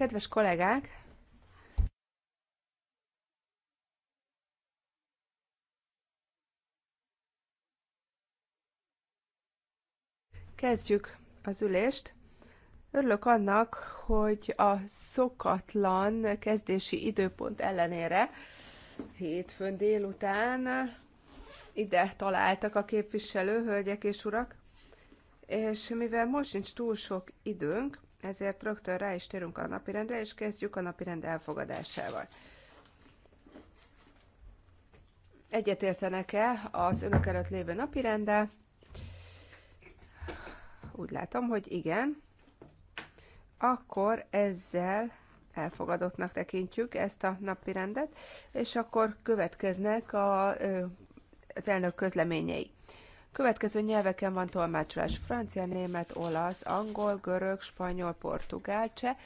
Kedves kollégák! Kezdjük az ülést. Örülök annak, hogy a szokatlan kezdési időpont ellenére hétfőn délután ide találtak a képviselő, hölgyek és urak, és mivel most nincs túl sok időnk, ezért rögtön rá is térünk a napirendre, és kezdjük a napirend elfogadásával. Egyetértenek-e az önök előtt lévő napirende? Úgy látom, hogy igen. Akkor ezzel elfogadottnak tekintjük ezt a napirendet, és akkor következnek a, az elnök közleményei. Következő nyelveken van tolmácsolás francia, német, olasz, angol, görög, spanyol, portugál, cseh,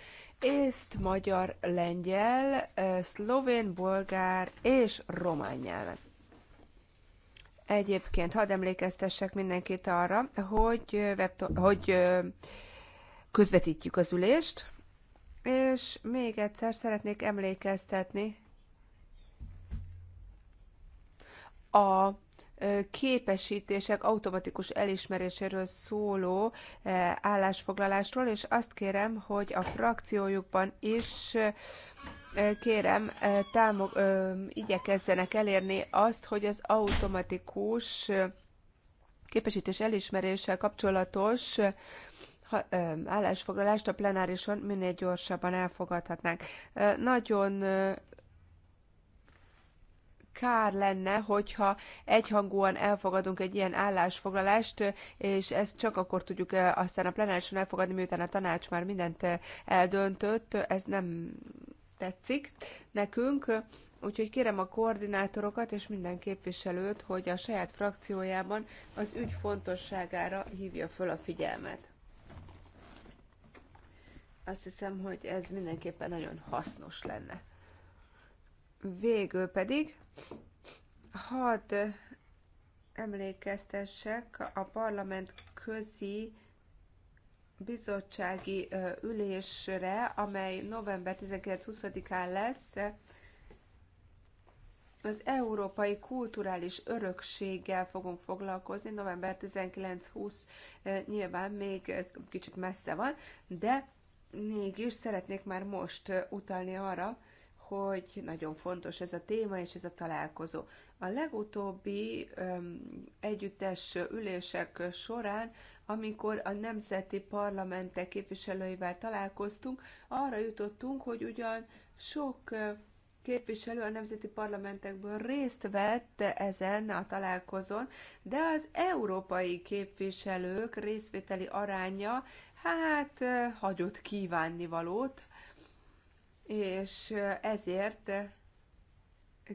észt, magyar, lengyel, szlovén, bolgár és román nyelven. Egyébként hadd emlékeztessek mindenkit arra, hogy, hogy közvetítjük az ülést, és még egyszer szeretnék emlékeztetni a képesítések automatikus elismeréséről szóló állásfoglalásról, és azt kérem, hogy a frakciójukban is kérem, támog, igyekezzenek elérni azt, hogy az automatikus képesítés elismeréssel kapcsolatos állásfoglalást a plenárison minél gyorsabban elfogadhatnánk. Nagyon kár lenne, hogyha egyhangúan elfogadunk egy ilyen állásfoglalást, és ezt csak akkor tudjuk eh, aztán a plenárison elfogadni, miután a tanács már mindent eh, eldöntött. Ez nem tetszik nekünk. Úgyhogy kérem a koordinátorokat és minden képviselőt, hogy a saját frakciójában az ügy fontosságára hívja föl a figyelmet. Azt hiszem, hogy ez mindenképpen nagyon hasznos lenne. Végül pedig hadd emlékeztessek a parlament közi bizottsági ülésre, amely november 19-20-án lesz, az európai kulturális örökséggel fogunk foglalkozni, november 19-20 nyilván még kicsit messze van, de mégis szeretnék már most utalni arra, hogy nagyon fontos ez a téma és ez a találkozó. A legutóbbi öm, együttes ülések során, amikor a nemzeti parlamentek képviselőivel találkoztunk, arra jutottunk, hogy ugyan sok képviselő a nemzeti parlamentekből részt vett ezen a találkozón, de az európai képviselők részvételi aránya hát hagyott kívánnivalót, és ezért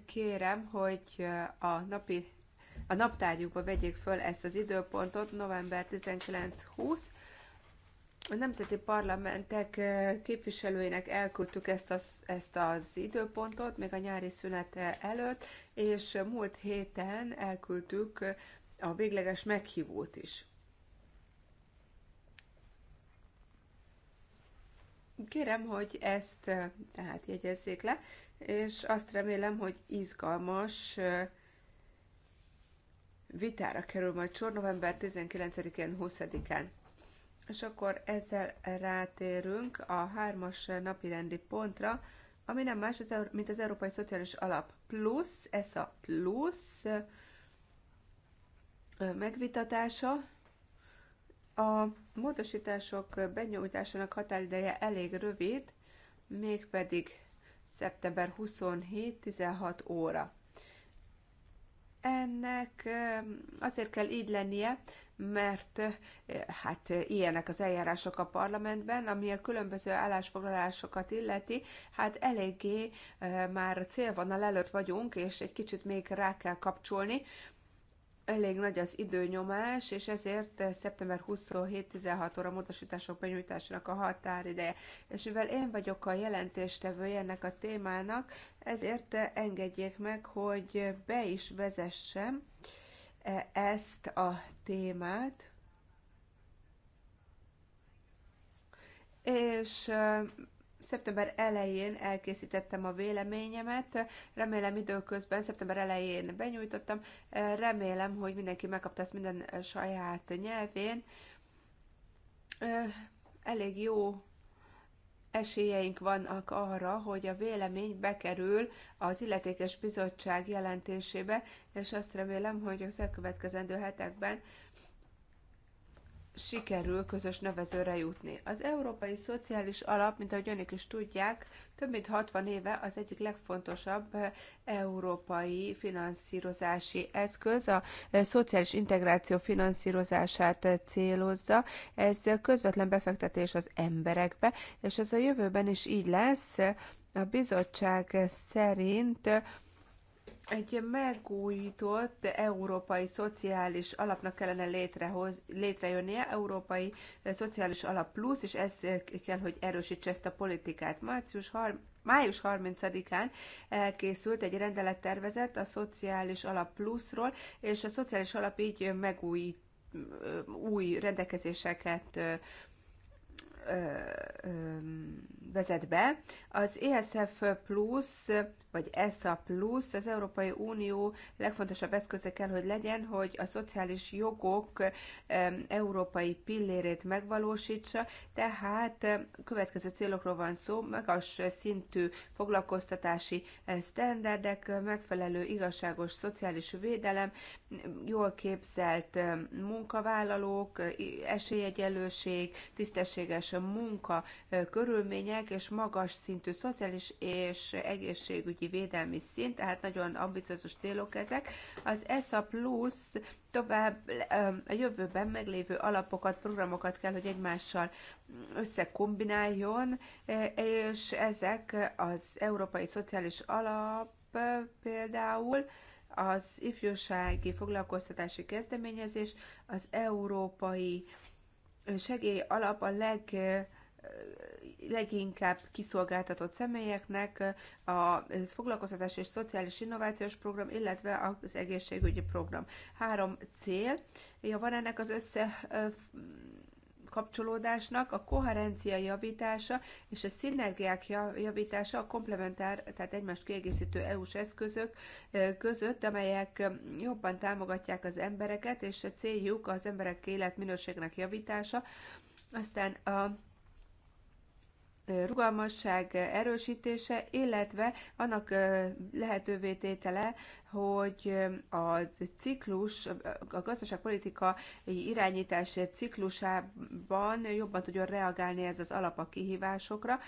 kérem, hogy a napi a naptárjukba vegyék föl ezt az időpontot, november 19-20. A nemzeti parlamentek képviselőinek elküldtük ezt az, ezt az időpontot, még a nyári szünete előtt, és múlt héten elküldtük a végleges meghívót is. Kérem, hogy ezt tehát jegyezzék le, és azt remélem, hogy izgalmas vitára kerül majd sor november 19-én, 20-án. És akkor ezzel rátérünk a hármas napirendi pontra, ami nem más, mint az Európai Szociális Alap Plusz, ez a plusz megvitatása, a módosítások benyújtásának határideje elég rövid, mégpedig szeptember 27-16 óra. Ennek eh, azért kell így lennie, mert eh, hát eh, ilyenek az eljárások a parlamentben, ami a különböző állásfoglalásokat illeti, hát eléggé már célvonal előtt vagyunk, és egy kicsit még rá kell kapcsolni, elég nagy az időnyomás, és ezért eh, szeptember 27-16 óra módosítások benyújtásának a határideje. És mivel én vagyok a jelentéstevője ennek a témának, ezért eh, engedjék meg, hogy be is vezessem eh, ezt a témát. És szeptember elején elkészítettem a véleményemet, remélem időközben, szeptember elején benyújtottam, remélem, hogy mindenki megkapta ezt minden saját nyelvén. Elég jó esélyeink vannak arra, hogy a vélemény bekerül az illetékes bizottság jelentésébe, és azt remélem, hogy az elkövetkezendő hetekben sikerül közös nevezőre jutni. Az Európai Szociális Alap, mint ahogy önök is tudják, több mint 60 éve az egyik legfontosabb eh, európai finanszírozási eszköz. A eh, szociális integráció finanszírozását eh, célozza. Ez közvetlen befektetés az emberekbe, és ez a jövőben is így lesz. A bizottság szerint egy megújított európai szociális alapnak kellene létrehoz, létrejönnie, európai szociális alap plusz, és ez kell, hogy erősítse ezt a politikát. Március har Május 30-án elkészült egy rendelettervezet a Szociális Alap Pluszról, és a Szociális Alap így megúj, új rendelkezéseket vezet be. Az ESF Plus vagy ESA Plus, az Európai Unió legfontosabb eszköze kell, hogy legyen, hogy a szociális jogok európai pillérét megvalósítsa, tehát következő célokról van szó, magas szintű foglalkoztatási sztenderdek, megfelelő igazságos szociális védelem, jól képzelt munkavállalók, esélyegyelőség, tisztességes munka körülmények és magas szintű szociális és egészségügyi egészségügyi védelmi szint, tehát nagyon ambiciózus célok ezek. Az ESA Plus tovább a jövőben meglévő alapokat, programokat kell, hogy egymással összekombináljon, e, és ezek az Európai Szociális Alap e, például, az ifjúsági foglalkoztatási kezdeményezés, az európai segély alap a leg leginkább kiszolgáltatott személyeknek a foglalkoztatás és szociális innovációs program, illetve az egészségügyi program. Három cél. Ja, van ennek az össze kapcsolódásnak a koherencia javítása és a szinergiák javítása a komplementár, tehát egymást kiegészítő EU-s eszközök között, amelyek jobban támogatják az embereket, és a céljuk az emberek életminőségnek javítása. Aztán a rugalmasság erősítése, illetve annak lehetővé tétele, hogy a ciklus, a gazdaságpolitikai irányítás ciklusában jobban tudjon reagálni ez az alap a kihívásokra,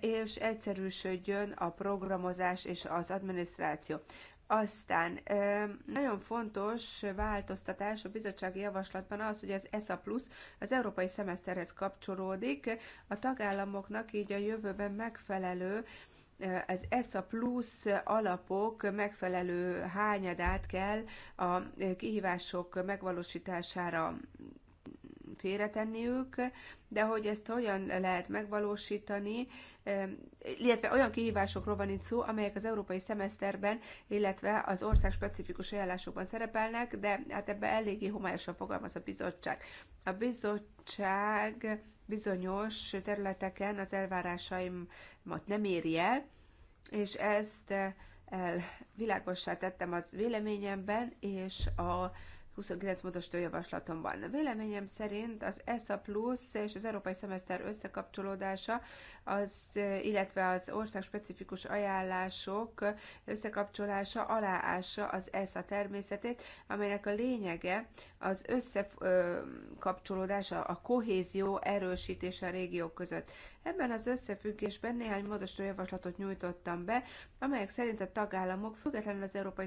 és egyszerűsödjön a programozás és az adminisztráció. Aztán nagyon fontos változtatás a bizottsági javaslatban az, hogy az ESA Plus az európai szemeszterhez kapcsolódik, a tagállamoknak így a jövőben megfelelő az ESA plusz alapok megfelelő hányadát kell a kihívások megvalósítására félretenniük, de hogy ezt hogyan lehet megvalósítani, illetve olyan kihívásokról van itt szó, amelyek az európai szemeszterben, illetve az ország specifikus ajánlásokban szerepelnek, de hát ebbe eléggé homályosan fogalmaz a bizottság. A bizottság bizonyos területeken az elvárásaimat nem éri el, és ezt el tettem az véleményemben, és a 29 módosító javaslatom van. Véleményem szerint az ESA Plus és az Európai Szemeszter összekapcsolódása az, illetve az ország specifikus ajánlások összekapcsolása aláása az ESZA természetét, amelynek a lényege az összekapcsolódása, a kohézió erősítése a régiók között. Ebben az összefüggésben néhány módosító javaslatot nyújtottam be, amelyek szerint a tagállamok függetlenül az európai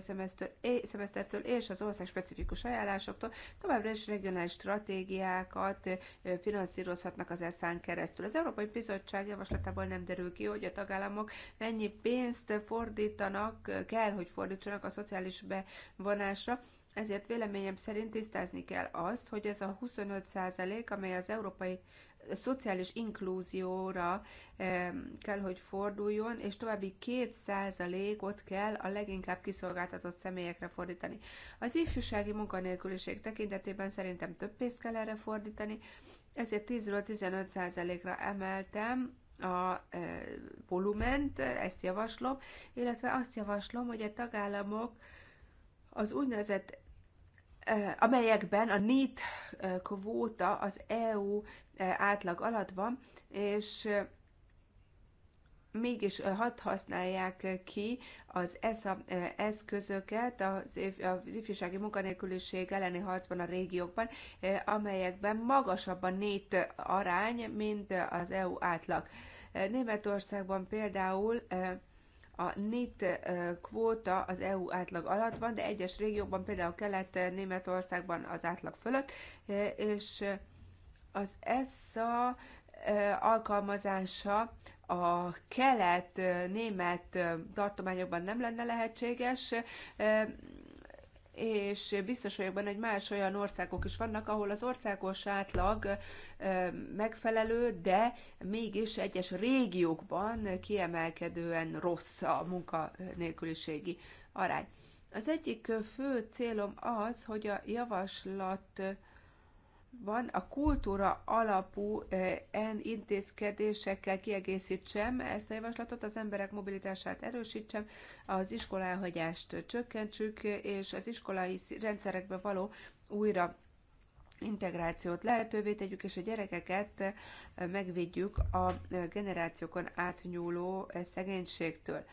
szemesztertől és az ország specifikus ajánlásoktól továbbra is regionális stratégiákat finanszírozhatnak az ESZ-án keresztül. Az Európai Bizottság javaslatot javaslatából nem derül ki, hogy a tagállamok mennyi pénzt fordítanak, kell, hogy fordítsanak a szociális bevonásra, ezért véleményem szerint tisztázni kell azt, hogy ez a 25%, amely az európai szociális inklúzióra eh, kell, hogy forduljon, és további 2%-ot kell a leginkább kiszolgáltatott személyekre fordítani. Az ifjúsági munkanélküliség tekintetében szerintem több pénzt kell erre fordítani, ezért 10 15%-ra emeltem a e, volument, ezt javaslom, illetve azt javaslom, hogy a tagállamok az úgynevezett e, amelyekben a NIT e, kvóta az EU átlag alatt van, és mégis hat használják ki az ESA eszközöket az, az ifjúsági munkanélküliség elleni harcban a régiókban, amelyekben magasabb a nét arány, mint az EU átlag. Németországban például a NIT kvóta az EU átlag alatt van, de egyes régiókban, például Kelet-Németországban az átlag fölött, és az ESSA alkalmazása a kelet-német tartományokban nem lenne lehetséges, és biztos vagyok benne, hogy más olyan országok is vannak, ahol az országos átlag megfelelő, de mégis egyes régiókban kiemelkedően rossz a munkanélküliségi arány. Az egyik fő célom az, hogy a javaslat van a kultúra alapú en intézkedésekkel kiegészítsem ezt a javaslatot, az emberek mobilitását erősítsem, az iskoláhagyást csökkentsük, és az iskolai rendszerekbe való újra integrációt lehetővé tegyük, és a gyerekeket megvédjük a generációkon átnyúló szegénységtől.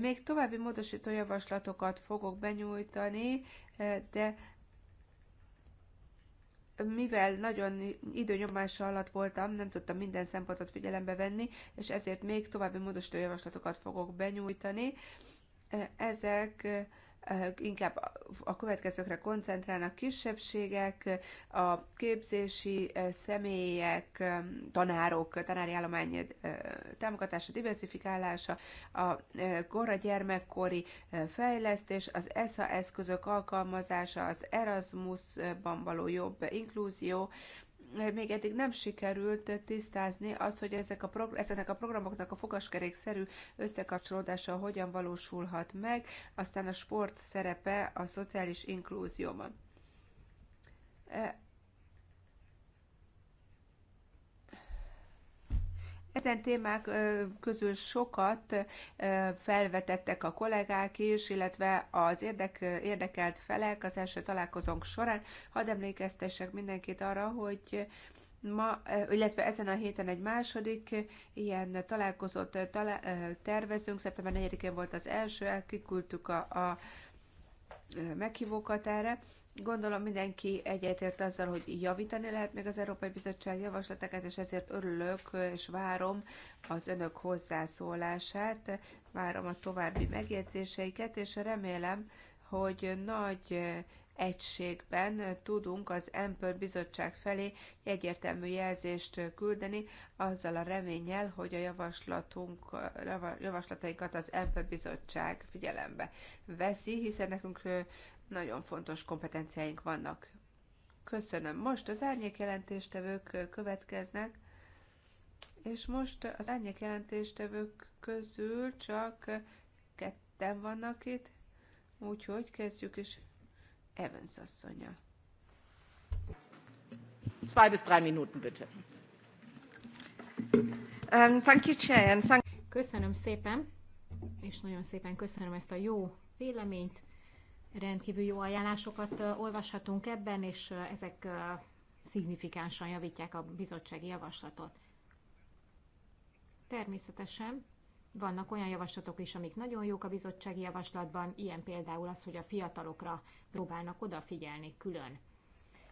Még további módosító javaslatokat fogok benyújtani, de mivel nagyon időnyomása alatt voltam, nem tudtam minden szempontot figyelembe venni, és ezért még további módosító javaslatokat fogok benyújtani. Ezek inkább a következőkre koncentrálnak, kisebbségek, a képzési személyek, tanárok, tanári állomány támogatása, diversifikálása, a korra gyermekkori fejlesztés, az ESA eszközök alkalmazása, az Erasmusban való jobb inkluzió, még eddig nem sikerült tisztázni azt, hogy ezek a progr- ezeknek a programoknak a fogaskerékszerű összekapcsolódása hogyan valósulhat meg, aztán a sport szerepe a szociális inklúzióban. E, Ezen témák közül sokat felvetettek a kollégák is, illetve az érdek, érdekelt felek az első találkozónk során. Hadd emlékeztessek mindenkit arra, hogy ma, illetve ezen a héten egy második ilyen találkozót talá, tervezünk. Szeptember 4-én volt az első, elkiküldtük a, a meghívókat erre. Gondolom mindenki egyetért azzal, hogy javítani lehet még az Európai Bizottság javaslatokat, és ezért örülök és várom az önök hozzászólását, várom a további megjegyzéseiket, és remélem, hogy nagy egységben tudunk az Empel bizottság felé egyértelmű jelzést küldeni, azzal a reménnyel, hogy a javaslatunk, javaslatainkat az Empel bizottság figyelembe veszi, hiszen nekünk nagyon fontos kompetenciáink vannak. Köszönöm. Most az árnyék jelentéstevők következnek, és most az árnyék jelentéstevők közül csak ketten vannak itt, úgyhogy kezdjük is Evans asszonya. Zwei bis drei Minuten, bitte. Um, thank you, Chair. And thank Köszönöm szépen, és nagyon szépen köszönöm ezt a jó véleményt rendkívül jó ajánlásokat olvashatunk ebben, és ezek szignifikánsan javítják a bizottsági javaslatot. Természetesen vannak olyan javaslatok is, amik nagyon jók a bizottsági javaslatban, ilyen például az, hogy a fiatalokra próbálnak odafigyelni külön.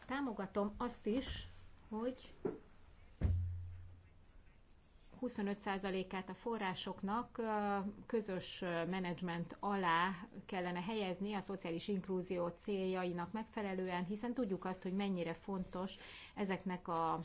Támogatom azt is, hogy 25%-át a forrásoknak közös menedzsment alá kellene helyezni a szociális inklúzió céljainak megfelelően, hiszen tudjuk azt, hogy mennyire fontos ezeknek a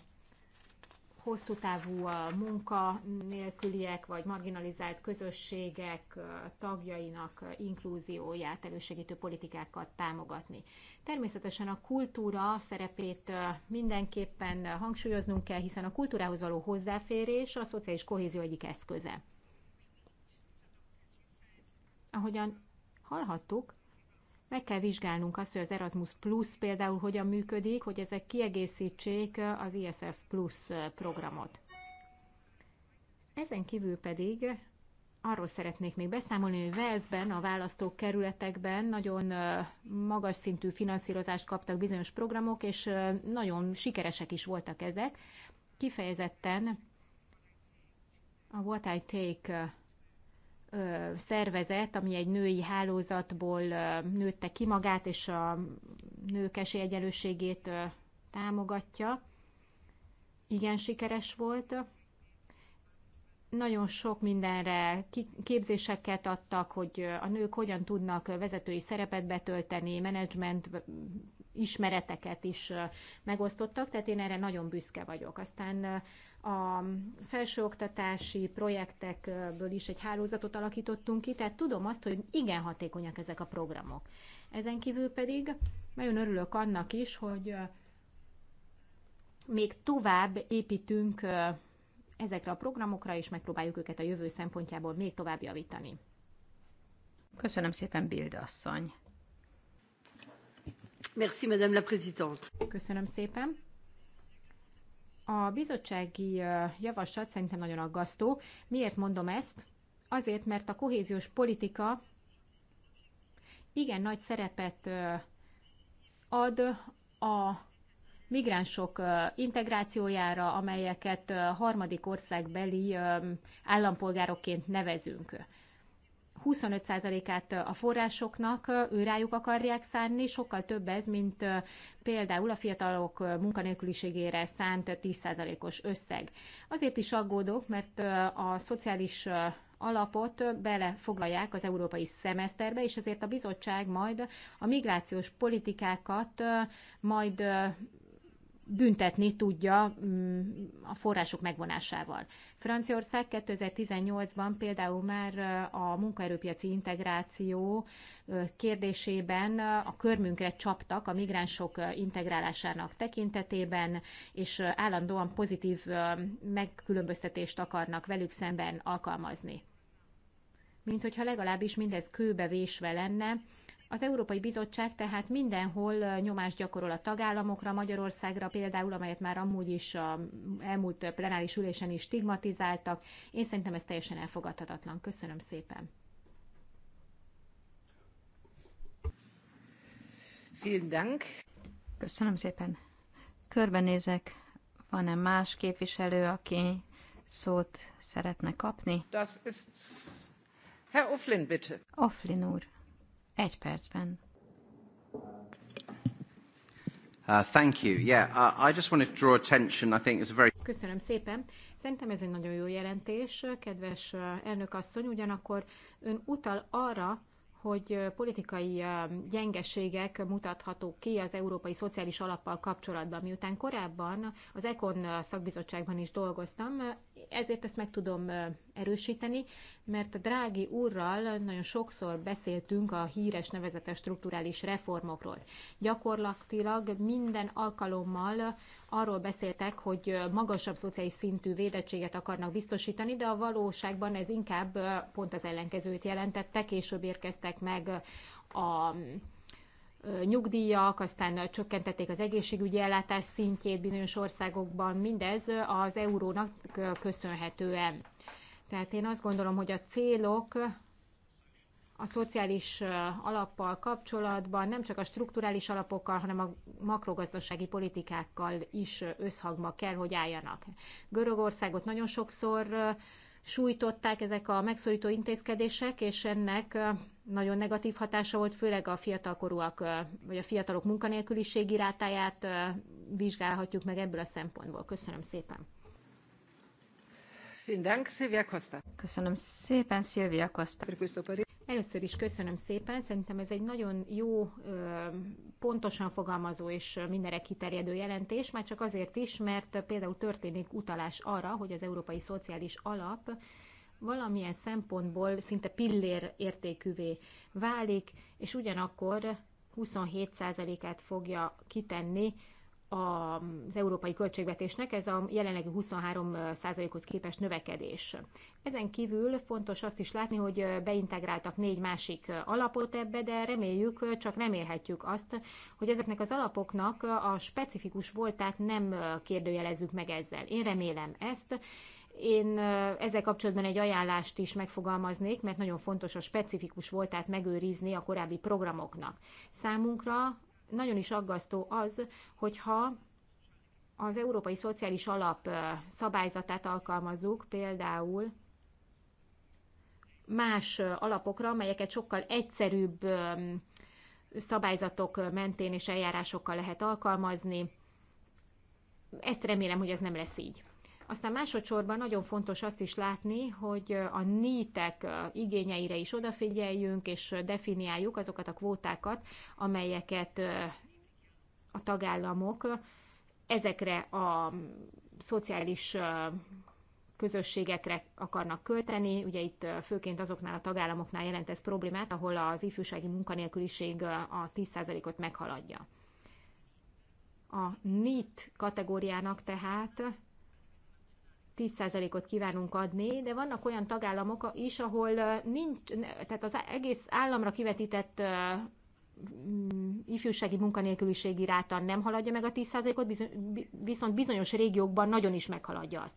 hosszú távú munka nélküliek vagy marginalizált közösségek tagjainak inklúzióját elősegítő politikákat támogatni. Természetesen a kultúra szerepét mindenképpen hangsúlyoznunk kell, hiszen a kultúrához való hozzáférés a szociális kohézió egyik eszköze. Ahogyan hallhattuk, meg kell vizsgálnunk azt, hogy az Erasmus Plus például hogyan működik, hogy ezek kiegészítsék az ISF Plus programot. Ezen kívül pedig arról szeretnék még beszámolni, hogy Velszben, a választókerületekben nagyon magas szintű finanszírozást kaptak bizonyos programok, és nagyon sikeresek is voltak ezek. Kifejezetten a What I Take szervezet, ami egy női hálózatból nőtte ki magát, és a nők esélyegyelőségét támogatja. Igen sikeres volt. Nagyon sok mindenre képzéseket adtak, hogy a nők hogyan tudnak vezetői szerepet betölteni, menedzsment ismereteket is megosztottak, tehát én erre nagyon büszke vagyok. Aztán a felsőoktatási projektekből is egy hálózatot alakítottunk ki, tehát tudom azt, hogy igen hatékonyak ezek a programok. Ezen kívül pedig nagyon örülök annak is, hogy még tovább építünk ezekre a programokra, és megpróbáljuk őket a jövő szempontjából még tovább javítani. Köszönöm szépen, Bilda asszony. Merci, Madame la Présidente. Köszönöm szépen. A bizottsági javaslat szerintem nagyon aggasztó. Miért mondom ezt? Azért, mert a kohéziós politika igen nagy szerepet ad a migránsok integrációjára, amelyeket harmadik országbeli állampolgárokként nevezünk. 25%-át a forrásoknak ő rájuk akarják szánni, sokkal több ez, mint például a fiatalok munkanélküliségére szánt 10%-os összeg. Azért is aggódok, mert a szociális alapot belefoglalják az európai szemeszterbe, és ezért a bizottság majd a migrációs politikákat majd büntetni tudja mm, a források megvonásával. Franciaország 2018-ban például már a munkaerőpiaci integráció kérdésében a körmünkre csaptak a migránsok integrálásának tekintetében, és állandóan pozitív megkülönböztetést akarnak velük szemben alkalmazni. Mint hogyha legalábbis mindez kőbe vésve lenne, az Európai Bizottság tehát mindenhol nyomást gyakorol a tagállamokra, Magyarországra például, amelyet már amúgy is a elmúlt plenáris ülésen is stigmatizáltak. Én szerintem ez teljesen elfogadhatatlan. Köszönöm szépen. Vielen Dank. Köszönöm szépen. Körbenézek, van-e más képviselő, aki szót szeretne kapni? Das ist Herr Offlin, bitte. Offlin úr. Egy percben. Uh, thank you. Yeah, uh, I just wanted to draw attention. I think it's a very Köszönöm szépen. Szerintem ez egy nagyon jó jelentés, kedves uh, elnök asszony, ugyanakkor ön utal arra, hogy uh, politikai uh, gyengeségek mutathatók ki az Európai Szociális Alappal kapcsolatban. Miután korábban az ECON szakbizottságban is dolgoztam, ezért ezt meg tudom erősíteni, mert a Drági úrral nagyon sokszor beszéltünk a híres nevezetes strukturális reformokról. Gyakorlatilag minden alkalommal arról beszéltek, hogy magasabb szociális szintű védettséget akarnak biztosítani, de a valóságban ez inkább pont az ellenkezőt jelentette, később érkeztek meg a nyugdíjak, aztán csökkentették az egészségügyi ellátás szintjét bizonyos országokban, mindez az eurónak köszönhetően. Tehát én azt gondolom, hogy a célok a szociális alappal kapcsolatban nem csak a strukturális alapokkal, hanem a makrogazdasági politikákkal is összhangba kell, hogy álljanak. Görögországot nagyon sokszor sújtották ezek a megszorító intézkedések, és ennek nagyon negatív hatása volt, főleg a fiatalkorúak vagy a fiatalok munkanélküliségi rátáját vizsgálhatjuk meg ebből a szempontból. Köszönöm szépen! Köszönöm szépen, Szilvia Costa. Először is köszönöm szépen, szerintem ez egy nagyon jó, pontosan fogalmazó és mindenre kiterjedő jelentés, már csak azért is, mert például történik utalás arra, hogy az Európai Szociális Alap valamilyen szempontból szinte pillér értékűvé válik, és ugyanakkor 27%-át fogja kitenni az európai költségvetésnek, ez a jelenlegi 23%-hoz képest növekedés. Ezen kívül fontos azt is látni, hogy beintegráltak négy másik alapot ebbe, de reméljük, csak remélhetjük azt, hogy ezeknek az alapoknak a specifikus voltát nem kérdőjelezzük meg ezzel. Én remélem ezt, én ezzel kapcsolatban egy ajánlást is megfogalmaznék, mert nagyon fontos a specifikus voltát megőrizni a korábbi programoknak. Számunkra nagyon is aggasztó az, hogyha az Európai Szociális Alap szabályzatát alkalmazzuk például más alapokra, amelyeket sokkal egyszerűbb szabályzatok mentén és eljárásokkal lehet alkalmazni. Ezt remélem, hogy ez nem lesz így. Aztán másodszorban nagyon fontos azt is látni, hogy a nítek igényeire is odafigyeljünk, és definiáljuk azokat a kvótákat, amelyeket a tagállamok ezekre a szociális közösségekre akarnak költeni. Ugye itt főként azoknál a tagállamoknál jelent ez problémát, ahol az ifjúsági munkanélküliség a 10%-ot meghaladja. A NIT kategóriának tehát 10%-ot kívánunk adni, de vannak olyan tagállamok is, ahol nincs, tehát az egész államra kivetített mm, ifjúsági munkanélküliségi ráta nem haladja meg a 10%-ot, viszont bizonyos régiókban nagyon is meghaladja azt.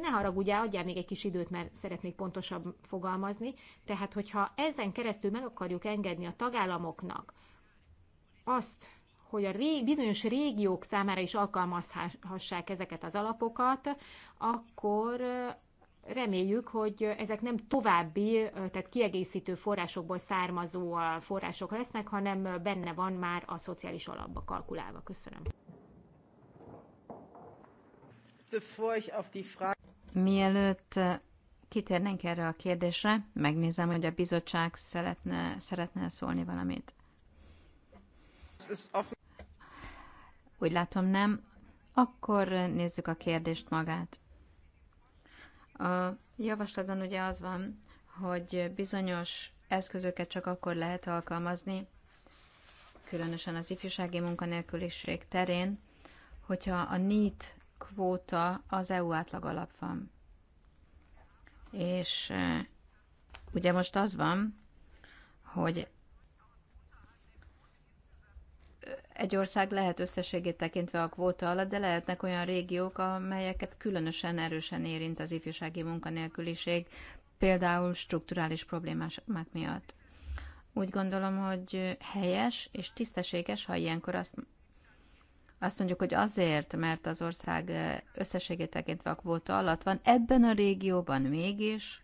Ne haragudjál, adjál még egy kis időt, mert szeretnék pontosabb fogalmazni. Tehát, hogyha ezen keresztül meg akarjuk engedni a tagállamoknak azt, hogy a rég, bizonyos régiók számára is alkalmazhassák ezeket az alapokat, akkor reméljük, hogy ezek nem további, tehát kiegészítő forrásokból származó források lesznek, hanem benne van már a szociális alapba kalkulálva. Köszönöm. Mielőtt kitérnénk erre a kérdésre, megnézem, hogy a bizottság szeretne, szeretne szólni valamit. Úgy látom nem. Akkor nézzük a kérdést magát. A javaslatban ugye az van, hogy bizonyos eszközöket csak akkor lehet alkalmazni, különösen az ifjúsági munkanélküliség terén, hogyha a NEET kvóta az EU átlag alap van. És eh, ugye most az van, hogy egy ország lehet összességét tekintve a kvóta alatt, de lehetnek olyan régiók, amelyeket különösen erősen érint az ifjúsági munkanélküliség, például strukturális problémák miatt. Úgy gondolom, hogy helyes és tisztességes, ha ilyenkor azt, azt mondjuk, hogy azért, mert az ország összességét tekintve a kvóta alatt van, ebben a régióban mégis,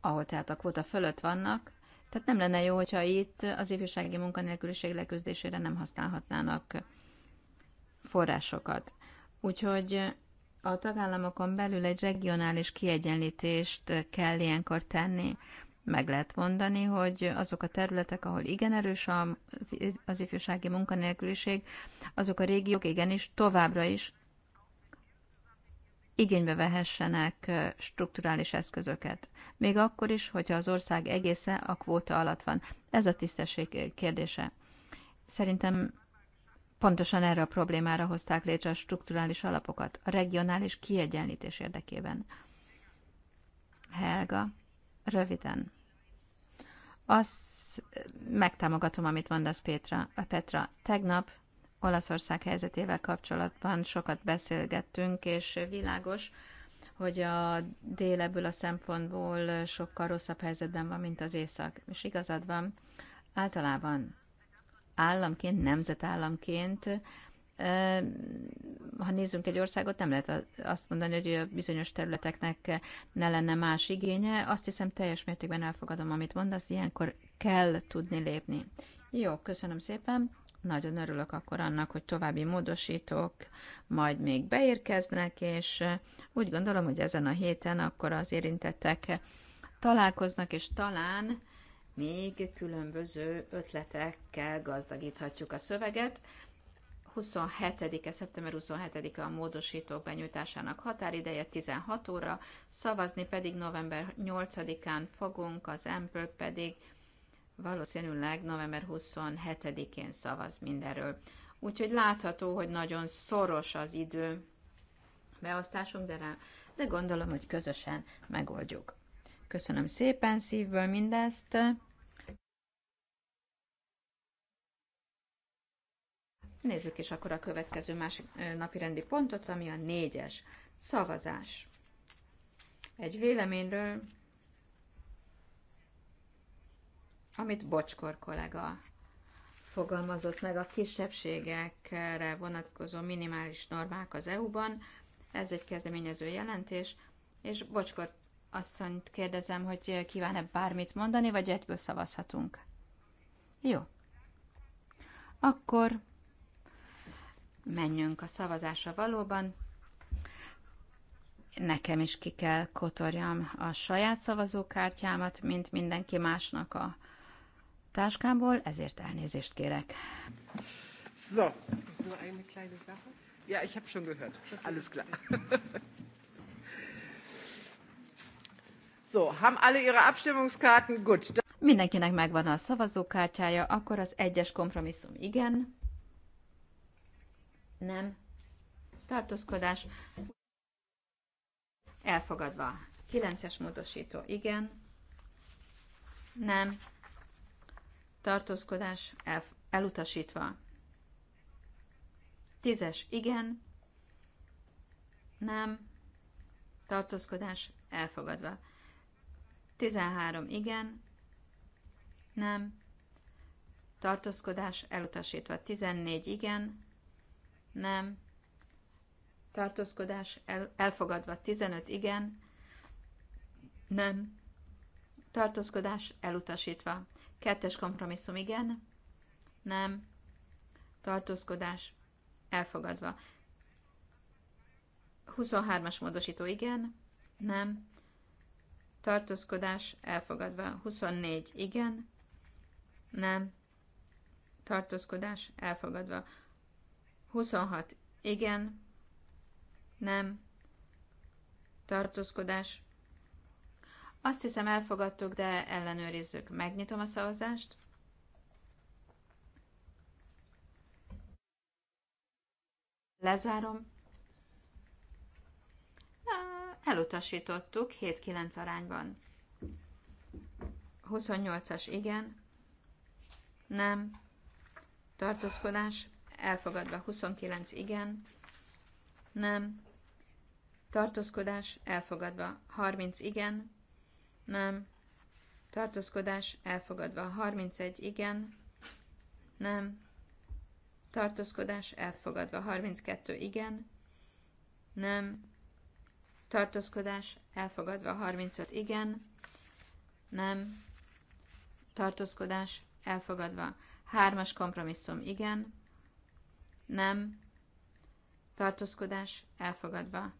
ahol tehát a kvóta fölött vannak, tehát nem lenne jó, hogyha itt az ifjúsági munkanélküliség leküzdésére nem használhatnának forrásokat. Úgyhogy a tagállamokon belül egy regionális kiegyenlítést kell ilyenkor tenni. Meg lehet mondani, hogy azok a területek, ahol igen erős az ifjúsági munkanélküliség, azok a régiók igenis továbbra is igénybe vehessenek strukturális eszközöket. Még akkor is, hogyha az ország egésze a kvóta alatt van. Ez a tisztesség kérdése. Szerintem pontosan erre a problémára hozták létre a strukturális alapokat, a regionális kiegyenlítés érdekében. Helga, röviden. Azt megtámogatom, amit mondasz Pétra, a Petra. Tegnap Olaszország helyzetével kapcsolatban sokat beszélgettünk, és világos, hogy a dél ebből a szempontból sokkal rosszabb helyzetben van, mint az észak. És igazad van, általában államként, nemzetállamként, ha nézzünk egy országot, nem lehet azt mondani, hogy a bizonyos területeknek ne lenne más igénye. Azt hiszem, teljes mértékben elfogadom, amit mondasz, ilyenkor kell tudni lépni. Jó, köszönöm szépen. Nagyon örülök akkor annak, hogy további módosítók majd még beérkeznek, és úgy gondolom, hogy ezen a héten akkor az érintettek találkoznak, és talán még különböző ötletekkel gazdagíthatjuk a szöveget. 27-e, szeptember 27-e a módosítók benyújtásának határideje 16 óra, szavazni pedig november 8-án fogunk, az Ample pedig valószínűleg november 27-én szavaz mindenről. Úgyhogy látható, hogy nagyon szoros az idő beosztásunk, de, rá, de gondolom, hogy közösen megoldjuk. Köszönöm szépen szívből mindezt. Nézzük is akkor a következő másik napi rendi pontot, ami a négyes. Szavazás. Egy véleményről amit Bocskor kollega fogalmazott meg a kisebbségekre vonatkozó minimális normák az EU-ban. Ez egy kezdeményező jelentés, és Bocskor asszonyt kérdezem, hogy kíván-e bármit mondani, vagy egyből szavazhatunk. Jó. Akkor menjünk a szavazásra valóban. Nekem is ki kell kotorjam a saját szavazókártyámat, mint mindenki másnak a táskámból, ezért elnézést kérek. So. Nur eine kleine Sache. Ja, ich habe schon gehört. Alles klar. So, haben alle ihre Abstimmungskarten? Gut. Mindenkinek megvan a szavazókártyája, akkor az egyes kompromisszum igen. Nem. Tartózkodás. Elfogadva. Kilences módosító igen. Nem tartózkodás el, elutasítva. Tízes, igen, nem, tartózkodás elfogadva. 13. Igen, nem, tartózkodás elutasítva. 14. Igen, nem, tartózkodás el, elfogadva. 15. Igen, nem, tartózkodás elutasítva. Kettes kompromisszum igen, nem, tartózkodás elfogadva. 23-as módosító igen, nem, tartózkodás elfogadva. 24 igen, nem, tartózkodás elfogadva. 26 igen, nem, tartózkodás azt hiszem elfogadtuk, de ellenőrizzük. Megnyitom a szavazást. Lezárom. Elutasítottuk 7-9 arányban. 28-as igen, nem, tartózkodás, elfogadva 29 igen, nem, tartózkodás, elfogadva 30 igen, nem, tartózkodás elfogadva. 31 igen, nem, tartózkodás elfogadva. 32 igen, nem, tartózkodás elfogadva. 35 igen, nem, tartózkodás elfogadva. Hármas kompromisszum igen, nem, tartózkodás elfogadva.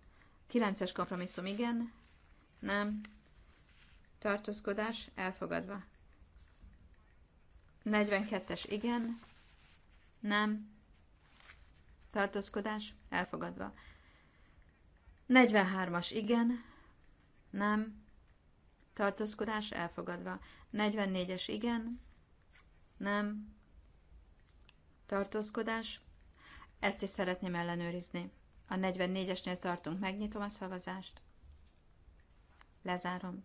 Kilences kompromisszum igen, nem, tartózkodás elfogadva. 42-es igen, nem, tartózkodás elfogadva. 43-as igen, nem, tartózkodás elfogadva. 44-es igen, nem, tartózkodás. Ezt is szeretném ellenőrizni. A 44-esnél tartunk, megnyitom a szavazást. Lezárom.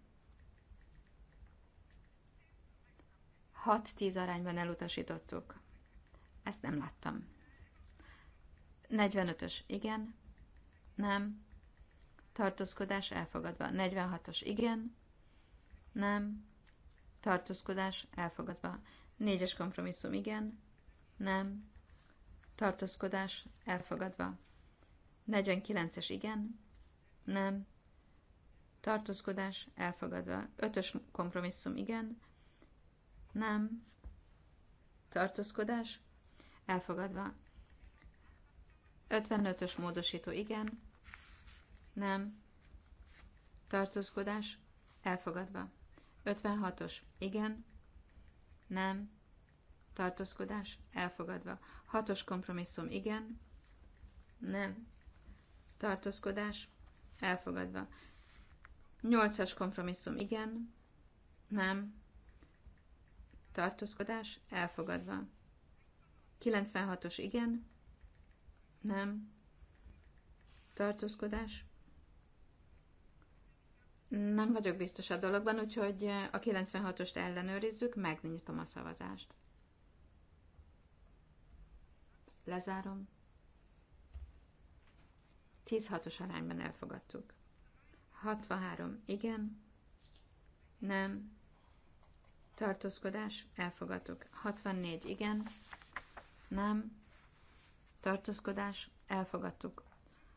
6-10 arányban elutasítottuk. Ezt nem láttam. 45-ös, igen. Nem. Tartózkodás elfogadva. 46-os, igen. Nem. Tartózkodás elfogadva. 4-es kompromisszum, igen. Nem. Tartózkodás elfogadva. 49-es, igen. Nem. Tartózkodás elfogadva. 5-ös kompromisszum, igen. Nem. Tartózkodás? Elfogadva. 55-ös módosító, igen. Nem. Tartózkodás? Elfogadva. 56-os, igen. Nem. Tartózkodás? Elfogadva. 6-os kompromisszum, igen. Nem. Tartózkodás? Elfogadva. 8-as kompromisszum, igen. Nem tartózkodás elfogadva. 96-os igen, nem, tartózkodás. Nem vagyok biztos a dologban, úgyhogy a 96-ost ellenőrizzük, megnyitom a szavazást. Lezárom. 10-6-os arányban elfogadtuk. 63. Igen. Nem. Tartózkodás, elfogadtuk. 64, igen. Nem. Tartózkodás, elfogadtuk.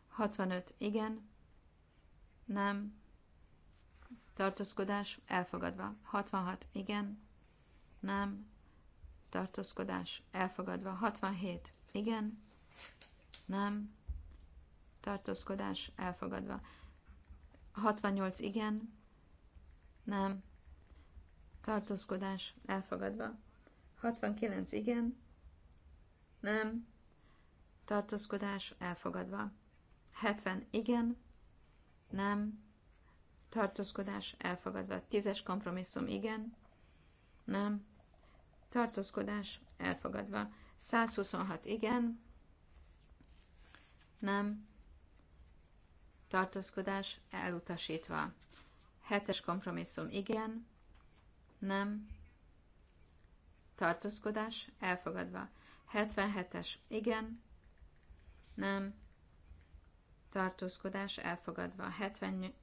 65, igen. Nem. Tartózkodás, elfogadva. 66, igen. Nem. Tartózkodás, elfogadva. 67, igen. Nem. Tartózkodás, elfogadva. 68, igen. Nem tartózkodás elfogadva. 69 igen, nem, tartózkodás elfogadva. 70 igen, nem, tartózkodás elfogadva. 10-es kompromisszum igen, nem, tartózkodás elfogadva. 126 igen, nem, tartózkodás elutasítva. 7-es kompromisszum igen, nem. Tartózkodás elfogadva. 77-es. Igen. Nem. Tartózkodás elfogadva. 78.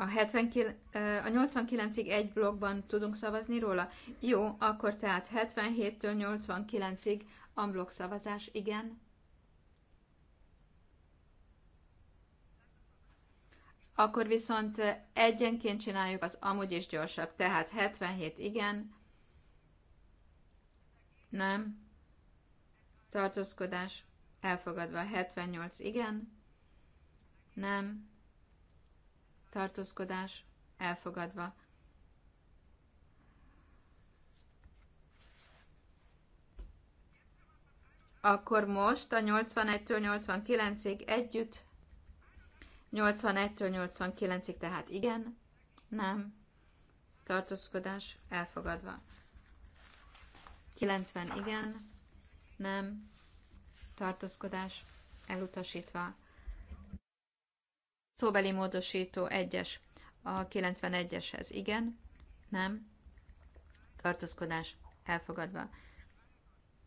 A, 79, a 89-ig egy blogban tudunk szavazni róla? Jó, akkor tehát 77-től 89-ig amblok szavazás, igen, akkor viszont egyenként csináljuk az amúgy is gyorsabb. Tehát 77 igen, nem, tartózkodás, elfogadva 78 igen, nem, tartózkodás, elfogadva. Akkor most a 81-től 89-ig együtt 81-től 89-ig tehát igen, nem, tartózkodás elfogadva. 90 igen, nem, tartózkodás elutasítva. Szóbeli módosító 1-es a 91-eshez igen, nem, tartózkodás elfogadva.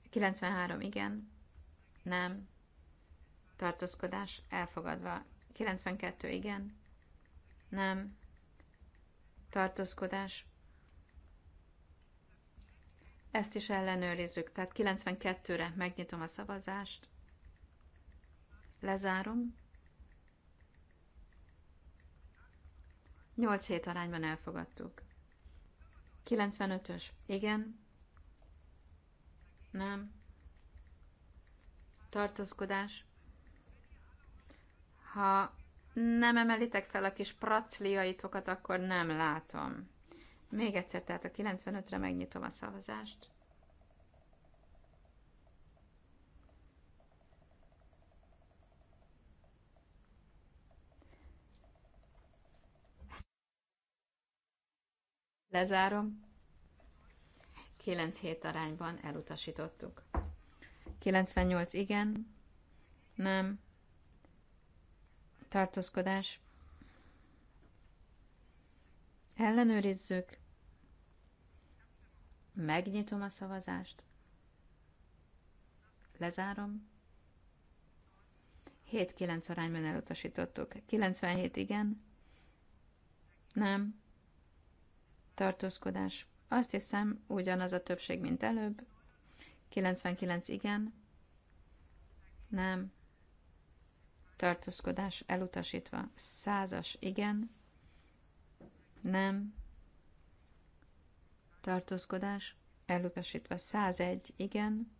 93 igen, nem, tartózkodás elfogadva. 92 igen, nem, tartózkodás. Ezt is ellenőrizzük. Tehát 92-re megnyitom a szavazást, lezárom. 8 hét arányban elfogadtuk. 95-ös. Igen. Nem. Tartózkodás. Ha nem emelitek fel a kis pracliaitokat, akkor nem látom. Még egyszer, tehát a 95-re megnyitom a szavazást. Lezárom. 9-7 arányban elutasítottuk. 98 igen, nem, tartózkodás. Ellenőrizzük. Megnyitom a szavazást. Lezárom. 7-9 arányban elutasítottuk. 97 igen. Nem. Tartózkodás. Azt hiszem, ugyanaz a többség, mint előbb. 99 igen. Nem tartózkodás elutasítva. Százas igen, nem, tartózkodás elutasítva. 101 igen,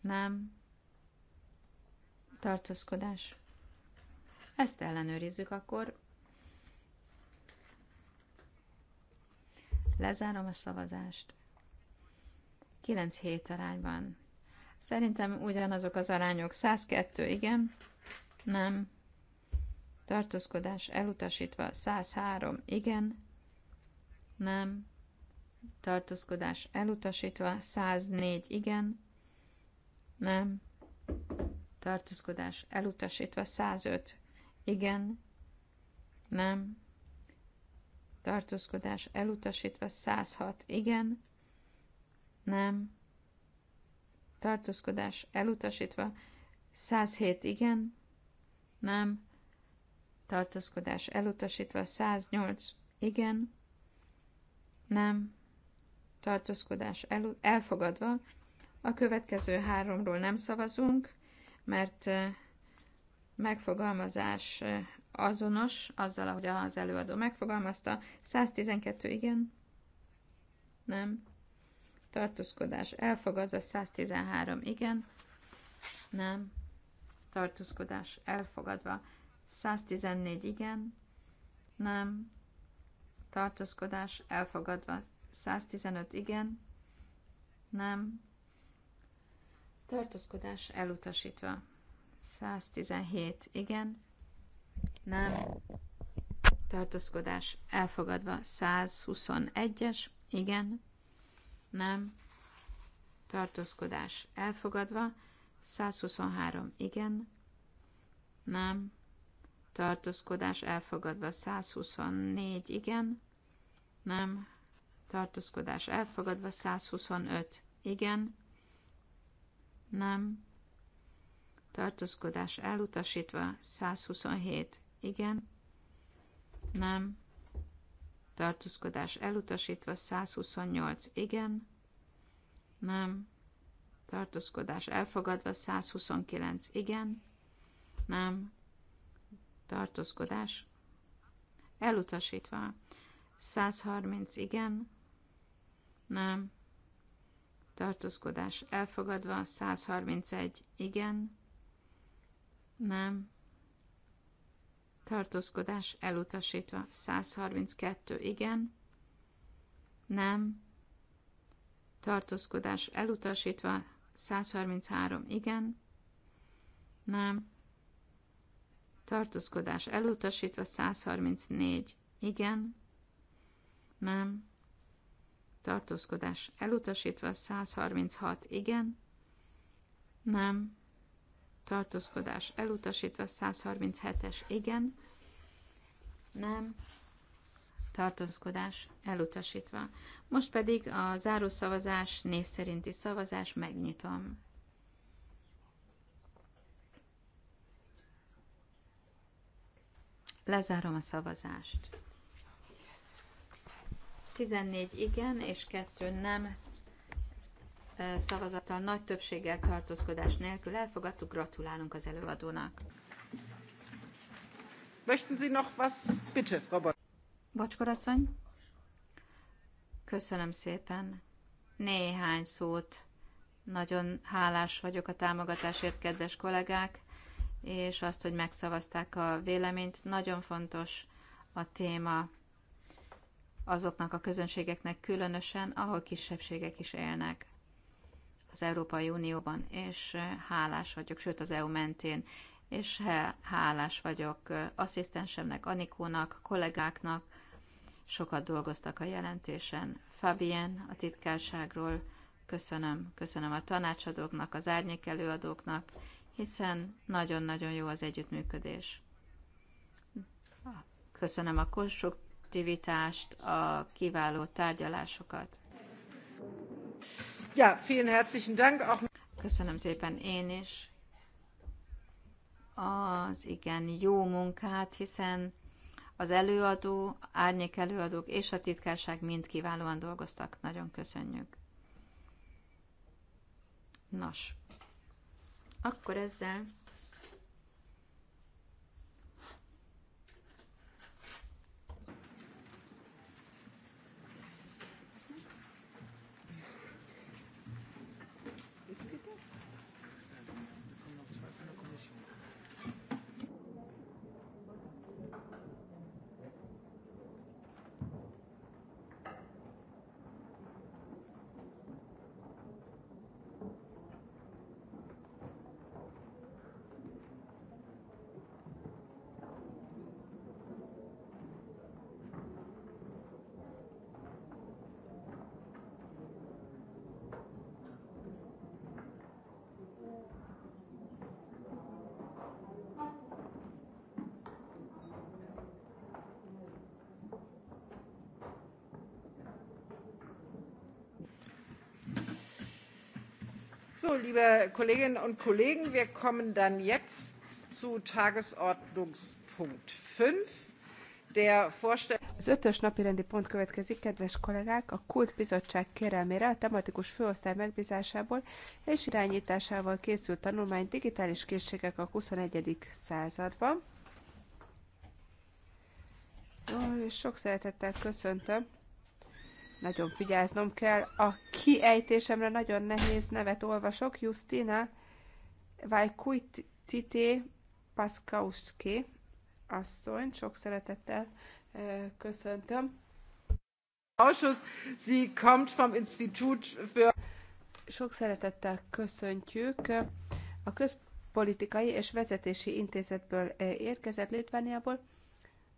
nem, tartózkodás. Ezt ellenőrizzük akkor. Lezárom a szavazást. 9-7 arányban Szerintem ugyanazok az arányok. 102, igen, nem. Tartózkodás elutasítva. 103, igen, nem. Tartózkodás elutasítva. 104, igen, nem. Tartózkodás elutasítva. 105, igen, nem. Tartózkodás elutasítva. 106, igen, nem tartózkodás elutasítva, 107 igen, nem, tartózkodás elutasítva, 108 igen, nem, tartózkodás el, elfogadva. A következő háromról nem szavazunk, mert megfogalmazás azonos azzal, ahogy az előadó megfogalmazta. 112 igen, nem, tartózkodás elfogadva, 113 igen, nem, tartózkodás elfogadva, 114 igen, nem, tartózkodás elfogadva, 115 igen, nem, tartózkodás elutasítva, 117 igen, nem, tartózkodás elfogadva, 121-es, igen, nem, tartózkodás elfogadva, 123 igen, nem, tartózkodás elfogadva, 124 igen, nem, tartózkodás elfogadva, 125 igen, nem, tartózkodás elutasítva, 127 igen, nem, tartózkodás elutasítva, 128 igen, nem, tartózkodás elfogadva, 129 igen, nem, tartózkodás elutasítva, 130 igen, nem, tartózkodás elfogadva, 131 igen, nem, tartózkodás elutasítva. 132 igen, nem, tartózkodás elutasítva. 133 igen, nem, tartózkodás elutasítva. 134 igen, nem, tartózkodás elutasítva. 136 igen, nem, tartózkodás elutasítva, 137-es igen, nem, tartózkodás elutasítva. Most pedig a zárószavazás, név szerinti szavazás, megnyitom. Lezárom a szavazást. 14 igen és 2 nem szavazattal nagy többséggel tartózkodás nélkül elfogadtuk. Gratulálunk az előadónak. Möchten Sie noch was? Bitte, Frau Bott. Bocskorasszony? Köszönöm szépen. Néhány szót. Nagyon hálás vagyok a támogatásért, kedves kollégák, és azt, hogy megszavazták a véleményt. Nagyon fontos a téma azoknak a közönségeknek különösen, ahol kisebbségek is élnek az Európai Unióban, és eh, hálás vagyok, sőt az EU mentén, és eh, hálás vagyok eh, asszisztensemnek, Anikónak, kollégáknak, sokat dolgoztak a jelentésen. Fabien a titkárságról köszönöm, köszönöm a tanácsadóknak, az árnyék előadóknak, hiszen nagyon-nagyon jó az együttműködés. Köszönöm a konstruktivitást, a kiváló tárgyalásokat. Ja, vielen herzlichen Dank auch. Köszönöm szépen én is az igen jó munkát, hiszen az előadó, árnyék előadók és a titkárság mind kiválóan dolgoztak. Nagyon köszönjük. Nos, akkor ezzel So, liebe Kolleginnen und Kollegen, wir kommen dann jetzt zu Tagesordnungspunkt 5. Der Vorstell az ötös napi rendi pont következik, kedves kollégák, a Kult Bizottság kérelmére a tematikus főosztály megbízásából és irányításával készült tanulmány digitális készségek a 21. században. Jó, és sok szeretettel köszöntöm nagyon figyelznom kell. A kiejtésemre nagyon nehéz nevet olvasok. Justina Vajkujtité Paszkauszki asszony. Sok szeretettel köszöntöm. sie kommt vom Institut für... Sok szeretettel köszöntjük. A Közpolitikai és Vezetési Intézetből érkezett Litvániából.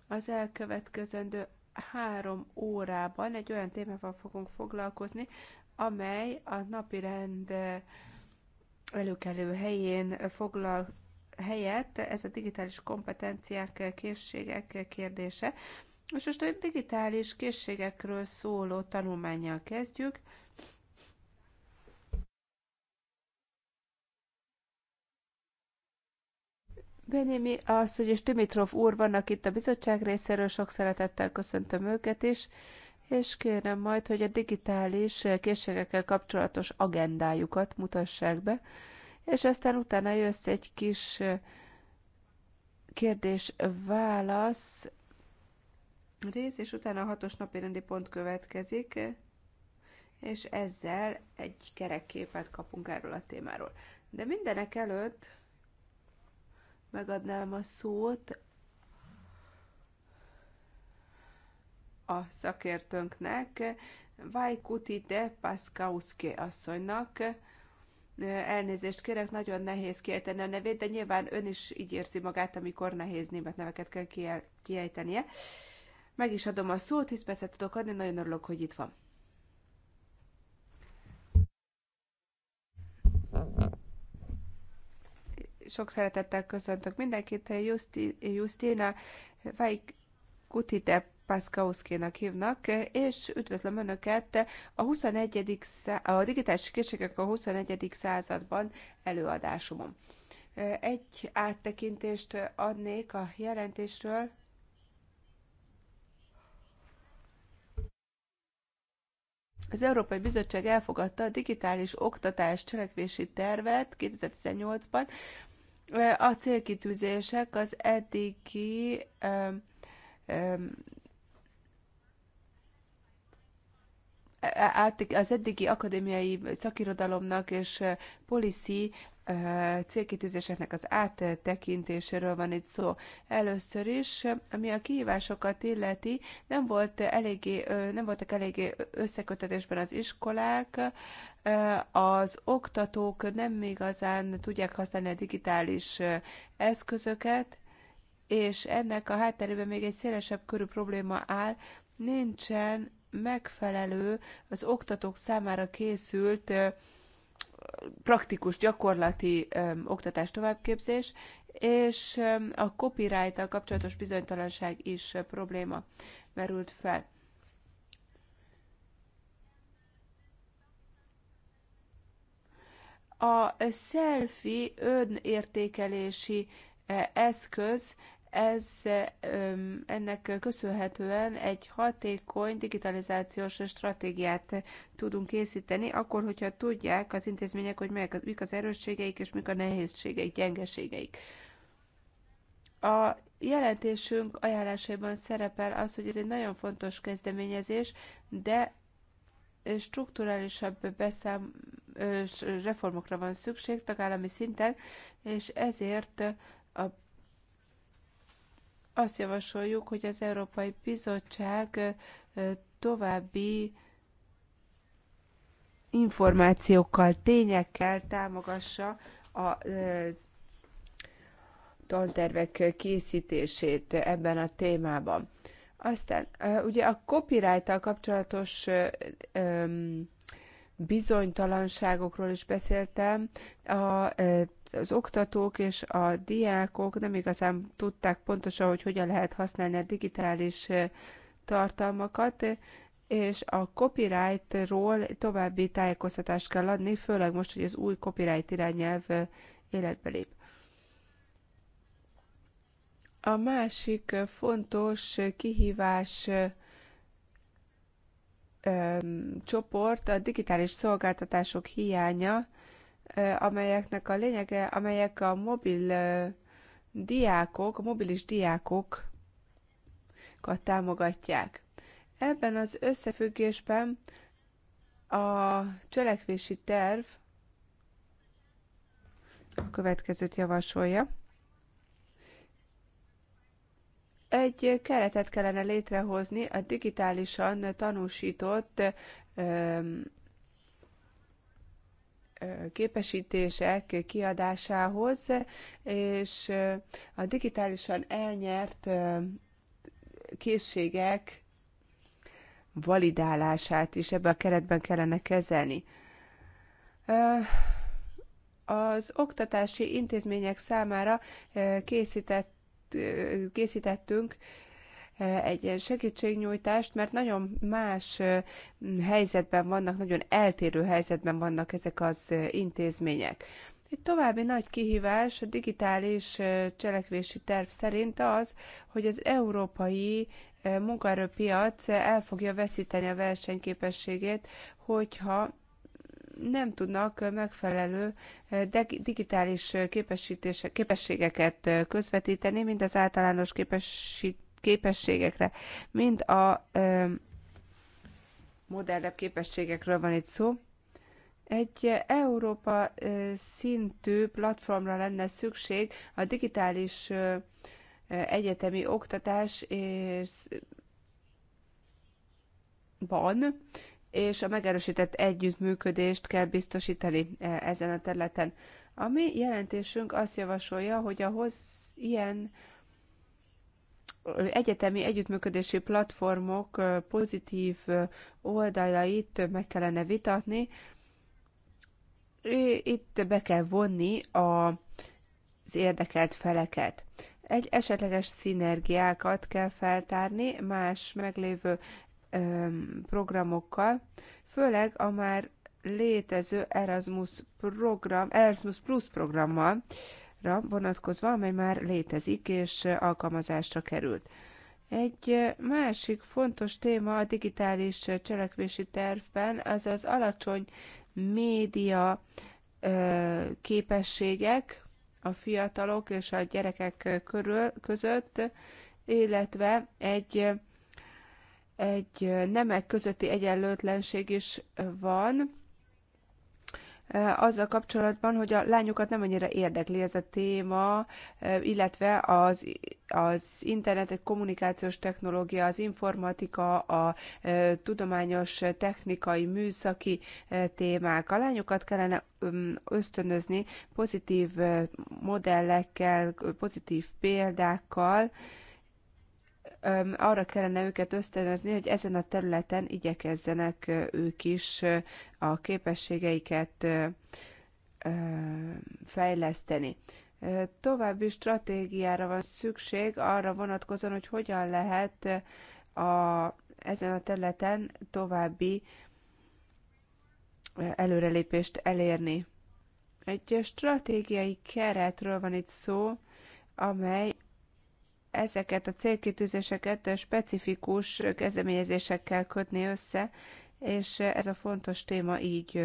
Az elkövetkezendő három órában egy olyan témával fogunk foglalkozni, amely a rend eh, előkelő helyén foglal helyet. ez a digitális kompetenciák, eh, készségek eh, kérdése. És most a digitális készségekről szóló tanulmányjal kezdjük. Benyemi asszony és Dimitrov úr vannak itt a bizottság részéről, sok szeretettel köszöntöm őket is, és kérem majd, hogy a digitális készségekkel kapcsolatos agendájukat mutassák be, és aztán utána jössz egy kis kérdés-válasz rész, és utána a hatos napi rendi pont következik, és ezzel egy kerekképet kapunk erről a témáról. De mindenek előtt megadnám a szót a szakértőnknek, Vajkuti de Paskauske asszonynak. Elnézést kérek, nagyon nehéz kiejteni a nevét, de nyilván ön is így érzi magát, amikor nehéz német neveket kell kiejtenie. Meg is adom a szót, 10 percet tudok adni, nagyon örülök, hogy itt van. sok szeretettel köszöntök mindenkit. Justina Vajk Kutite hívnak, és üdvözlöm Önöket a, 21. Szá- a digitális készségek a 21. században előadásomon. Egy áttekintést adnék a jelentésről, Az Európai Bizottság elfogadta a digitális oktatás cselekvési tervet 2018-ban, a célkitűzések az eddigi az eddigi akadémiai szakirodalomnak és policy célkitűzéseknek az áttekintéséről van itt szó. Először is, ami a kihívásokat illeti, nem, volt eléggé, nem voltak eléggé összekötetésben az iskolák, az oktatók nem igazán tudják használni a digitális eszközöket, és ennek a hátterében még egy szélesebb körű probléma áll, nincsen megfelelő az oktatók számára készült praktikus, gyakorlati öm, oktatás, továbbképzés, és öm, a copyright kapcsolatos bizonytalanság is ö, probléma merült fel. A selfie önértékelési eszköz ez ennek köszönhetően egy hatékony digitalizációs stratégiát tudunk készíteni, akkor, hogyha tudják az intézmények, hogy melyek az, mik az erősségeik és mik a nehézségeik, gyengeségeik. A jelentésünk ajánlásaiban szerepel az, hogy ez egy nagyon fontos kezdeményezés, de strukturálisabb beszám, reformokra van szükség tagállami szinten, és ezért a azt javasoljuk, hogy az Európai Bizottság további információkkal, tényekkel támogassa a tantervek készítését ebben a témában. Aztán ugye a copyright kapcsolatos bizonytalanságokról is beszéltem. A, e, az oktatók és a diákok nem igazán tudták pontosan, hogy hogyan lehet használni a digitális e, tartalmakat, és a copyrightról további tájékoztatást kell adni, főleg most, hogy az új copyright irányelv e, életbe lép. A másik fontos kihívás csoport a digitális szolgáltatások hiánya, amelyeknek a lényege, amelyek a mobil diákok, a mobilis diákokat támogatják. Ebben az összefüggésben a cselekvési terv a következőt javasolja. Egy keretet kellene létrehozni a digitálisan tanúsított képesítések kiadásához, és a digitálisan elnyert készségek validálását is ebbe a keretben kellene kezelni. Az oktatási intézmények számára készített készítettünk eh, egy segítségnyújtást, mert nagyon más eh, helyzetben vannak, nagyon eltérő helyzetben vannak ezek az eh, intézmények. Egy további nagy kihívás a digitális cselekvési terv szerint az, hogy az európai munkaerőpiac el fogja veszíteni a versenyképességét, hogyha nem tudnak megfelelő eh, digitális eh, képességeket eh, közvetíteni, mind az általános képességekre, mind a modernebb képességekről van itt szó. Egy Európa szintű platformra lenne szükség a digitális egyetemi oktatás és van, és a megerősített együttműködést kell biztosítani e, ezen a területen. A mi jelentésünk azt javasolja, hogy ahhoz ilyen egyetemi együttműködési platformok pozitív oldalait meg kellene vitatni. Itt be kell vonni az érdekelt feleket. Egy esetleges szinergiákat kell feltárni más meglévő programokkal, főleg a már létező Erasmus program, Erasmus Plus programmal vonatkozva, amely már létezik és alkalmazásra került. Egy másik fontos téma a digitális cselekvési tervben az az alacsony média képességek a fiatalok és a gyerekek körül, között, illetve egy egy nemek közötti egyenlőtlenség is van, azzal kapcsolatban, hogy a lányokat nem annyira érdekli ez a téma, illetve az, az internet, egy kommunikációs technológia, az informatika, a tudományos, technikai, műszaki témák. A lányokat kellene ösztönözni pozitív modellekkel, pozitív példákkal, arra kellene őket ösztönözni, hogy ezen a területen igyekezzenek ők is a képességeiket fejleszteni. További stratégiára van szükség arra vonatkozóan, hogy hogyan lehet a, ezen a területen további előrelépést elérni. Egy stratégiai keretről van itt szó, amely ezeket a célkitűzéseket specifikus kezdeményezésekkel kötni össze, és ez a fontos téma így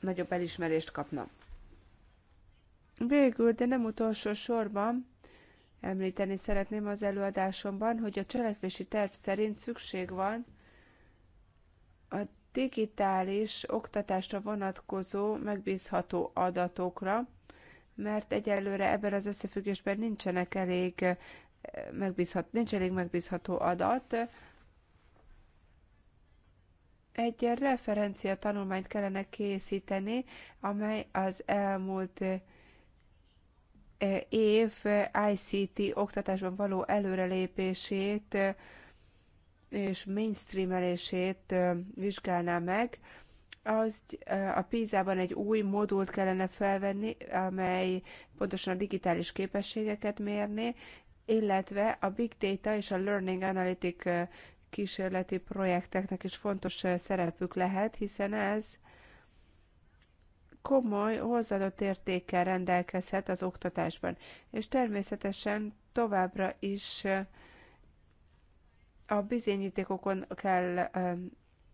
nagyobb elismerést kapna. Végül, de nem utolsó sorban, Említeni szeretném az előadásomban, hogy a cselekvési terv szerint szükség van a digitális oktatásra vonatkozó megbízható adatokra, mert egyelőre ebben az összefüggésben nincsenek elég eh, megbízhat, nincs elég megbízható adat. Egy referencia tanulmányt kellene készíteni, amely az elmúlt eh, év ICT oktatásban való előrelépését eh, és mainstreamelését vizsgálná meg az a PISA-ban egy új modult kellene felvenni, amely pontosan a digitális képességeket mérné, illetve a Big Data és a Learning Analytic kísérleti projekteknek is fontos szerepük lehet, hiszen ez komoly hozzáadott értékkel rendelkezhet az oktatásban. És természetesen továbbra is a bizonyítékokon kell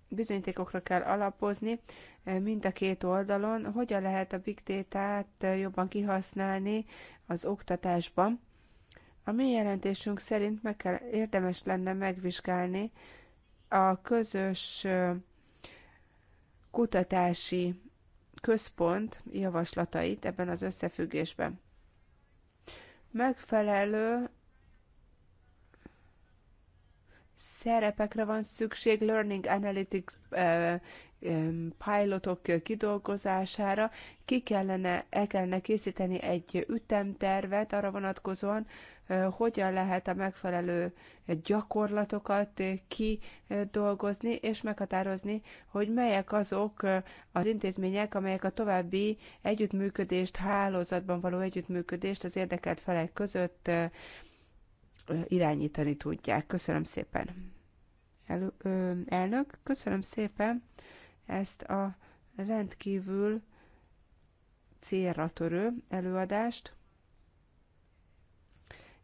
bizonyítékokra kell alapozni eh, mind a két oldalon, hogyan lehet a big data eh, jobban kihasználni az oktatásban. A mi jelentésünk szerint meg kell, érdemes lenne megvizsgálni a közös eh, kutatási központ javaslatait ebben az összefüggésben. Megfelelő szerepekre van szükség, Learning Analytics pilotok kidolgozására, ki kellene, el kellene készíteni egy ütemtervet arra vonatkozóan, hogyan lehet a megfelelő gyakorlatokat kidolgozni, és meghatározni, hogy melyek azok az intézmények, amelyek a további együttműködést, hálózatban való együttműködést az érdekelt felek között irányítani tudják. Köszönöm szépen. El, ö, elnök, köszönöm szépen ezt a rendkívül célra törő előadást,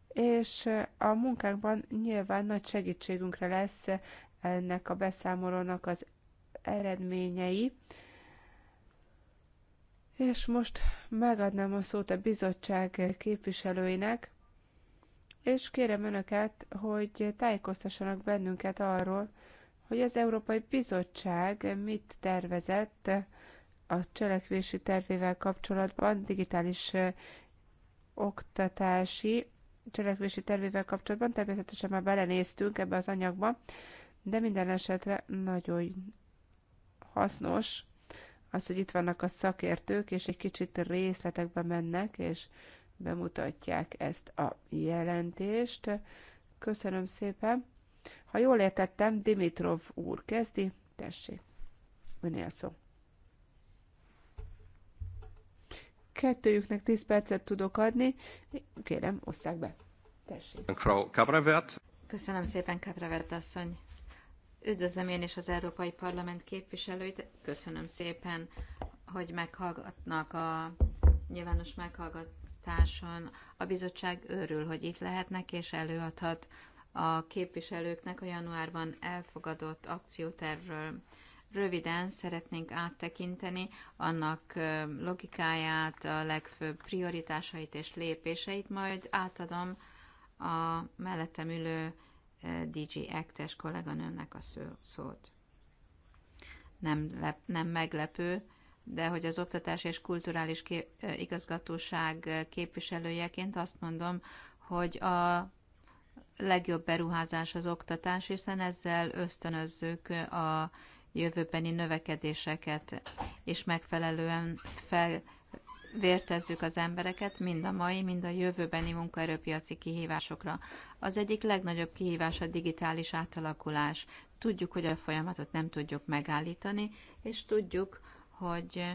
és a munkánkban nyilván nagy segítségünkre lesz ennek a beszámolónak az eredményei. És most megadnám a szót a bizottság képviselőinek, és kérem Önöket, hogy tájékoztassanak bennünket arról, hogy az Európai Bizottság mit tervezett a cselekvési tervével kapcsolatban, digitális oktatási cselekvési tervével kapcsolatban. Természetesen már belenéztünk ebbe az anyagba, de minden esetre nagyon hasznos az, hogy itt vannak a szakértők, és egy kicsit részletekbe mennek, és bemutatják ezt a jelentést. Köszönöm szépen. Ha jól értettem, Dimitrov úr kezdi. Tessék, önél szó. Kettőjüknek 10 percet tudok adni. Kérem, osszák be. Tessék. Frau Kabravet. Köszönöm szépen, Kabravet asszony. Üdvözlöm én is az Európai Parlament képviselőit. Köszönöm szépen, hogy meghallgatnak a nyilvános meghallgat, meghallgatáson. A bizottság örül, hogy itt lehetnek és előadhat a képviselőknek a januárban elfogadott akciótervről. Röviden szeretnénk áttekinteni annak logikáját, a legfőbb prioritásait és lépéseit, majd átadom a mellettem ülő DG Ektes kolléganőmnek a szót. Nem, lep, nem meglepő, de hogy az Oktatás és Kulturális Kép- Igazgatóság képviselőjeként azt mondom, hogy a legjobb beruházás az oktatás, hiszen ezzel ösztönözzük a jövőbeni növekedéseket, és megfelelően fel, vértezzük az embereket mind a mai, mind a jövőbeni munkaerőpiaci kihívásokra. Az egyik legnagyobb kihívás a digitális átalakulás. Tudjuk, hogy a folyamatot nem tudjuk megállítani, és tudjuk, hogy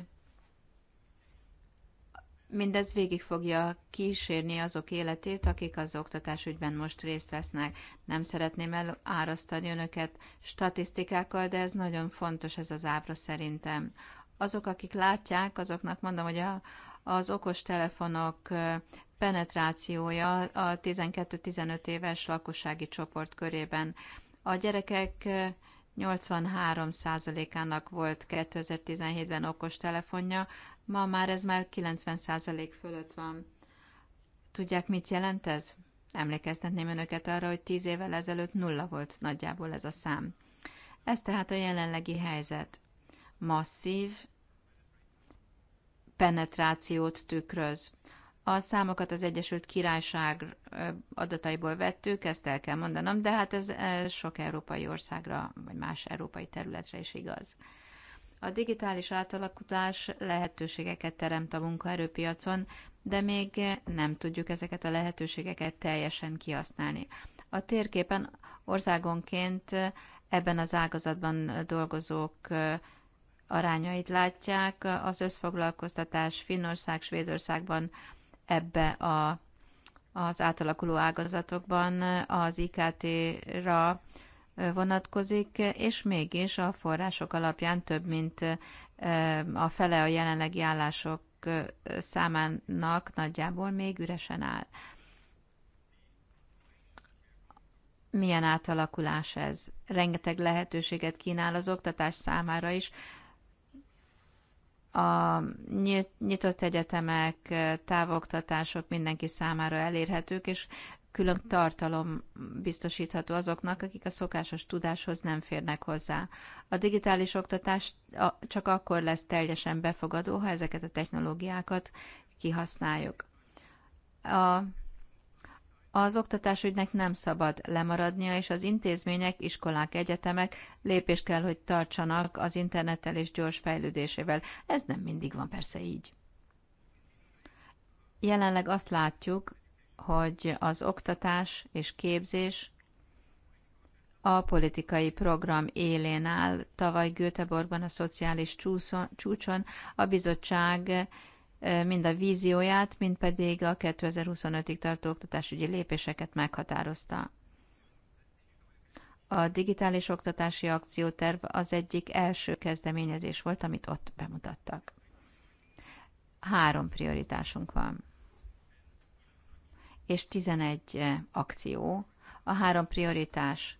mindez végig fogja kísérni azok életét, akik az oktatásügyben most részt vesznek. Nem szeretném elárasztani önöket statisztikákkal, de ez nagyon fontos ez az ábra szerintem. Azok, akik látják, azoknak mondom, hogy a, az okos telefonok penetrációja a 12-15 éves lakossági csoport körében. A gyerekek 83%-ának volt 2017-ben okos telefonja, ma már ez már 90% fölött van. Tudják, mit jelent ez? Emlékeztetném önöket arra, hogy 10 évvel ezelőtt nulla volt nagyjából ez a szám. Ez tehát a jelenlegi helyzet. Masszív penetrációt tükröz. A számokat az Egyesült Királyság adataiból vettük, ezt el kell mondanom, de hát ez sok európai országra, vagy más európai területre is igaz. A digitális átalakulás lehetőségeket teremt a munkaerőpiacon, de még nem tudjuk ezeket a lehetőségeket teljesen kihasználni. A térképen országonként ebben az ágazatban dolgozók arányait látják. Az összfoglalkoztatás Finnország, Svédországban ebbe a, az átalakuló ágazatokban az IKT-ra vonatkozik, és mégis a források alapján több mint a fele a jelenlegi állások számának nagyjából még üresen áll. Milyen átalakulás ez? Rengeteg lehetőséget kínál az oktatás számára is, a nyitott egyetemek, távoktatások mindenki számára elérhetők, és külön tartalom biztosítható azoknak, akik a szokásos tudáshoz nem férnek hozzá. A digitális oktatás csak akkor lesz teljesen befogadó, ha ezeket a technológiákat kihasználjuk. A az oktatásügynek nem szabad lemaradnia, és az intézmények, iskolák, egyetemek lépést kell, hogy tartsanak az internettel és gyors fejlődésével. Ez nem mindig van persze így. Jelenleg azt látjuk, hogy az oktatás és képzés a politikai program élén áll. Tavaly Göteborgban a szociális csúszon, csúcson a bizottság mind a vízióját, mind pedig a 2025-ig tartó oktatásügyi lépéseket meghatározta. A digitális oktatási akcióterv az egyik első kezdeményezés volt, amit ott bemutattak. Három prioritásunk van, és 11 akció. A három prioritás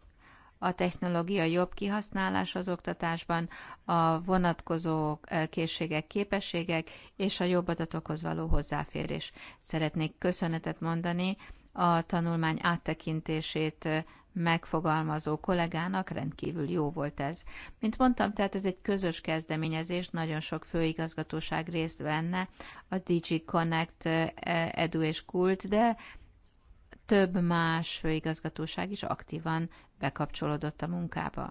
a technológia jobb kihasználás az oktatásban, a vonatkozó készségek, képességek és a jobb adatokhoz való hozzáférés. Szeretnék köszönetet mondani a tanulmány áttekintését megfogalmazó kollégának rendkívül jó volt ez. Mint mondtam, tehát ez egy közös kezdeményezés, nagyon sok főigazgatóság részt venne, a Digi Connect, e, Edu és Kult, de több más főigazgatóság is aktívan bekapcsolódott a munkába.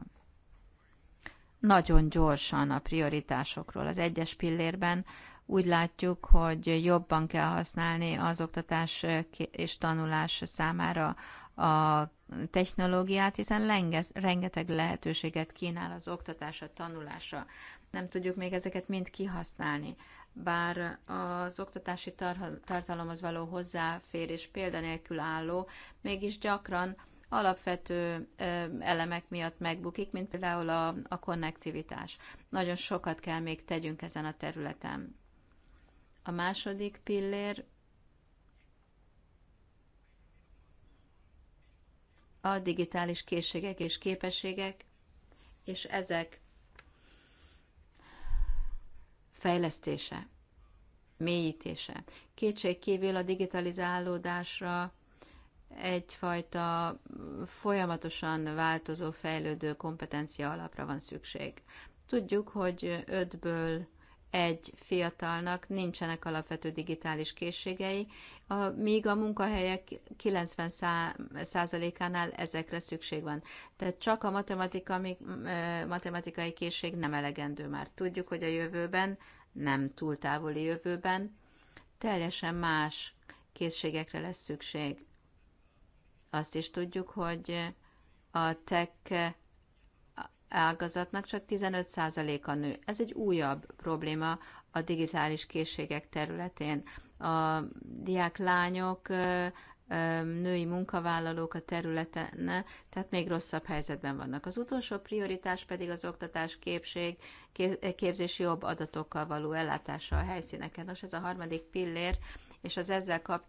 Nagyon gyorsan a prioritásokról. Az egyes pillérben úgy látjuk, hogy jobban kell használni az oktatás és tanulás számára a technológiát, hiszen rengeteg lehetőséget kínál az oktatásra, tanulásra. Nem tudjuk még ezeket mind kihasználni. Bár az oktatási tartalomhoz való hozzáférés példanélkül álló, mégis gyakran alapvető elemek miatt megbukik, mint például a, a konnektivitás. Nagyon sokat kell még tegyünk ezen a területen. A második pillér a digitális készségek és képességek, és ezek fejlesztése, mélyítése. Kétség kívül a digitalizálódásra egyfajta folyamatosan változó, fejlődő kompetencia alapra van szükség. Tudjuk, hogy ötből egy fiatalnak nincsenek alapvető digitális készségei, a, míg a munkahelyek 90%-ánál ezekre szükség van. Tehát csak a matematika, matematikai készség nem elegendő már. Tudjuk, hogy a jövőben, nem túl távoli jövőben, teljesen más készségekre lesz szükség. Azt is tudjuk, hogy a tech ágazatnak csak 15%-a nő. Ez egy újabb probléma a digitális készségek területén. A diák lányok, női munkavállalók a területen, tehát még rosszabb helyzetben vannak. Az utolsó prioritás pedig az oktatás képség, képzés jobb adatokkal való ellátása a helyszíneken. Nos, ez a harmadik pillér, és az ezzel kap,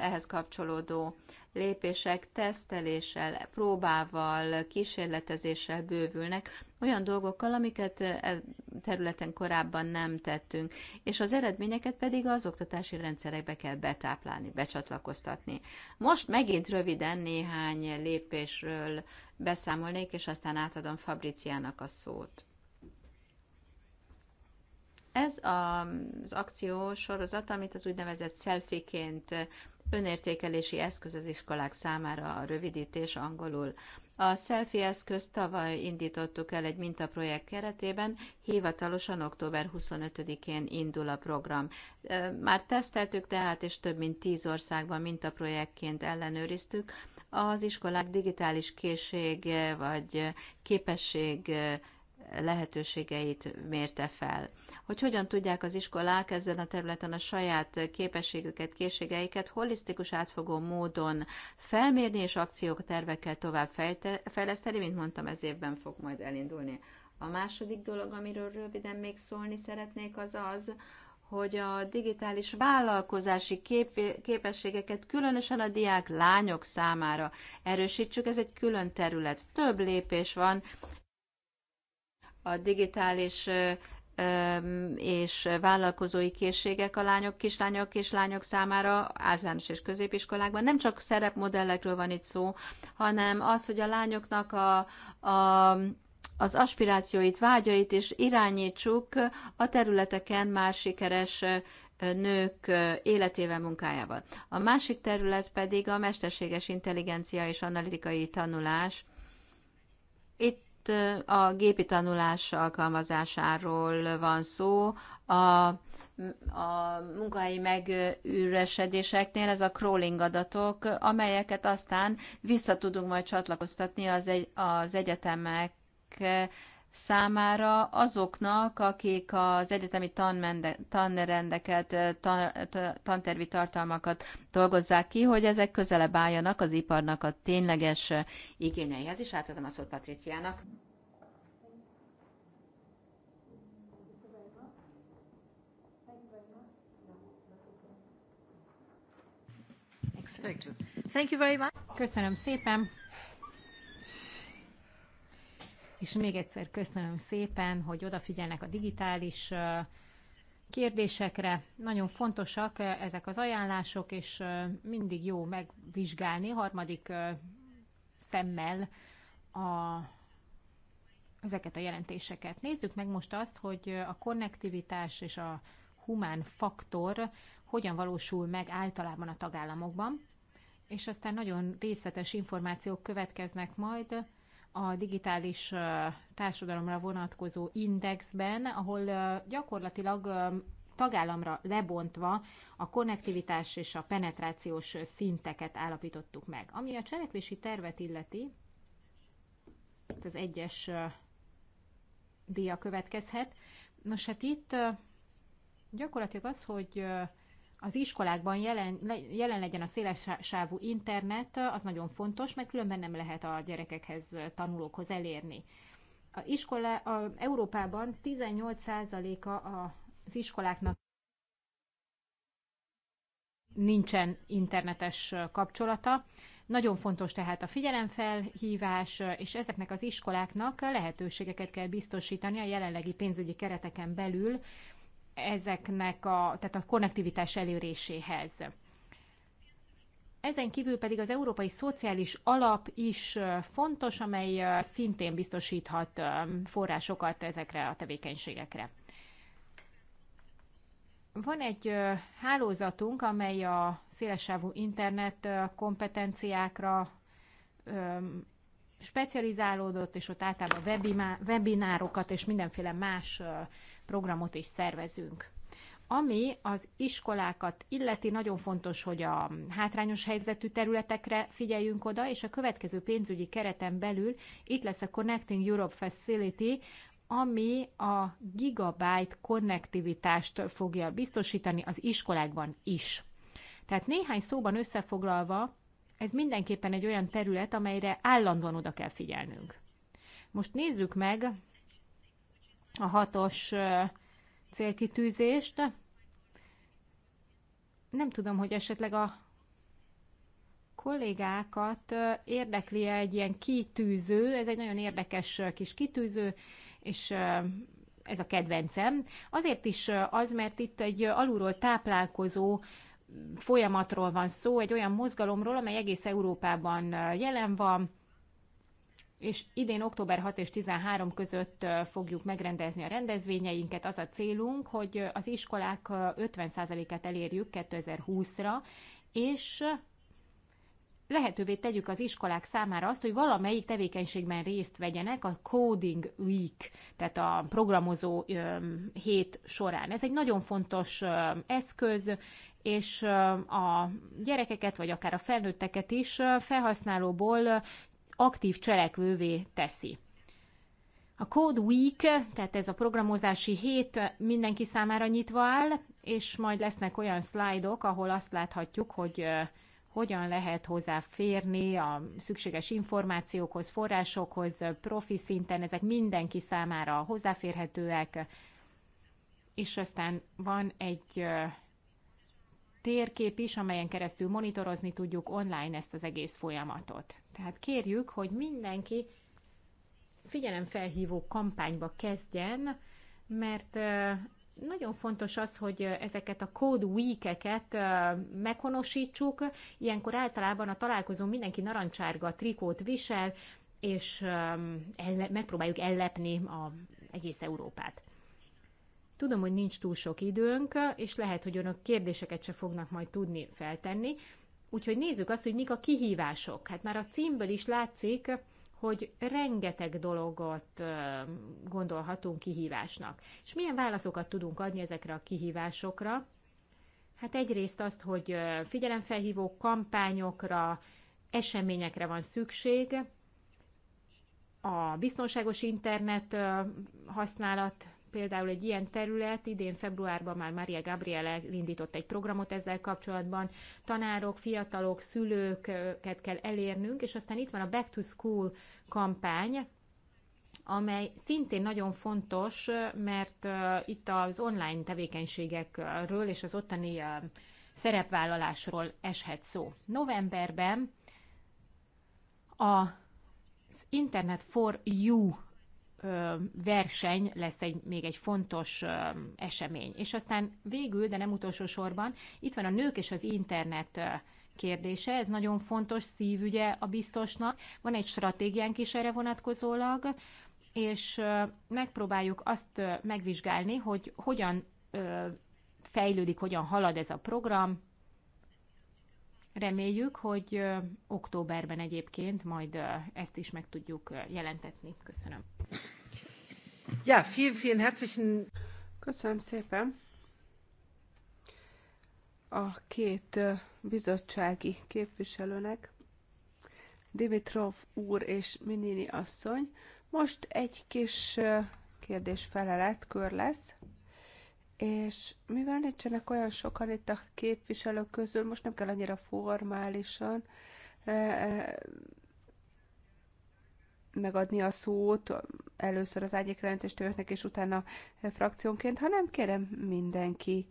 ehhez kapcsolódó lépések teszteléssel, próbával, kísérletezéssel bővülnek, olyan dolgokkal, amiket e területen korábban nem tettünk, és az eredményeket pedig az oktatási rendszerekbe kell betáplálni, becsatlakoztatni. Most megint röviden néhány lépésről beszámolnék, és aztán átadom Fabriciának a szót. Ez az akció sorozat, amit az úgynevezett selfieként önértékelési eszköz az iskolák számára a rövidítés angolul. A selfie eszközt tavaly indítottuk el egy mintaprojekt keretében, hivatalosan október 25-én indul a program. Már teszteltük tehát, és több mint tíz országban mintaprojektként ellenőriztük az iskolák digitális készség vagy képesség lehetőségeit mérte fel. Hogy hogyan tudják az iskolák ezen a területen a saját képességüket, készségeiket holisztikus átfogó módon felmérni és tervekkel tovább fejleszteni, mint mondtam, ez évben fog majd elindulni. A második dolog, amiről röviden még szólni szeretnék, az az, hogy a digitális vállalkozási kép- képességeket különösen a diák lányok számára erősítsük. Ez egy külön terület. Több lépés van a digitális és vállalkozói készségek a lányok, kislányok, kislányok számára általános és középiskolákban. Nem csak szerepmodellekről van itt szó, hanem az, hogy a lányoknak a, a az aspirációit, vágyait is irányítsuk a területeken már sikeres nők életével, munkájával. A másik terület pedig a mesterséges intelligencia és analitikai tanulás. Itt a gépi tanulás alkalmazásáról van szó. A, a munkahelyi megüresedéseknél ez a crawling adatok, amelyeket aztán vissza tudunk majd csatlakoztatni az, egy, az egyetemek számára azoknak, akik az egyetemi tanmende, tanrendeket, tan, tantervi tartalmakat dolgozzák ki, hogy ezek közelebb álljanak az iparnak a tényleges igényeihez, és átadom a szót Patriciának. Thank you very much. Köszönöm szépen és még egyszer köszönöm szépen, hogy odafigyelnek a digitális kérdésekre. Nagyon fontosak ezek az ajánlások, és mindig jó megvizsgálni harmadik szemmel a, ezeket a jelentéseket. Nézzük meg most azt, hogy a konnektivitás és a humán faktor hogyan valósul meg általában a tagállamokban, és aztán nagyon részletes információk következnek majd a digitális társadalomra vonatkozó indexben, ahol gyakorlatilag tagállamra lebontva a konnektivitás és a penetrációs szinteket állapítottuk meg. Ami a cselekvési tervet illeti, itt az egyes díja következhet. Nos, hát itt gyakorlatilag az, hogy az iskolákban jelen, jelen legyen a széles sávú internet, az nagyon fontos, mert különben nem lehet a gyerekekhez, tanulókhoz elérni. A iskola, a, Európában 18%-a az iskoláknak nincsen internetes kapcsolata. Nagyon fontos tehát a figyelemfelhívás, és ezeknek az iskoláknak lehetőségeket kell biztosítani a jelenlegi pénzügyi kereteken belül ezeknek a, tehát a konnektivitás eléréséhez. Ezen kívül pedig az Európai Szociális Alap is fontos, amely szintén biztosíthat forrásokat ezekre a tevékenységekre. Van egy hálózatunk, amely a szélesávú internet kompetenciákra specializálódott, és ott általában webinárokat és mindenféle más programot is szervezünk. Ami az iskolákat illeti, nagyon fontos, hogy a hátrányos helyzetű területekre figyeljünk oda, és a következő pénzügyi kereten belül itt lesz a Connecting Europe Facility, ami a gigabyte konnektivitást fogja biztosítani az iskolákban is. Tehát néhány szóban összefoglalva, ez mindenképpen egy olyan terület, amelyre állandóan oda kell figyelnünk. Most nézzük meg a hatos célkitűzést. Nem tudom, hogy esetleg a kollégákat érdekli -e egy ilyen kitűző, ez egy nagyon érdekes kis kitűző, és ez a kedvencem. Azért is az, mert itt egy alulról táplálkozó folyamatról van szó, egy olyan mozgalomról, amely egész Európában jelen van, és idén október 6 és 13 között fogjuk megrendezni a rendezvényeinket. Az a célunk, hogy az iskolák 50%-át elérjük 2020-ra, és lehetővé tegyük az iskolák számára azt, hogy valamelyik tevékenységben részt vegyenek a Coding Week, tehát a programozó hét során. Ez egy nagyon fontos eszköz, és a gyerekeket, vagy akár a felnőtteket is felhasználóból aktív cselekvővé teszi. A Code Week, tehát ez a programozási hét mindenki számára nyitva áll, és majd lesznek olyan szlájdok, ahol azt láthatjuk, hogy hogyan lehet hozzáférni a szükséges információkhoz, forrásokhoz, profi szinten, ezek mindenki számára hozzáférhetőek, és aztán van egy térkép is, amelyen keresztül monitorozni tudjuk online ezt az egész folyamatot. Tehát kérjük, hogy mindenki figyelemfelhívó kampányba kezdjen, mert nagyon fontos az, hogy ezeket a code week-eket meghonosítsuk. Ilyenkor általában a találkozón mindenki narancsárga trikót visel, és megpróbáljuk ellepni a egész Európát. Tudom, hogy nincs túl sok időnk, és lehet, hogy önök kérdéseket se fognak majd tudni feltenni. Úgyhogy nézzük azt, hogy mik a kihívások. Hát már a címből is látszik, hogy rengeteg dologot gondolhatunk kihívásnak. És milyen válaszokat tudunk adni ezekre a kihívásokra? Hát egyrészt azt, hogy figyelemfelhívó kampányokra, eseményekre van szükség, a biztonságos internet használat például egy ilyen terület, idén februárban már Maria Gabriele indított egy programot ezzel kapcsolatban, tanárok, fiatalok, szülőket kell elérnünk, és aztán itt van a Back to School kampány, amely szintén nagyon fontos, mert itt az online tevékenységekről és az ottani szerepvállalásról eshet szó. Novemberben a Internet for You verseny lesz egy, még egy fontos esemény. És aztán végül, de nem utolsó sorban, itt van a nők és az internet kérdése, ez nagyon fontos szívügye a biztosnak. Van egy stratégiánk is erre vonatkozólag, és megpróbáljuk azt megvizsgálni, hogy hogyan fejlődik, hogyan halad ez a program. Reméljük, hogy októberben egyébként majd ezt is meg tudjuk jelentetni. Köszönöm. Ja, vielen, vielen herzlichen... Köszönöm szépen. A két bizottsági képviselőnek, Dimitrov úr és Minini asszony, most egy kis kérdés-felelet kör lesz, és mivel nincsenek olyan sokan itt a képviselők közül, most nem kell annyira formálisan megadni a szót először az árnyékrendestőrnek, és utána frakciónként, hanem kérem mindenki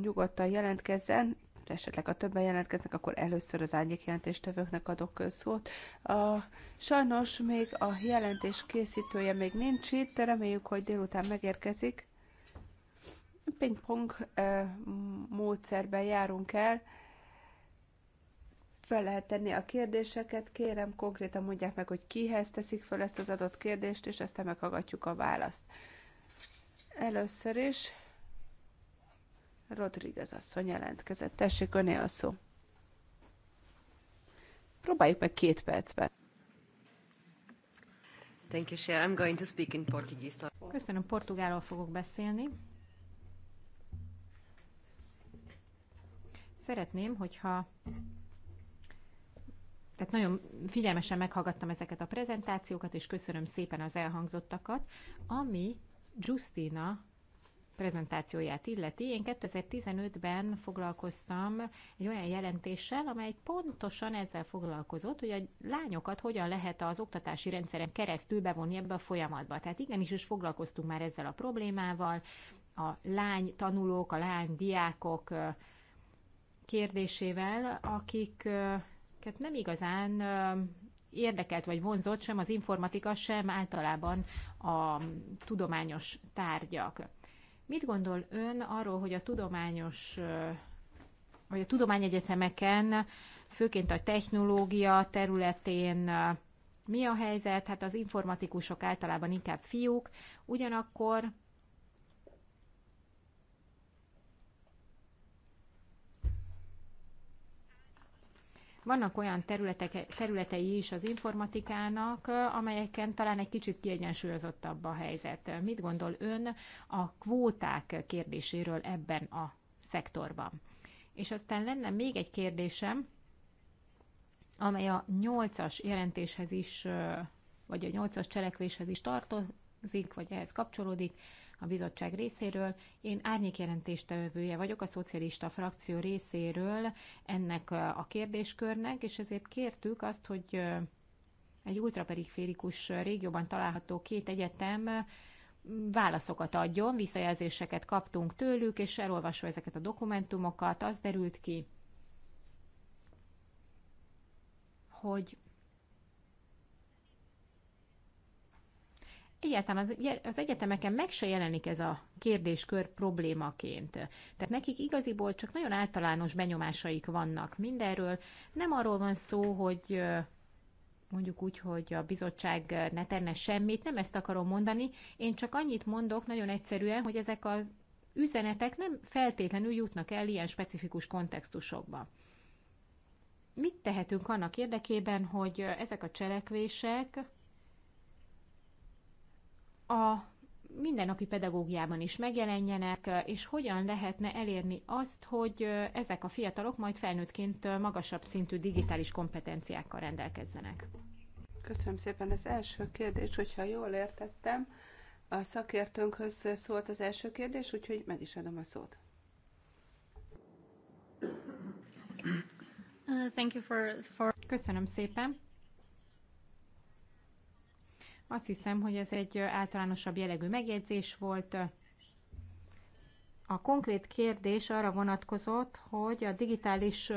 nyugodtan jelentkezzen, esetleg a többen jelentkeznek, akkor először az árnyék jelentéstevőknek adok szót. A, sajnos még a jelentés készítője még nincs itt, de reméljük, hogy délután megérkezik. Pingpong módszerben járunk el fel lehet tenni a kérdéseket, kérem konkrétan mondják meg, hogy kihez teszik fel ezt az adott kérdést, és aztán meghallgatjuk a választ. Először is Rodriguez asszony jelentkezett. Tessék, öné a szó. Próbáljuk meg két percben. Thank you, Cher. I'm going to speak in Portuguese. Köszönöm, portugálról fogok beszélni. Szeretném, hogyha tehát nagyon figyelmesen meghallgattam ezeket a prezentációkat, és köszönöm szépen az elhangzottakat. Ami Justina prezentációját illeti, én 2015-ben foglalkoztam egy olyan jelentéssel, amely pontosan ezzel foglalkozott, hogy a lányokat hogyan lehet az oktatási rendszeren keresztül bevonni ebbe a folyamatba. Tehát igenis is foglalkoztunk már ezzel a problémával, a lány tanulók, a lány diákok kérdésével, akik nem igazán érdekelt vagy vonzott sem az informatika, sem általában a tudományos tárgyak. Mit gondol ön arról, hogy a tudományos vagy a tudományegyetemeken, főként a technológia területén mi a helyzet? Hát az informatikusok általában inkább fiúk, ugyanakkor Vannak olyan területek, területei is az informatikának, amelyeken talán egy kicsit kiegyensúlyozottabb a helyzet. Mit gondol ön a kvóták kérdéséről ebben a szektorban? És aztán lenne még egy kérdésem, amely a nyolcas jelentéshez is, vagy a nyolcas cselekvéshez is tartozik, vagy ehhez kapcsolódik a bizottság részéről. Én jelentéstevője vagyok a szocialista frakció részéről ennek a kérdéskörnek, és ezért kértük azt, hogy egy ultraperiférikus régióban található két egyetem válaszokat adjon, visszajelzéseket kaptunk tőlük, és elolvasva ezeket a dokumentumokat, az derült ki, hogy egyáltalán az, az egyetemeken meg se jelenik ez a kérdéskör problémaként. Tehát nekik igaziból csak nagyon általános benyomásaik vannak mindenről. Nem arról van szó, hogy mondjuk úgy, hogy a bizottság ne tenne semmit, nem ezt akarom mondani, én csak annyit mondok nagyon egyszerűen, hogy ezek az üzenetek nem feltétlenül jutnak el ilyen specifikus kontextusokba. Mit tehetünk annak érdekében, hogy ezek a cselekvések a mindennapi pedagógiában is megjelenjenek, és hogyan lehetne elérni azt, hogy ezek a fiatalok majd felnőttként magasabb szintű digitális kompetenciákkal rendelkezzenek. Köszönöm szépen. Az első kérdés, hogyha jól értettem, a szakértőnkhöz szólt az első kérdés, úgyhogy meg is adom a szót. Uh, Köszönöm szépen. Azt hiszem, hogy ez egy általánosabb jellegű megjegyzés volt. A konkrét kérdés arra vonatkozott, hogy a digitális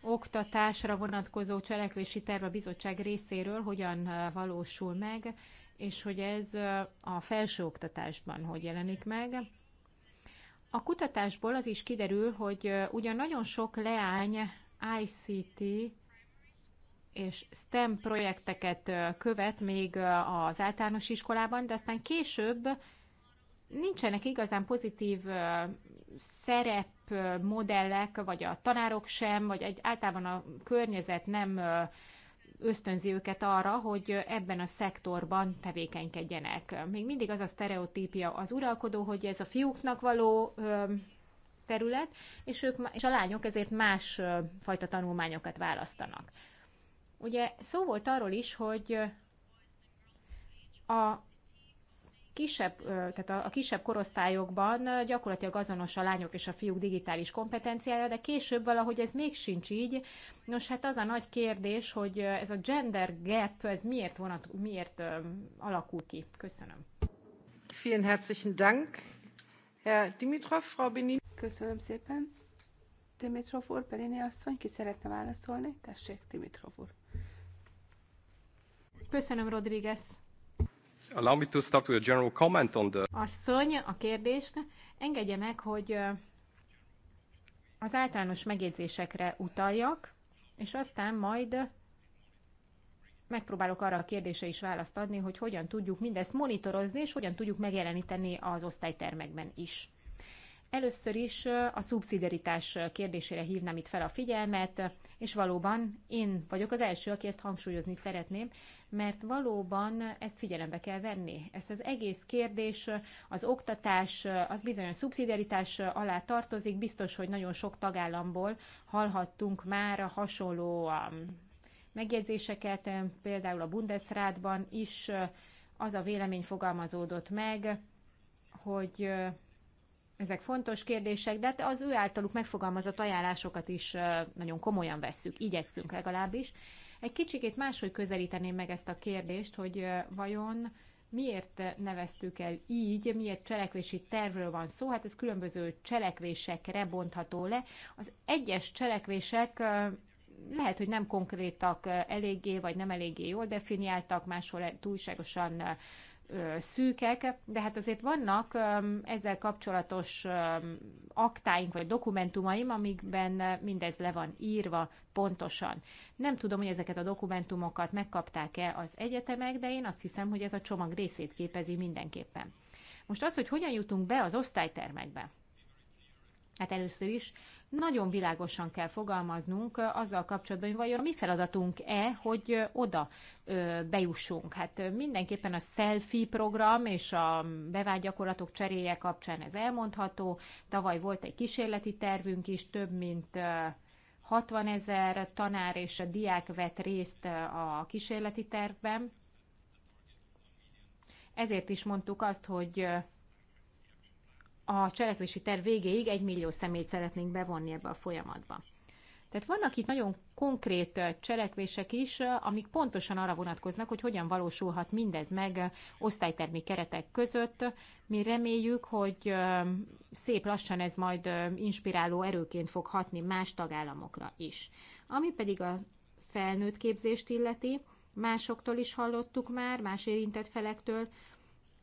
oktatásra vonatkozó cselekvési terv a bizottság részéről hogyan valósul meg, és hogy ez a felsőoktatásban hogy jelenik meg. A kutatásból az is kiderül, hogy ugyan nagyon sok leány ICT és STEM projekteket követ még az általános iskolában, de aztán később nincsenek igazán pozitív szerepmodellek vagy a tanárok sem, vagy egy, általában a környezet nem ösztönzi őket arra, hogy ebben a szektorban tevékenykedjenek. Még mindig az a sztereotípia az uralkodó, hogy ez a fiúknak való terület, és, ők, és a lányok ezért más fajta tanulmányokat választanak. Ugye szó volt arról is, hogy a kisebb, tehát a kisebb korosztályokban gyakorlatilag azonos a lányok és a fiúk digitális kompetenciája, de később valahogy ez még sincs így. Nos, hát az a nagy kérdés, hogy ez a gender gap, ez miért, vonat, miért alakul ki? Köszönöm. Vielen herzlichen Dank, Herr Dimitrov, Frau Benin. Köszönöm szépen. Dimitrov úr, Pelini asszony, ki szeretne válaszolni? Tessék, Dimitrov úr. Köszönöm, Rodriguez. Allow me to start with a general comment on the... Asszony, a kérdést. Engedje meg, hogy az általános megjegyzésekre utaljak, és aztán majd megpróbálok arra a kérdése is választ adni, hogy hogyan tudjuk mindezt monitorozni, és hogyan tudjuk megjeleníteni az osztálytermekben is. Először is a szubszidiaritás kérdésére hívnám itt fel a figyelmet, és valóban én vagyok az első, aki ezt hangsúlyozni szeretném, mert valóban ezt figyelembe kell venni. Ezt az egész kérdés, az oktatás, az bizonyos szubszidiaritás alá tartozik, biztos, hogy nagyon sok tagállamból hallhattunk már hasonló megjegyzéseket, például a Bundesrátban is az a vélemény fogalmazódott meg, hogy ezek fontos kérdések, de hát az ő általuk megfogalmazott ajánlásokat is nagyon komolyan vesszük, igyekszünk legalábbis. Egy kicsikét máshogy közelíteném meg ezt a kérdést, hogy vajon miért neveztük el így, miért cselekvési tervről van szó, hát ez különböző cselekvésekre bontható le. Az egyes cselekvések lehet, hogy nem konkrétak eléggé, vagy nem eléggé jól definiáltak, máshol túlságosan szűkek, de hát azért vannak ezzel kapcsolatos aktáink vagy dokumentumaim, amikben mindez le van írva pontosan. Nem tudom, hogy ezeket a dokumentumokat megkapták-e az egyetemek, de én azt hiszem, hogy ez a csomag részét képezi mindenképpen. Most az, hogy hogyan jutunk be az osztálytermekbe. Hát először is nagyon világosan kell fogalmaznunk azzal kapcsolatban, hogy vajon mi feladatunk-e, hogy oda bejussunk. Hát mindenképpen a selfie program és a bevált gyakorlatok cseréje kapcsán ez elmondható. Tavaly volt egy kísérleti tervünk is, több mint 60 ezer tanár és a diák vett részt a kísérleti tervben. Ezért is mondtuk azt, hogy a cselekvési terv végéig egy millió személyt szeretnénk bevonni ebbe a folyamatba. Tehát vannak itt nagyon konkrét cselekvések is, amik pontosan arra vonatkoznak, hogy hogyan valósulhat mindez meg osztálytermi keretek között. Mi reméljük, hogy szép lassan ez majd inspiráló erőként fog hatni más tagállamokra is. Ami pedig a felnőtt képzést illeti, másoktól is hallottuk már, más érintett felektől,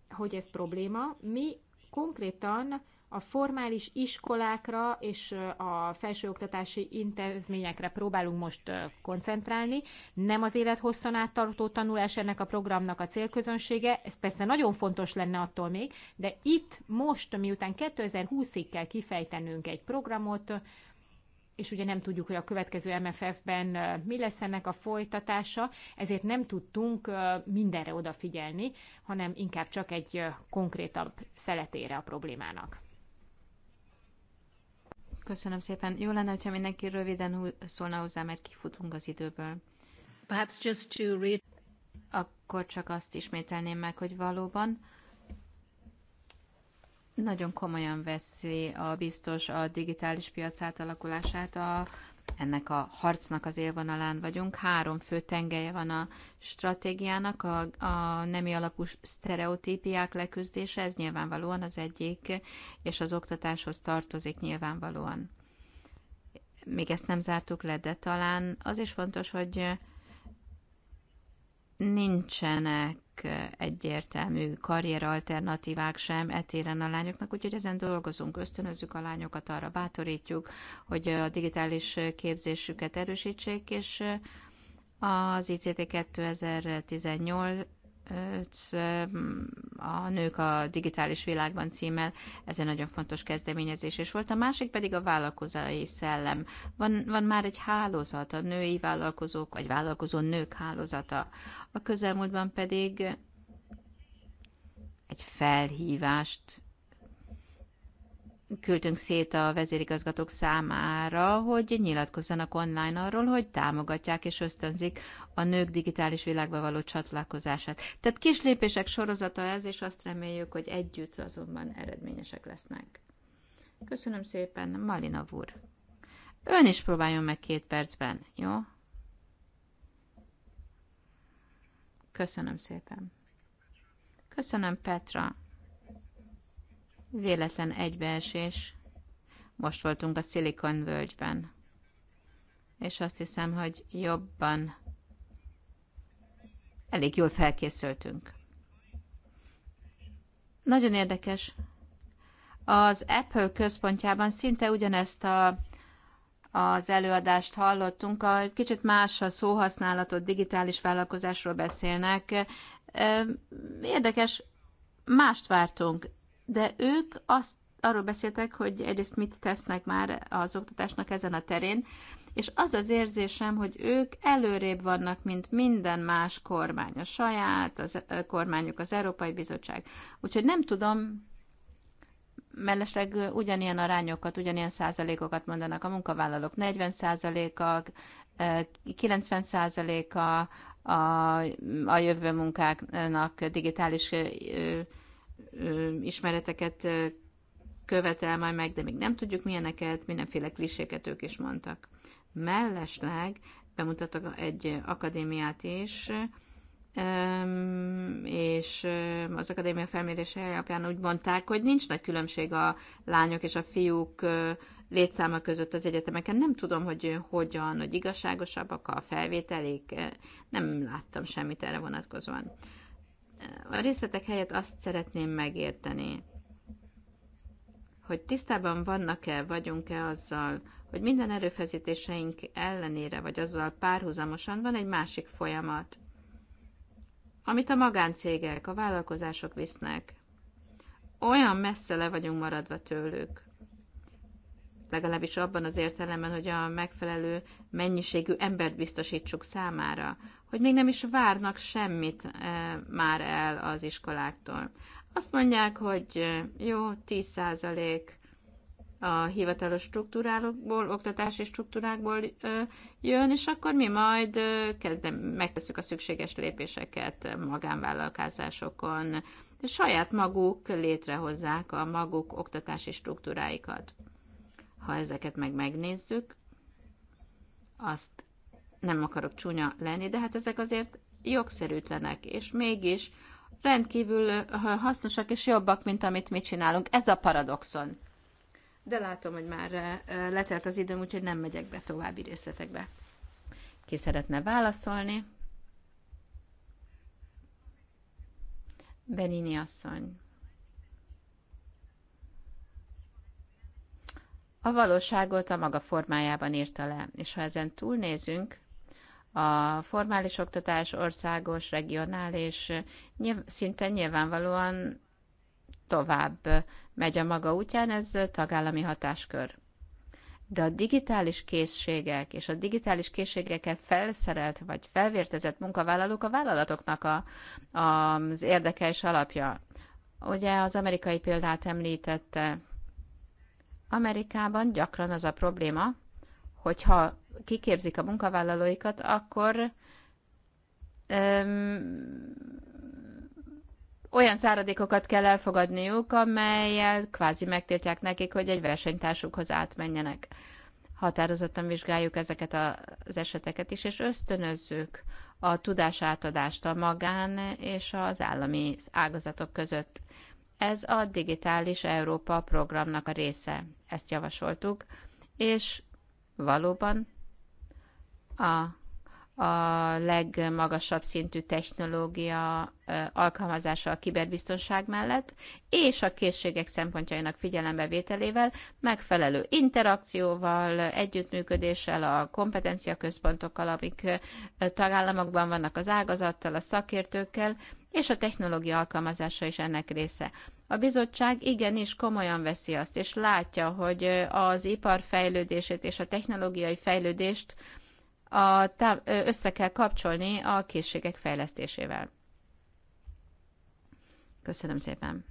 hogy ez probléma. Mi konkrétan a formális iskolákra és a felsőoktatási intézményekre próbálunk most koncentrálni. Nem az élethosszan áttartó tanulás ennek a programnak a célközönsége, ez persze nagyon fontos lenne attól még, de itt most, miután 2020-ig kell kifejtenünk egy programot, és ugye nem tudjuk, hogy a következő MFF-ben mi lesz ennek a folytatása, ezért nem tudtunk mindenre odafigyelni, hanem inkább csak egy konkrétabb szeletére a problémának. Köszönöm szépen. Jó lenne, hogyha mindenki röviden szólna hozzá, mert kifutunk az időből. Perhaps just to read. Akkor csak azt ismételném meg, hogy valóban nagyon komolyan veszi a biztos a digitális piac átalakulását, a, ennek a harcnak az élvonalán vagyunk. Három fő tengelye van a stratégiának, a, a nemi alapú sztereotípiák leküzdése, ez nyilvánvalóan az egyik, és az oktatáshoz tartozik nyilvánvalóan. Még ezt nem zártuk le, de talán az is fontos, hogy nincsenek egyértelmű karrier alternatívák sem etéren a lányoknak, úgyhogy ezen dolgozunk, ösztönözzük a lányokat, arra bátorítjuk, hogy a digitális képzésüket erősítsék, és az ICT 2018 a Nők a digitális világban címmel, ez egy nagyon fontos kezdeményezés is volt. A másik pedig a vállalkozói szellem. Van, van már egy hálózat, a női vállalkozók, vagy vállalkozó nők hálózata. A közelmúltban pedig egy felhívást küldtünk szét a vezérigazgatók számára, hogy nyilatkozzanak online arról, hogy támogatják és ösztönzik a nők digitális világba való csatlakozását. Tehát kis lépések sorozata ez, és azt reméljük, hogy együtt azonban eredményesek lesznek. Köszönöm szépen, Malina úr. Ön is próbáljon meg két percben, jó? Köszönöm szépen. Köszönöm, Petra. Véletlen egybeesés. Most voltunk a Silicon völgyben. És azt hiszem, hogy jobban, elég jól felkészültünk. Nagyon érdekes. Az Apple központjában szinte ugyanezt a, az előadást hallottunk. A, kicsit más a szóhasználatot, digitális vállalkozásról beszélnek. Érdekes, mást vártunk de ők azt arról beszéltek, hogy egyrészt mit tesznek már az oktatásnak ezen a terén, és az az érzésem, hogy ők előrébb vannak, mint minden más kormány, a saját, az, a kormányuk, az Európai Bizottság. Úgyhogy nem tudom, mellesleg ugyanilyen arányokat, ugyanilyen százalékokat mondanak a munkavállalók, 40 százaléka, 90 százaléka a, a jövő munkáknak digitális ismereteket követel majd meg, de még nem tudjuk milyeneket, mindenféle kliséket ők is mondtak. Mellesleg bemutattak egy akadémiát is, és az akadémia felmérése alapján úgy mondták, hogy nincs nagy különbség a lányok és a fiúk létszáma között az egyetemeken. Nem tudom, hogy hogyan, hogy igazságosabbak a felvételék, nem láttam semmit erre vonatkozóan a részletek helyett azt szeretném megérteni, hogy tisztában vannak-e, vagyunk-e azzal, hogy minden erőfeszítéseink ellenére, vagy azzal párhuzamosan van egy másik folyamat, amit a magáncégek, a vállalkozások visznek. Olyan messze le vagyunk maradva tőlük legalábbis abban az értelemben, hogy a megfelelő mennyiségű embert biztosítsuk számára, hogy még nem is várnak semmit eh, már el az iskoláktól. Azt mondják, hogy eh, jó, 10% a hivatalos struktúrákból, oktatási struktúrákból eh, jön, és akkor mi majd kezdem, megteszük a szükséges lépéseket magánvállalkozásokon, saját maguk létrehozzák a maguk oktatási struktúráikat. Ha ezeket meg megnézzük, azt nem akarok csúnya lenni, de hát ezek azért jogszerűtlenek, és mégis rendkívül hasznosak és jobbak, mint amit mi csinálunk. Ez a paradoxon. De látom, hogy már letelt az időm, úgyhogy nem megyek be további részletekbe. Ki szeretne válaszolni? Benini asszony. a valóságot a maga formájában írta le. És ha ezen túlnézünk, a formális oktatás országos, regionális nyilv, szinte nyilvánvalóan tovább megy a maga útján, ez tagállami hatáskör. De a digitális készségek és a digitális készségekkel felszerelt vagy felvértezett munkavállalók a vállalatoknak a, a, az érdekes alapja. Ugye az amerikai példát említette, Amerikában gyakran az a probléma, hogyha kiképzik a munkavállalóikat, akkor öm, olyan száradékokat kell elfogadniuk, amelyel kvázi megtiltják nekik, hogy egy versenytársukhoz átmenjenek. Határozottan vizsgáljuk ezeket az eseteket is, és ösztönözzük a tudásátadást a magán és az állami ágazatok között. Ez a Digitális Európa programnak a része ezt javasoltuk, és valóban a, a legmagasabb szintű technológia alkalmazása a kiberbiztonság mellett, és a készségek szempontjainak figyelembevételével, megfelelő interakcióval, együttműködéssel, a kompetencia központokkal, amik tagállamokban vannak az ágazattal, a szakértőkkel, és a technológia alkalmazása is ennek része. A bizottság igenis komolyan veszi azt, és látja, hogy az ipar fejlődését és a technológiai fejlődést a össze kell kapcsolni a készségek fejlesztésével. Köszönöm szépen.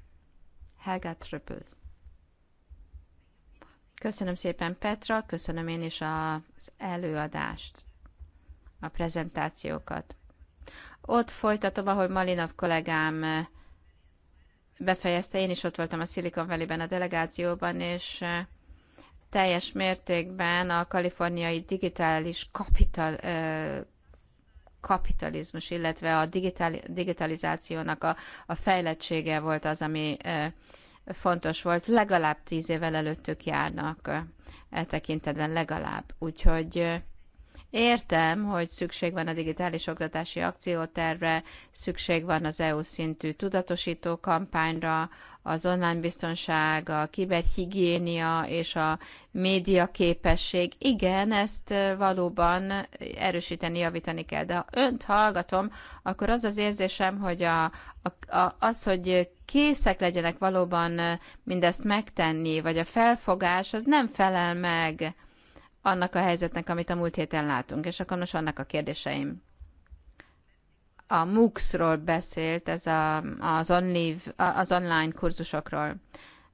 Helga Tröpül. Köszönöm szépen Petra, köszönöm én is az előadást, a prezentációkat. Ott folytatom, ahol Malinov kollégám befejezte. Én is ott voltam a Silicon Valley-ben a delegációban, és eh, teljes mértékben a kaliforniai digitális kapital, eh, kapitalizmus, illetve a digital, digitalizációnak a, a fejlettsége volt az, ami eh, fontos volt. Legalább tíz évvel előttük járnak e tekintetben, legalább. Úgyhogy Értem, hogy szükség van a digitális oktatási akciótervre, szükség van az EU szintű tudatosító kampányra, az online biztonság, a kiberhigiénia és a média képesség. Igen, ezt valóban erősíteni, javítani kell, de ha önt hallgatom, akkor az az érzésem, hogy a, a, a, az, hogy készek legyenek valóban mindezt megtenni, vagy a felfogás, az nem felel meg annak a helyzetnek, amit a múlt héten látunk. És akkor most vannak a kérdéseim. A MOOCs-ról beszélt, ez a, az, on-leave, az online kurzusokról.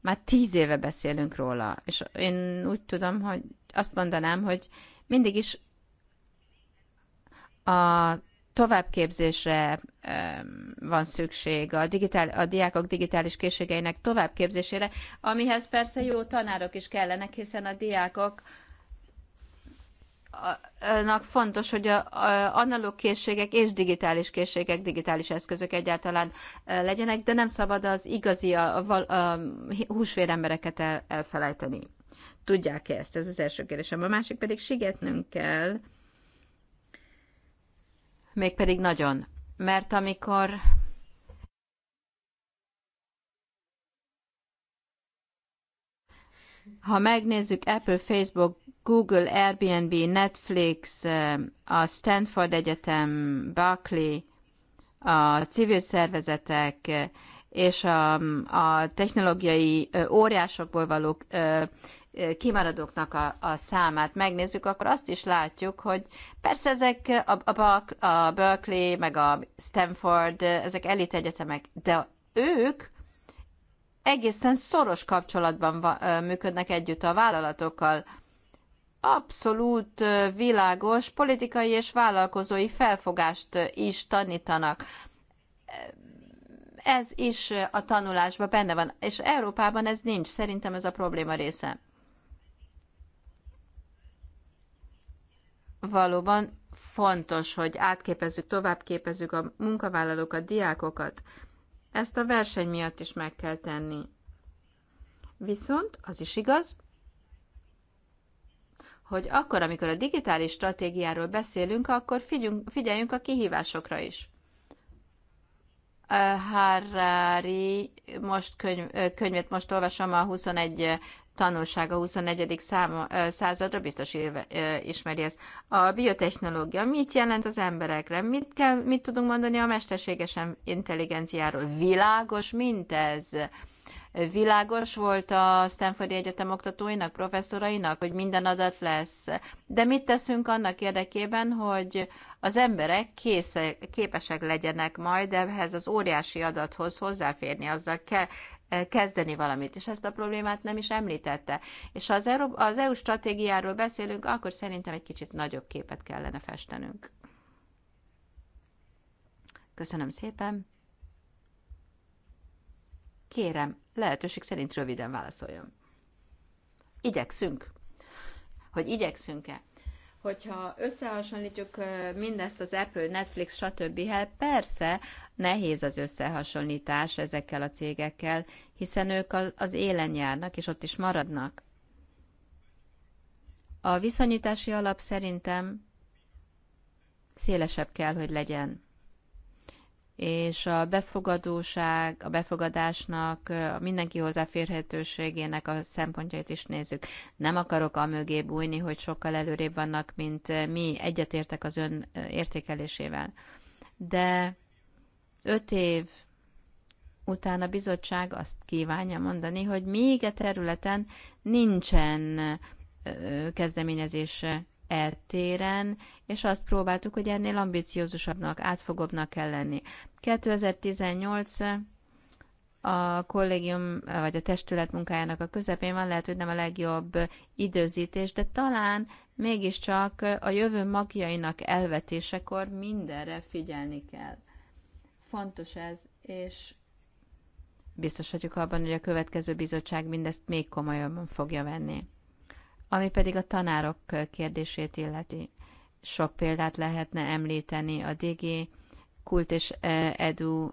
Már tíz éve beszélünk róla, és én úgy tudom, hogy azt mondanám, hogy mindig is a továbbképzésre van szükség, a, digitál, a diákok digitális készségeinek továbbképzésére, amihez persze jó tanárok is kellenek, hiszen a diákok fontos, hogy a, a analóg készségek és digitális készségek, digitális eszközök egyáltalán legyenek, de nem szabad az igazi, a, a, a húsvér embereket el, elfelejteni. Tudják-e ezt? Ez az első kérdésem. A másik pedig sigetnünk kell, mégpedig nagyon. Mert amikor ha megnézzük Apple, Facebook, Google, Airbnb, Netflix, eh, a Stanford Egyetem, Berkeley, a civil szervezetek eh, és a, a technológiai eh, óriásokból való kimaradóknak a, a számát megnézzük, akkor azt is látjuk, hogy persze ezek a, a, a Berkeley, meg a Stanford, ezek elit egyetemek, de ők egészen szoros kapcsolatban működnek együtt a vállalatokkal abszolút világos politikai és vállalkozói felfogást is tanítanak. Ez is a tanulásban benne van, és Európában ez nincs, szerintem ez a probléma része. Valóban fontos, hogy átképezzük, továbbképezzük a munkavállalókat, diákokat. Ezt a verseny miatt is meg kell tenni. Viszont az is igaz, hogy akkor, amikor a digitális stratégiáról beszélünk, akkor figyeljünk, figyeljünk a kihívásokra is. Eh, Harari, most könyv, eh, könyvet most olvasom a 21 eh, tanulság a 21. Száma, századra, biztos éve, ismeri ezt. A biotechnológia mit jelent az emberekre? Mit, kell, mit tudunk mondani a mesterségesen intelligenciáról? Világos mint ez Világos volt a Stanfordi Egyetem oktatóinak, professzorainak, hogy minden adat lesz. De mit teszünk annak érdekében, hogy az emberek készek, képesek legyenek majd ehhez az óriási adathoz hozzáférni, azzal kell, eh, kezdeni valamit, és ezt a problémát nem is említette. És ha az, Euró- az EU stratégiáról beszélünk, akkor szerintem egy kicsit nagyobb képet kellene festenünk. Köszönöm szépen. Kérem, lehetőség szerint röviden válaszoljon. Igyekszünk. Hogy igyekszünk-e? Hogyha összehasonlítjuk mindezt az Apple, Netflix, stb. Hát persze nehéz az összehasonlítás ezekkel a cégekkel, hiszen ők az élen járnak, és ott is maradnak. A viszonyítási alap szerintem szélesebb kell, hogy legyen és a befogadóság, a befogadásnak, a mindenki hozzáférhetőségének a szempontjait is nézzük. Nem akarok a mögé bújni, hogy sokkal előrébb vannak, mint mi, egyetértek az ön értékelésével. De öt év után a bizottság azt kívánja mondani, hogy még a e területen nincsen kezdeményezése eltéren, és azt próbáltuk, hogy ennél ambiciózusabbnak, átfogóbbnak kell lenni. 2018 a kollégium vagy a testület munkájának a közepén van, lehet, hogy nem a legjobb időzítés, de talán mégiscsak a jövő magjainak elvetésekor mindenre figyelni kell. Fontos ez, és biztos vagyok abban, hogy a következő bizottság mindezt még komolyabban fogja venni. Ami pedig a tanárok kérdését illeti. Sok példát lehetne említeni a DG Kult és Edu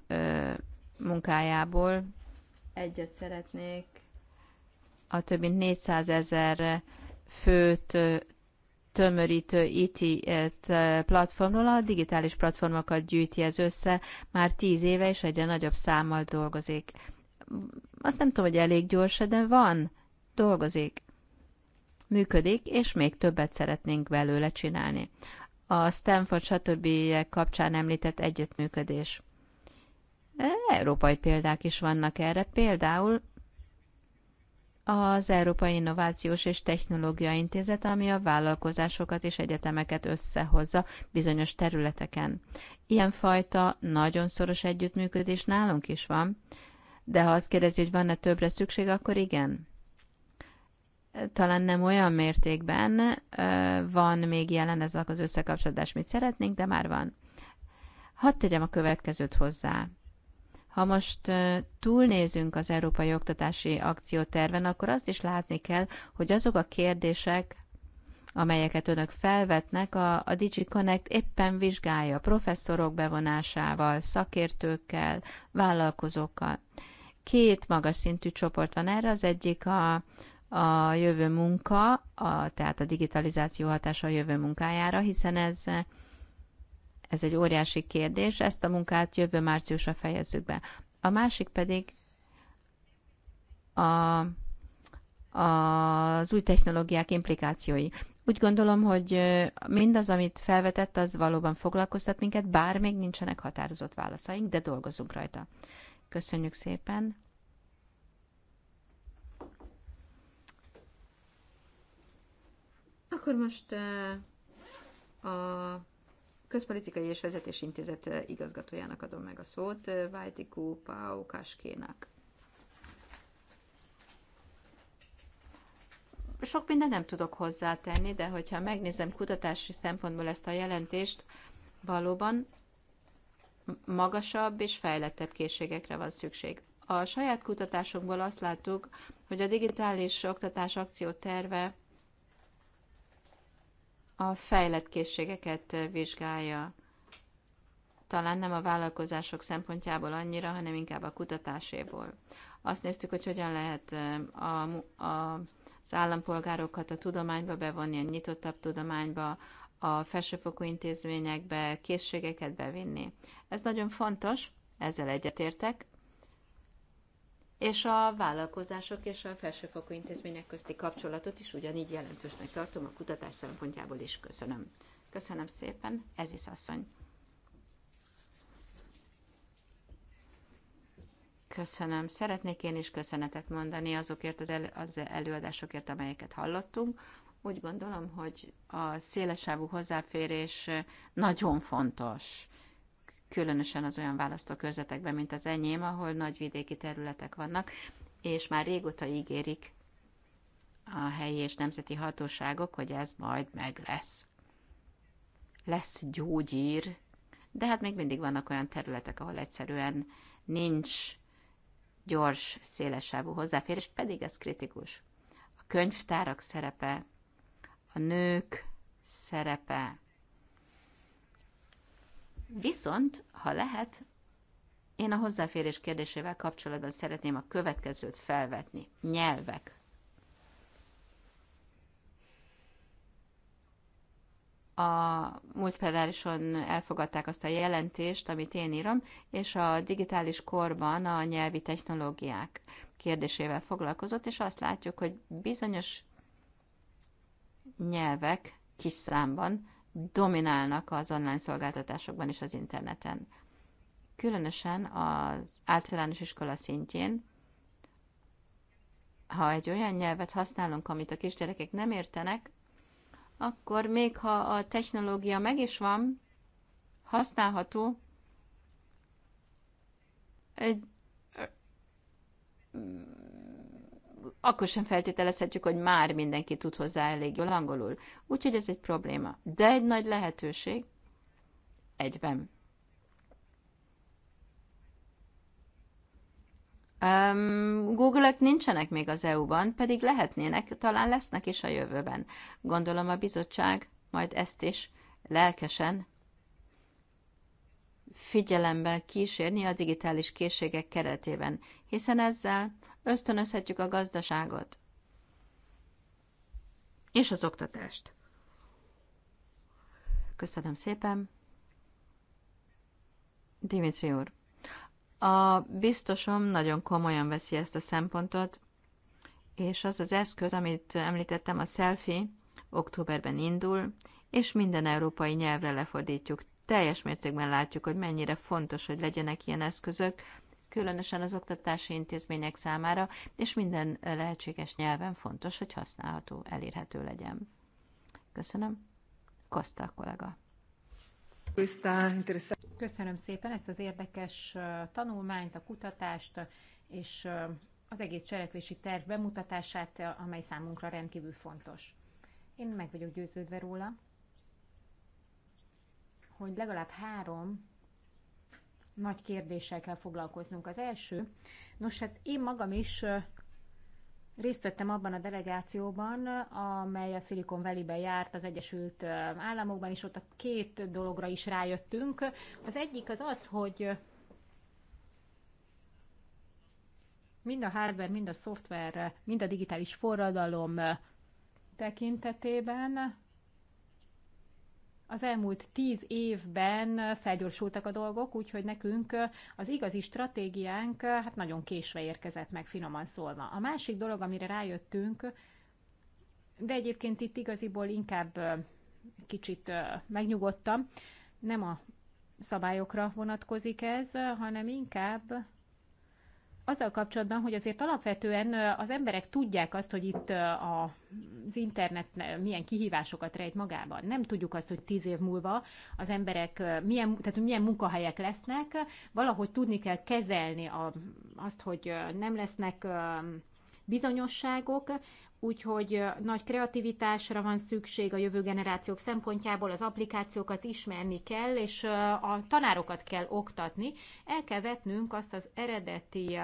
munkájából. Egyet szeretnék. A több mint 400 ezer főt tömörítő IT platformról a digitális platformokat gyűjti ez össze, már tíz éve és egyre nagyobb számmal dolgozik. Azt nem tudom, hogy elég gyors, de van, dolgozik működik, és még többet szeretnénk belőle csinálni. A Stanford stb. kapcsán említett együttműködés. E, európai példák is vannak erre, például az Európai Innovációs és Technológia Intézet, ami a vállalkozásokat és egyetemeket összehozza bizonyos területeken. Ilyenfajta nagyon szoros együttműködés nálunk is van, de ha azt kérdezi, hogy van-e többre szükség, akkor igen talán nem olyan mértékben van még jelen ez az összekapcsolódás, mit szeretnénk, de már van. Hadd tegyem a következőt hozzá. Ha most túlnézünk az Európai Oktatási Akcióterven, akkor azt is látni kell, hogy azok a kérdések, amelyeket önök felvetnek, a, a DigiConnect éppen vizsgálja professzorok bevonásával, szakértőkkel, vállalkozókkal. Két magas szintű csoport van erre, az egyik a, a jövő munka, a, tehát a digitalizáció hatása a jövő munkájára, hiszen ez, ez egy óriási kérdés, ezt a munkát jövő márciusra fejezzük be. A másik pedig a, a, az új technológiák implikációi. Úgy gondolom, hogy mindaz, amit felvetett, az valóban foglalkoztat minket, bár még nincsenek határozott válaszaink, de dolgozunk rajta. Köszönjük szépen! Akkor most eh, a Közpolitikai és Vezetési Intézet eh, igazgatójának adom meg a szót, eh, Vajtikú Pau Kaskénak. Sok mindent nem tudok hozzátenni, de hogyha megnézem kutatási szempontból ezt a jelentést, valóban magasabb és fejlettebb készségekre van szükség. A saját kutatásunkból azt láttuk, hogy a digitális oktatás akcióterve a fejlett készségeket vizsgálja. Talán nem a vállalkozások szempontjából annyira, hanem inkább a kutatáséból. Azt néztük, hogy hogyan lehet a, a, az állampolgárokat a tudományba bevonni, a nyitottabb tudományba, a felsőfokú intézményekbe készségeket bevinni. Ez nagyon fontos, ezzel egyetértek, és a vállalkozások és a felsőfokú intézmények közti kapcsolatot is ugyanígy jelentősnek tartom a kutatás szempontjából is. Köszönöm. Köszönöm szépen, ez is asszony. Köszönöm. Szeretnék én is köszönetet mondani azokért az, el, az előadásokért, amelyeket hallottunk. Úgy gondolom, hogy a szélesávú hozzáférés nagyon fontos különösen az olyan választókörzetekben, mint az enyém, ahol nagy vidéki területek vannak, és már régóta ígérik a helyi és nemzeti hatóságok, hogy ez majd meg lesz. Lesz gyógyír, de hát még mindig vannak olyan területek, ahol egyszerűen nincs gyors, szélesávú hozzáférés, pedig ez kritikus. A könyvtárak szerepe, a nők szerepe, Viszont, ha lehet, én a hozzáférés kérdésével kapcsolatban szeretném a következőt felvetni. Nyelvek. a múlt plenárison elfogadták azt a jelentést, amit én írom, és a digitális korban a nyelvi technológiák kérdésével foglalkozott, és azt látjuk, hogy bizonyos nyelvek kis számban dominálnak az online szolgáltatásokban és az interneten. Különösen az általános iskola szintjén, ha egy olyan nyelvet használunk, amit a kisgyerekek nem értenek, akkor még ha a technológia meg is van, használható, egy akkor sem feltételezhetjük, hogy már mindenki tud hozzá elég jól angolul. Úgyhogy ez egy probléma. De egy nagy lehetőség egyben. Um, Google-ek nincsenek még az EU-ban, pedig lehetnének, talán lesznek is a jövőben. Gondolom a bizottság majd ezt is lelkesen figyelemben kísérni a digitális készségek keretében, hiszen ezzel ösztönözhetjük a gazdaságot és az oktatást. Köszönöm szépen. Dimitri úr, a biztosom nagyon komolyan veszi ezt a szempontot, és az az eszköz, amit említettem, a selfie, októberben indul, és minden európai nyelvre lefordítjuk. Teljes mértékben látjuk, hogy mennyire fontos, hogy legyenek ilyen eszközök, különösen az oktatási intézmények számára, és minden lehetséges nyelven fontos, hogy használható, elérhető legyen. Köszönöm. Kosta kollega. Köszönöm szépen ezt az érdekes tanulmányt, a kutatást, és az egész cselekvési terv bemutatását, amely számunkra rendkívül fontos. Én meg vagyok győződve róla, hogy legalább három nagy kérdéssel kell foglalkoznunk. Az első, nos hát én magam is részt vettem abban a delegációban, amely a Silicon Valley-ben járt az Egyesült Államokban, és ott a két dologra is rájöttünk. Az egyik az az, hogy mind a hardware, mind a szoftver, mind a digitális forradalom tekintetében az elmúlt tíz évben felgyorsultak a dolgok, úgyhogy nekünk az igazi stratégiánk hát nagyon késve érkezett meg, finoman szólva. A másik dolog, amire rájöttünk, de egyébként itt igaziból inkább kicsit megnyugodtam, nem a szabályokra vonatkozik ez, hanem inkább azzal kapcsolatban, hogy azért alapvetően az emberek tudják azt, hogy itt az internet milyen kihívásokat rejt magában. Nem tudjuk azt, hogy tíz év múlva az emberek milyen, tehát milyen munkahelyek lesznek. Valahogy tudni kell kezelni a, azt, hogy nem lesznek bizonyosságok, úgyhogy nagy kreativitásra van szükség a jövő generációk szempontjából, az applikációkat ismerni kell, és a tanárokat kell oktatni. El kell vetnünk azt az eredeti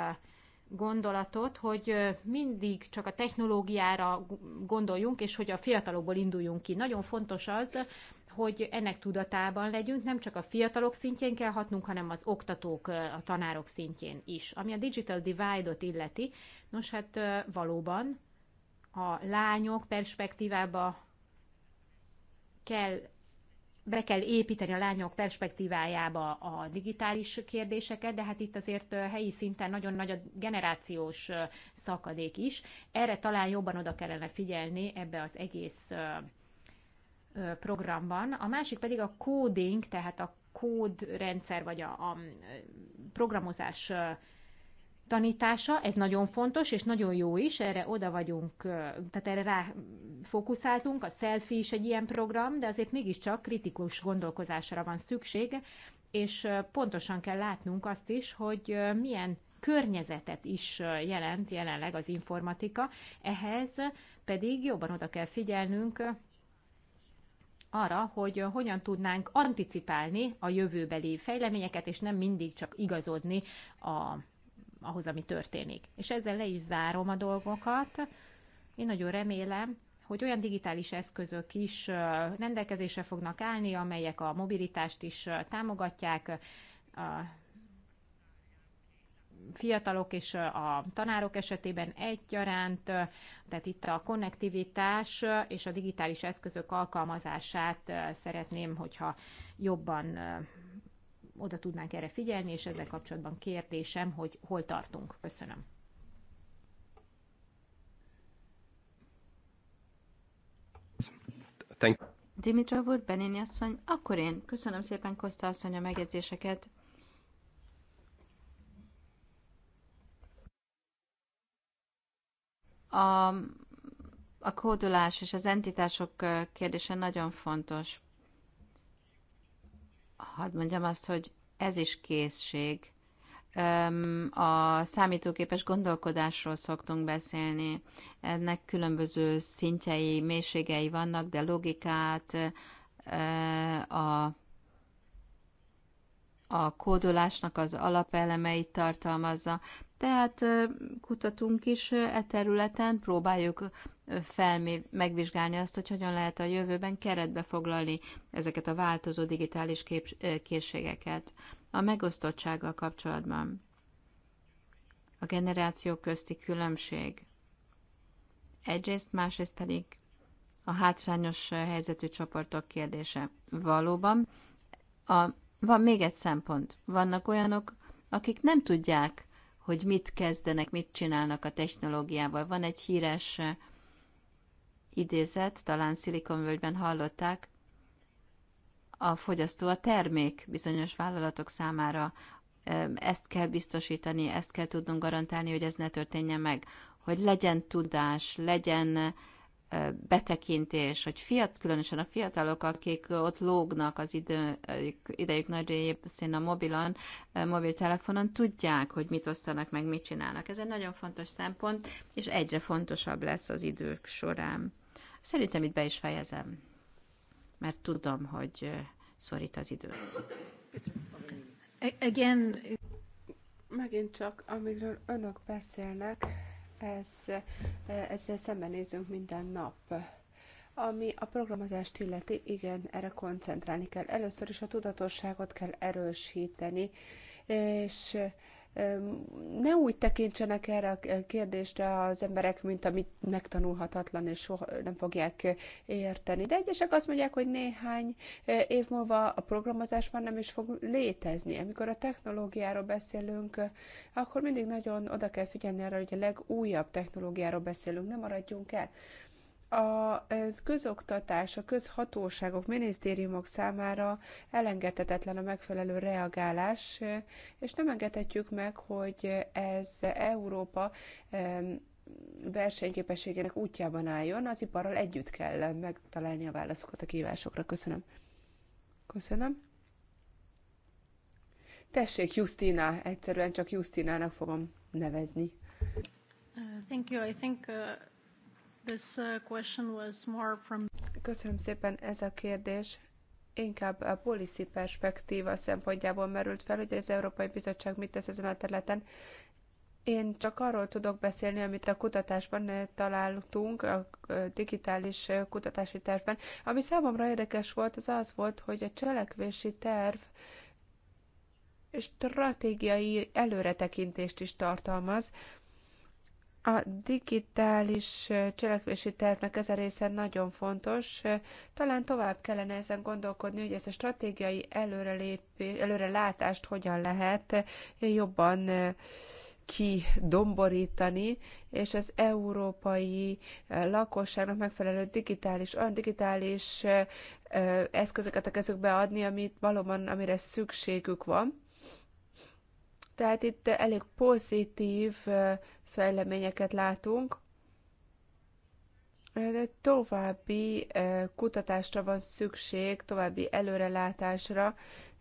gondolatot, hogy mindig csak a technológiára gondoljunk, és hogy a fiatalokból induljunk ki. Nagyon fontos az, hogy ennek tudatában legyünk, nem csak a fiatalok szintjén kell hatnunk, hanem az oktatók, a tanárok szintjén is. Ami a digital divide-ot illeti, nos hát valóban a lányok perspektívába kell, be kell építeni a lányok perspektívájába a digitális kérdéseket, de hát itt azért helyi szinten nagyon nagy a generációs szakadék is. Erre talán jobban oda kellene figyelni ebbe az egész programban. A másik pedig a coding, tehát a kódrendszer vagy a, a programozás tanítása, ez nagyon fontos, és nagyon jó is, erre oda vagyunk, tehát erre rá fókuszáltunk, a selfie is egy ilyen program, de azért mégiscsak kritikus gondolkozásra van szükség, és pontosan kell látnunk azt is, hogy milyen környezetet is jelent jelenleg az informatika, ehhez pedig jobban oda kell figyelnünk arra, hogy hogyan tudnánk anticipálni a jövőbeli fejleményeket, és nem mindig csak igazodni a ahhoz, ami történik. És ezzel le is zárom a dolgokat. Én nagyon remélem, hogy olyan digitális eszközök is rendelkezésre fognak állni, amelyek a mobilitást is támogatják, a fiatalok és a tanárok esetében egyaránt, tehát itt a konnektivitás és a digitális eszközök alkalmazását szeretném, hogyha jobban oda tudnánk erre figyelni, és ezzel kapcsolatban kérdésem, hogy hol tartunk. Köszönöm. Thank Dimitrov úr, Benini asszony, akkor én. Köszönöm szépen Koszta asszony a megjegyzéseket. A, a kódolás és az entitások kérdése nagyon fontos hadd mondjam azt, hogy ez is készség. A számítógépes gondolkodásról szoktunk beszélni. Ennek különböző szintjei, mélységei vannak, de logikát, a a kódolásnak az alapelemeit tartalmazza. Tehát kutatunk is e területen, próbáljuk felmér, megvizsgálni azt, hogy hogyan lehet a jövőben keretbe foglalni ezeket a változó digitális kép, készségeket a megosztottsággal kapcsolatban. A generációk közti különbség. Egyrészt, másrészt pedig a hátrányos helyzetű csoportok kérdése. Valóban, a, van még egy szempont. Vannak olyanok, akik nem tudják, hogy mit kezdenek, mit csinálnak a technológiával. Van egy híres idézet, talán Szilikonvölgyben hallották, a fogyasztó a termék bizonyos vállalatok számára. Ezt kell biztosítani, ezt kell tudnunk garantálni, hogy ez ne történjen meg. Hogy legyen tudás, legyen betekintés, hogy fiat, különösen a fiatalok, akik ott lógnak az idő, idejük nagy részén a mobilon, mobiltelefonon, tudják, hogy mit osztanak meg, mit csinálnak. Ez egy nagyon fontos szempont, és egyre fontosabb lesz az idők során. Szerintem itt be is fejezem, mert tudom, hogy szorít az idő. Again, megint csak, amiről önök beszélnek, ez, ezzel szembenézünk minden nap. Ami a programozást illeti, igen, erre koncentrálni kell. Először is a tudatosságot kell erősíteni, és ne úgy tekintsenek erre a kérdésre az emberek, mint amit megtanulhatatlan és soha nem fogják érteni. De egyesek azt mondják, hogy néhány év múlva a programozás már nem is fog létezni. Amikor a technológiáról beszélünk, akkor mindig nagyon oda kell figyelni arra, hogy a legújabb technológiáról beszélünk, nem maradjunk el a közoktatás, a közhatóságok, minisztériumok számára elengedhetetlen a megfelelő reagálás, és nem engedhetjük meg, hogy ez Európa versenyképességének útjában álljon, az iparral együtt kell megtalálni a válaszokat a kívásokra. Köszönöm. Köszönöm. Tessék, Justina, egyszerűen csak Justinának fogom nevezni. Uh, thank you. I think uh... This uh, question was more from... Köszönöm szépen ez a kérdés. Inkább a policy perspektíva szempontjából merült fel, hogy az Európai Bizottság mit tesz ezen a területen. Én csak arról tudok beszélni, amit a kutatásban eh, találtunk, a eh, digitális eh, kutatási tervben. Ami számomra érdekes volt, az az volt, hogy a cselekvési terv stratégiai előretekintést is tartalmaz, a digitális cselekvési tervnek ez a része nagyon fontos. Talán tovább kellene ezen gondolkodni, hogy ez a stratégiai előrelátást hogyan lehet jobban kidomborítani, és az európai lakosságnak megfelelő digitális, olyan digitális eszközöket a kezükbe adni, amit valóban, amire szükségük van. Tehát itt elég pozitív fejleményeket látunk. De további kutatásra van szükség, további előrelátásra,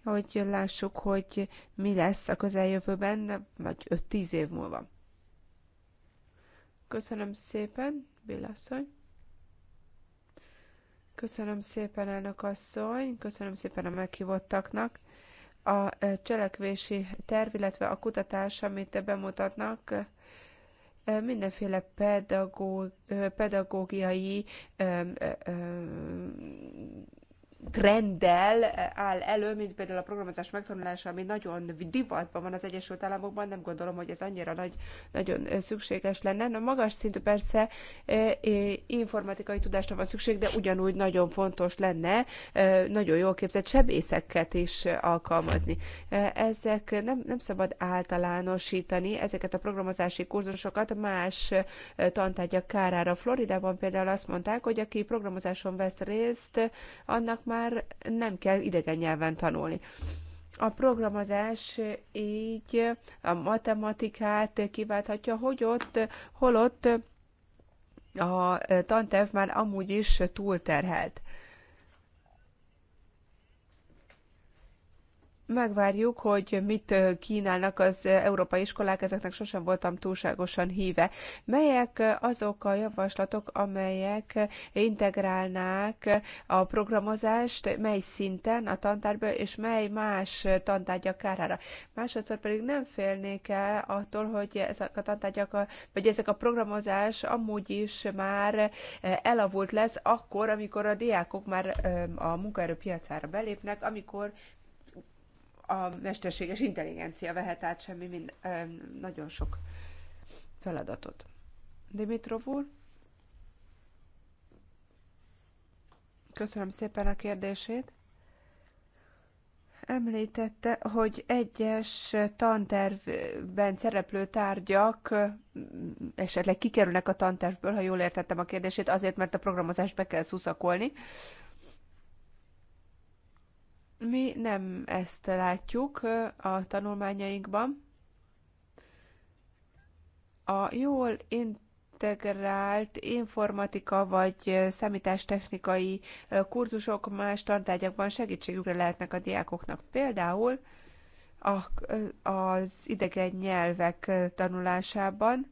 hogy lássuk, hogy mi lesz a közeljövőben, vagy 5-10 év múlva. Köszönöm szépen, Billasszony. Köszönöm szépen, elnök asszony, köszönöm szépen a meghívottaknak. A cselekvési terv, illetve a kutatás, amit bemutatnak, mindenféle pedagógiai trenddel eh, áll elő, mint például a programozás megtanulása, ami nagyon divatban van az Egyesült Államokban, nem gondolom, hogy ez annyira nagy, nagyon eh, szükséges lenne. Na, magas szintű persze eh, informatikai tudásra van szükség, de ugyanúgy nagyon fontos lenne nagyon jól képzett sebészeket is alkalmazni. Ezek nem, nem szabad általánosítani ezeket a programozási kurzusokat más tantárgyak kárára. Floridában például azt mondták, hogy aki programozáson vesz részt, annak már nem kell idegen nyelven tanulni. A programozás így a matematikát kiválthatja, hogy ott, holott a tantev már amúgy is túlterhelt. megvárjuk, hogy mit kínálnak az európai iskolák, ezeknek sosem voltam túlságosan híve. Melyek azok a javaslatok, amelyek integrálnák a programozást, mely szinten a tantárba és mely más tantárgyak kárára. Másodszor pedig nem félnék el attól, hogy ezek a tantárgyak, vagy ezek a programozás amúgy is már elavult lesz akkor, amikor a diákok már a munkaerőpiacára belépnek, amikor a mesterséges intelligencia vehet át semmi, mind, nagyon sok feladatot. Dimitrov úr? Köszönöm szépen a kérdését. Említette, hogy egyes tantervben szereplő tárgyak mm, esetleg kikerülnek a tantervből, ha jól értettem a kérdését, azért, mert a programozást be kell szuszakolni. Mi nem ezt látjuk a tanulmányainkban. A jól integrált informatika vagy számítástechnikai kurzusok más tantárgyakban segítségükre lehetnek a diákoknak. Például a, az idegen nyelvek tanulásában.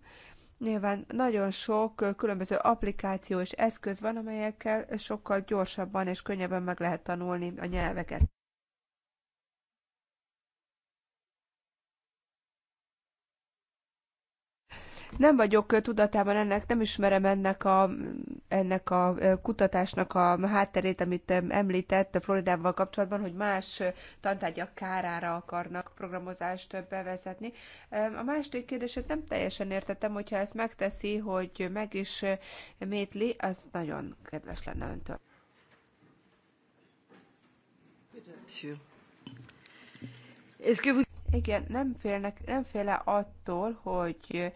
Nyilván nagyon sok különböző applikáció és eszköz van, amelyekkel sokkal gyorsabban és könnyebben meg lehet tanulni a nyelveket. Nem vagyok tudatában ennek, nem ismerem ennek a, ennek a kutatásnak a hátterét, amit említett Floridával kapcsolatban, hogy más tantárgyak kárára akarnak programozást bevezetni. A második kérdését nem teljesen értettem, hogyha ezt megteszi, hogy meg is métli, az nagyon kedves lenne öntől. Igen, nem félnek, nem féle attól, hogy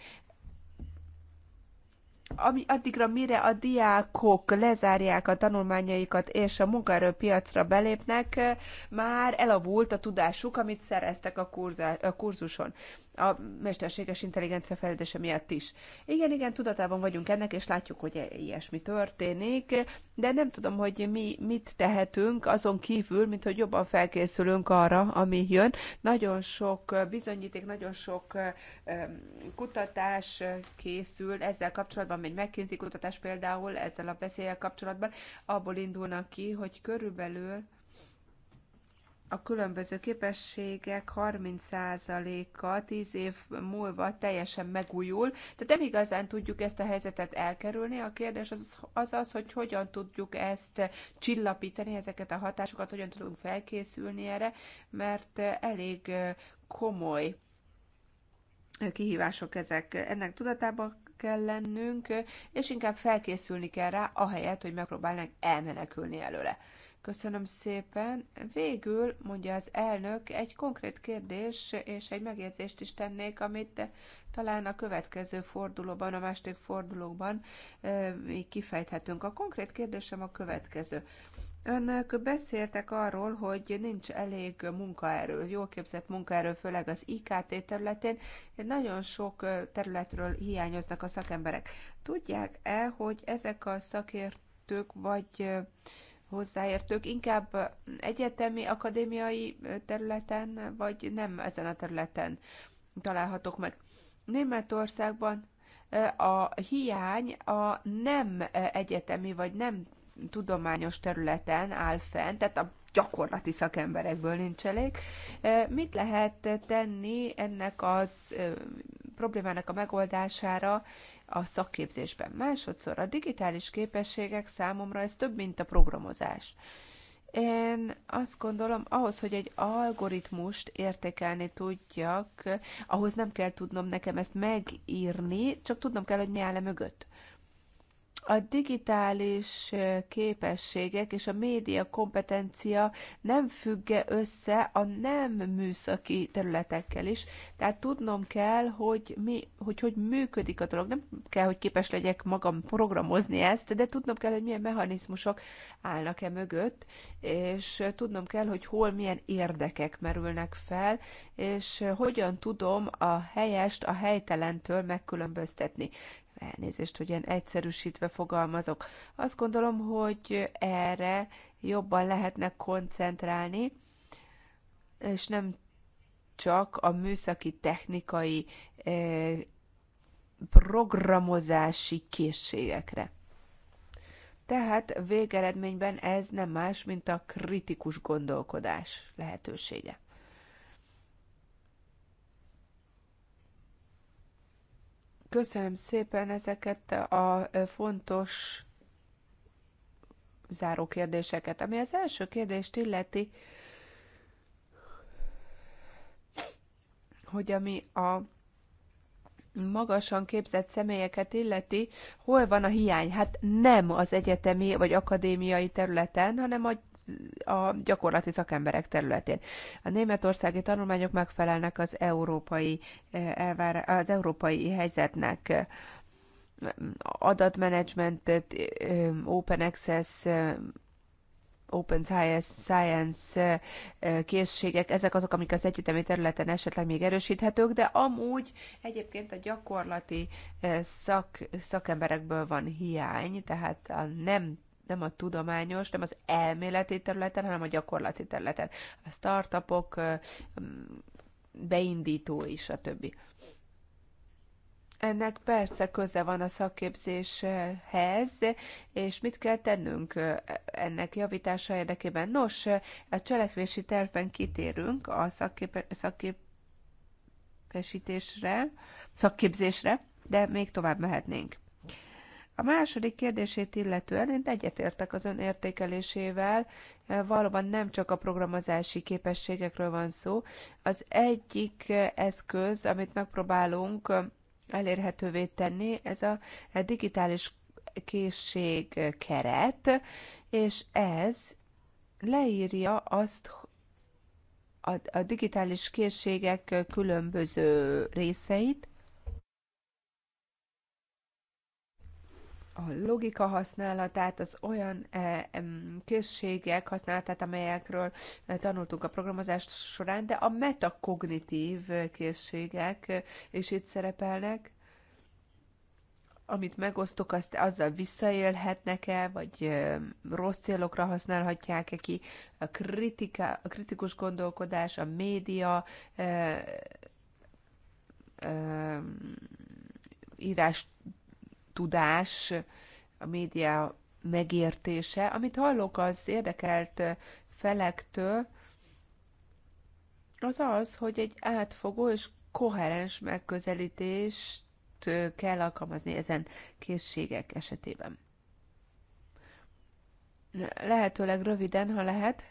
ami addigra, mire a diákok lezárják a tanulmányaikat és a munkaerőpiacra belépnek, eh, már elavult a tudásuk, amit szereztek a, kurza, a kurzuson a mesterséges intelligencia fejlődése miatt is. Igen, igen, tudatában vagyunk ennek, és látjuk, hogy e- ilyesmi történik, de nem tudom, hogy mi mit tehetünk azon kívül, mint hogy jobban felkészülünk arra, ami jön. Nagyon sok bizonyíték, nagyon sok kutatás készül ezzel kapcsolatban, egy McKinsey kutatás például ezzel a veszélyel kapcsolatban, abból indulnak ki, hogy körülbelül a különböző képességek 30%-a 10 év múlva teljesen megújul. Tehát nem igazán tudjuk ezt a helyzetet elkerülni. A kérdés az az, az hogy hogyan tudjuk ezt csillapítani, ezeket a hatásokat, hogyan tudunk felkészülni erre, mert elég komoly kihívások ezek. Ennek tudatában kell lennünk, és inkább felkészülni kell rá, ahelyett, hogy megpróbálnánk elmenekülni előle. Köszönöm szépen. Végül, mondja az elnök, egy konkrét kérdés és egy megjegyzést is tennék, amit talán a következő fordulóban, a második fordulóban még kifejthetünk. A konkrét kérdésem a következő. Önök beszéltek arról, hogy nincs elég munkaerő, jól képzett munkaerő, főleg az IKT területén. Nagyon sok területről hiányoznak a szakemberek. Tudják-e, hogy ezek a szakértők vagy hozzáértők inkább egyetemi, akadémiai területen, vagy nem ezen a területen találhatok, meg. Németországban a hiány a nem egyetemi, vagy nem tudományos területen áll fenn, tehát a gyakorlati szakemberekből nincs elég. Mit lehet tenni ennek az problémának a megoldására, a szakképzésben. Másodszor a digitális képességek számomra ez több, mint a programozás. Én azt gondolom, ahhoz, hogy egy algoritmust értékelni tudjak, ahhoz nem kell tudnom nekem ezt megírni, csak tudnom kell, hogy mi áll -e mögött a digitális képességek és a média kompetencia nem függe össze a nem műszaki területekkel is. Tehát tudnom kell, hogy mi, hogy, hogy működik a dolog. Nem kell, hogy képes legyek magam programozni ezt, de tudnom kell, hogy milyen mechanizmusok állnak-e mögött, és tudnom kell, hogy hol milyen érdekek merülnek fel, és hogyan tudom a helyest a helytelentől megkülönböztetni elnézést, hogy ilyen egyszerűsítve fogalmazok. Azt gondolom, hogy erre jobban lehetne koncentrálni, és nem csak a műszaki technikai eh, programozási készségekre. Tehát végeredményben ez nem más, mint a kritikus gondolkodás lehetősége. Köszönöm szépen ezeket a fontos záró kérdéseket. Ami az első kérdést illeti, hogy ami a magasan képzett személyeket illeti, hol van a hiány? Hát nem az egyetemi vagy akadémiai területen, hanem a a gyakorlati szakemberek területén. A németországi tanulmányok megfelelnek az európai, eh, az európai helyzetnek adatmenedzsmentet, eh, open access, eh, open science készségek, ezek azok, amik az egyetemi területen esetleg még erősíthetők, de amúgy egyébként a gyakorlati szak, szakemberekből van hiány, tehát a nem nem a tudományos, nem az elméleti területen, hanem a gyakorlati területen. A startupok beindítói, többi. Ennek persze köze van a szakképzéshez, és mit kell tennünk ennek javítása érdekében? Nos, a cselekvési tervben kitérünk a szakkép szakképesítésre, szakképzésre, de még tovább mehetnénk. A második kérdését illetően én egyetértek az ön értékelésével, e, valóban nem csak a programozási képességekről van szó. Az egyik eszköz, amit megpróbálunk elérhetővé tenni, ez a digitális készség keret, és ez leírja azt, a, digitális készségek különböző részeit, a logika használatát, az olyan eh, készségek használatát, amelyekről eh, tanultunk a programozás során, de a metakognitív eh, készségek is itt szerepelnek, amit megosztok, azt azzal visszaélhetnek-e, vagy rossz célokra használhatják-e ki. A, kritika, a kritikus gondolkodás, a média e, e, írás tudás, a média megértése, amit hallok az érdekelt felektől, az az, hogy egy átfogó és koherens megközelítést kell alkalmazni ezen készségek esetében. Lehetőleg röviden, ha lehet,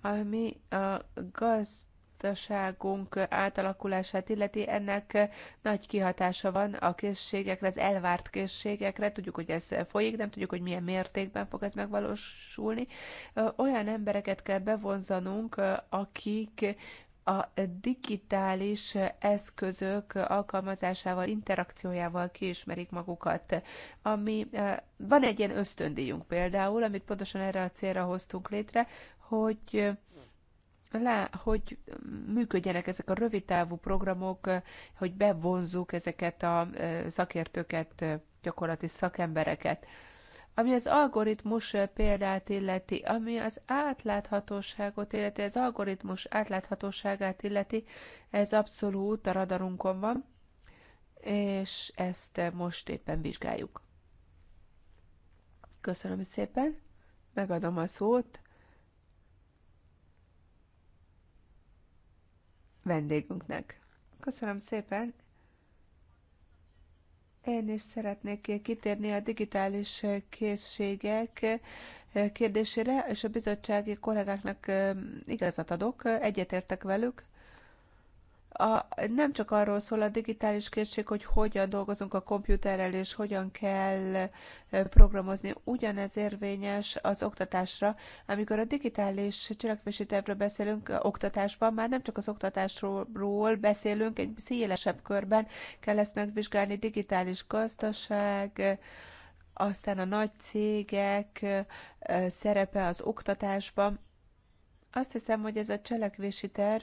ami a gaz gazdaságunk átalakulását illeti, ennek nagy kihatása van a készségekre, az elvárt készségekre. Tudjuk, hogy ez folyik, nem tudjuk, hogy milyen mértékben fog ez megvalósulni. Olyan embereket kell bevonzanunk, akik a digitális eszközök alkalmazásával, interakciójával kiismerik magukat. Ami, van egy ilyen ösztöndíjunk például, amit pontosan erre a célra hoztunk létre, hogy le, hogy működjenek ezek a rövidtávú programok, hogy bevonzuk ezeket a szakértőket, gyakorlati szakembereket. Ami az algoritmus példát illeti, ami az átláthatóságot illeti, az algoritmus átláthatóságát illeti, ez abszolút a radarunkon van, és ezt most éppen vizsgáljuk. Köszönöm szépen, megadom a szót vendégünknek. Köszönöm szépen! Én is szeretnék kitérni a digitális készségek kérdésére, és a bizottsági kollégáknak igazat adok, egyetértek velük a, nem csak arról szól a digitális készség, hogy hogyan dolgozunk a kompjúterrel és hogyan kell programozni. Ugyanez érvényes az oktatásra. Amikor a digitális cselekvési tervről beszélünk oktatásban, már nem csak az oktatásról beszélünk, egy szélesebb körben kell ezt megvizsgálni, digitális gazdaság, aztán a nagy cégek szerepe az oktatásban. Azt hiszem, hogy ez a cselekvési terv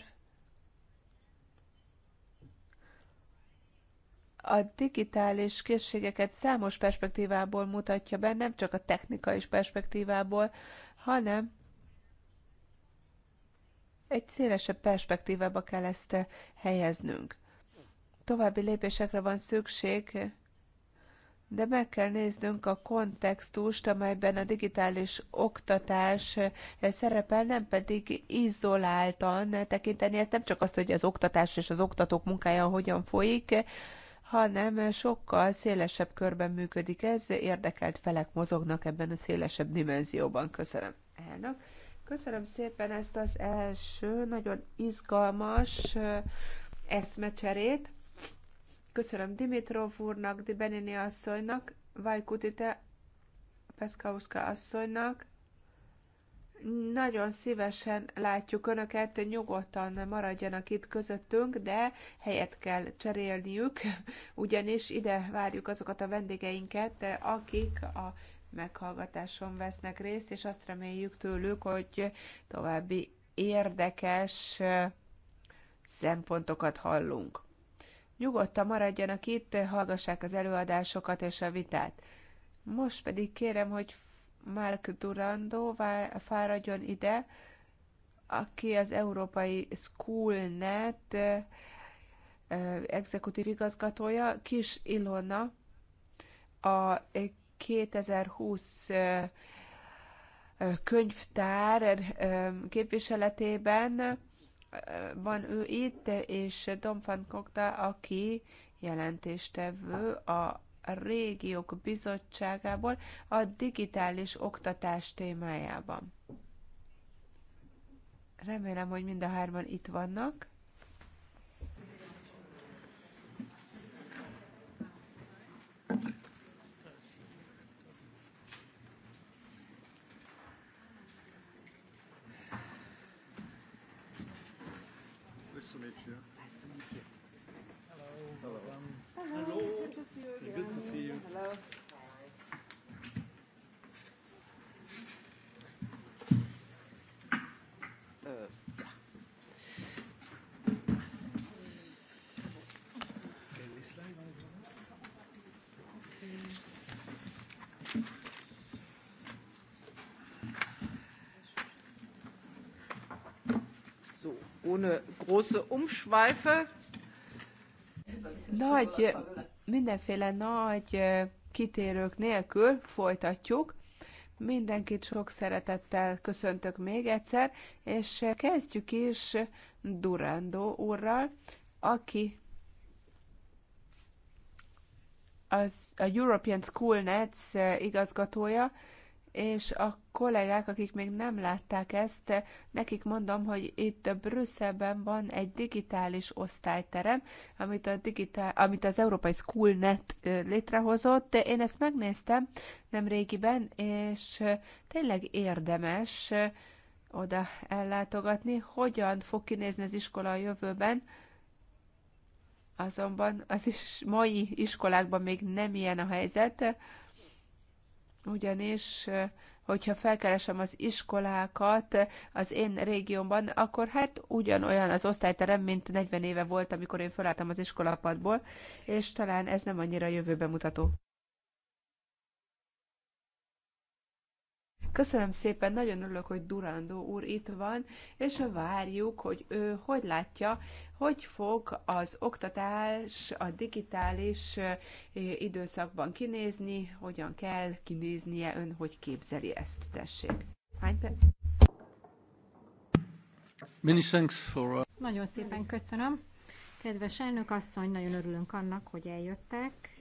a digitális készségeket számos perspektívából mutatja be, nem csak a technikai perspektívából, hanem egy szélesebb perspektívába kell ezt helyeznünk. További lépésekre van szükség, de meg kell néznünk a kontextust, amelyben a digitális oktatás szerepel, nem pedig izoláltan tekinteni Ez nem csak azt, hogy az oktatás és az oktatók munkája hogyan folyik, hanem sokkal szélesebb körben működik ez, érdekelt felek mozognak ebben a szélesebb dimenzióban. Köszönöm, elnök. Köszönöm szépen ezt az első, nagyon izgalmas eszmecserét. Köszönöm Dimitrov úrnak, Dibenini asszonynak, Vajkutite Peszkauska asszonynak, nagyon szívesen látjuk Önöket, nyugodtan maradjanak itt közöttünk, de helyet kell cserélniük, ugyanis ide várjuk azokat a vendégeinket, akik a meghallgatáson vesznek részt, és azt reméljük tőlük, hogy további érdekes szempontokat hallunk. Nyugodtan maradjanak itt, hallgassák az előadásokat és a vitát. Most pedig kérem, hogy Mark Durando fáradjon ide, aki az Európai Schoolnet exekutív igazgatója, Kis Ilona, a 2020 könyvtár képviseletében van ő itt, és Dom van aki jelentéstevő a régiók bizottságából a digitális oktatás témájában. Remélem, hogy mind a hárman itt vannak. Thank you. ohne große Umschweife. Nagy, mindenféle nagy kitérők nélkül folytatjuk. Mindenkit sok szeretettel köszöntök még egyszer, és kezdjük is Durando úrral, aki az, a European School Nets igazgatója, és a kollégák, akik még nem látták ezt, nekik mondom, hogy itt Brüsszelben van egy digitális osztályterem, amit, a digitál, amit az Európai Schoolnet létrehozott. Én ezt megnéztem nem régiben, és tényleg érdemes oda ellátogatni, hogyan fog kinézni az iskola a jövőben, azonban az is mai iskolákban még nem ilyen a helyzet, ugyanis hogyha felkeresem az iskolákat az én régiómban, akkor hát ugyanolyan az osztályterem, mint 40 éve volt, amikor én felálltam az iskolapadból, és talán ez nem annyira jövőbe mutató. Köszönöm szépen, nagyon örülök, hogy Durandó úr itt van, és várjuk, hogy ő hogy látja, hogy fog az oktatás a digitális időszakban kinézni, hogyan kell kinéznie ön, hogy képzeli ezt, tessék. Hány perc? Many thanks for... Uh, nagyon szépen köszönöm. Kedves elnök asszony, nagyon örülünk annak, hogy eljöttek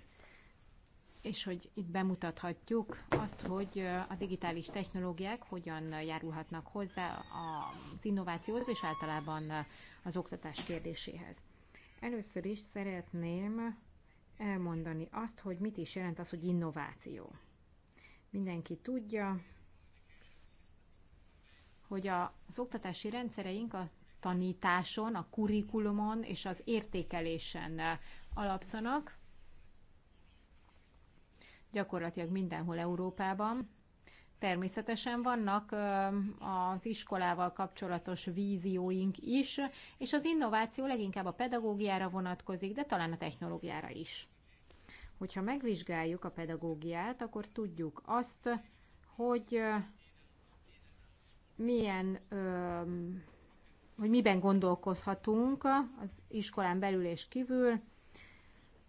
és hogy itt bemutathatjuk azt, hogy a digitális technológiák hogyan járulhatnak hozzá az innovációhoz és általában az oktatás kérdéséhez. Először is szeretném elmondani azt, hogy mit is jelent az, hogy innováció. Mindenki tudja, hogy az oktatási rendszereink a tanításon, a kurikulumon és az értékelésen alapszanak, gyakorlatilag mindenhol Európában. Természetesen vannak az iskolával kapcsolatos vízióink is, és az innováció leginkább a pedagógiára vonatkozik, de talán a technológiára is. Hogyha megvizsgáljuk a pedagógiát, akkor tudjuk azt, hogy milyen, hogy miben gondolkozhatunk az iskolán belül és kívül,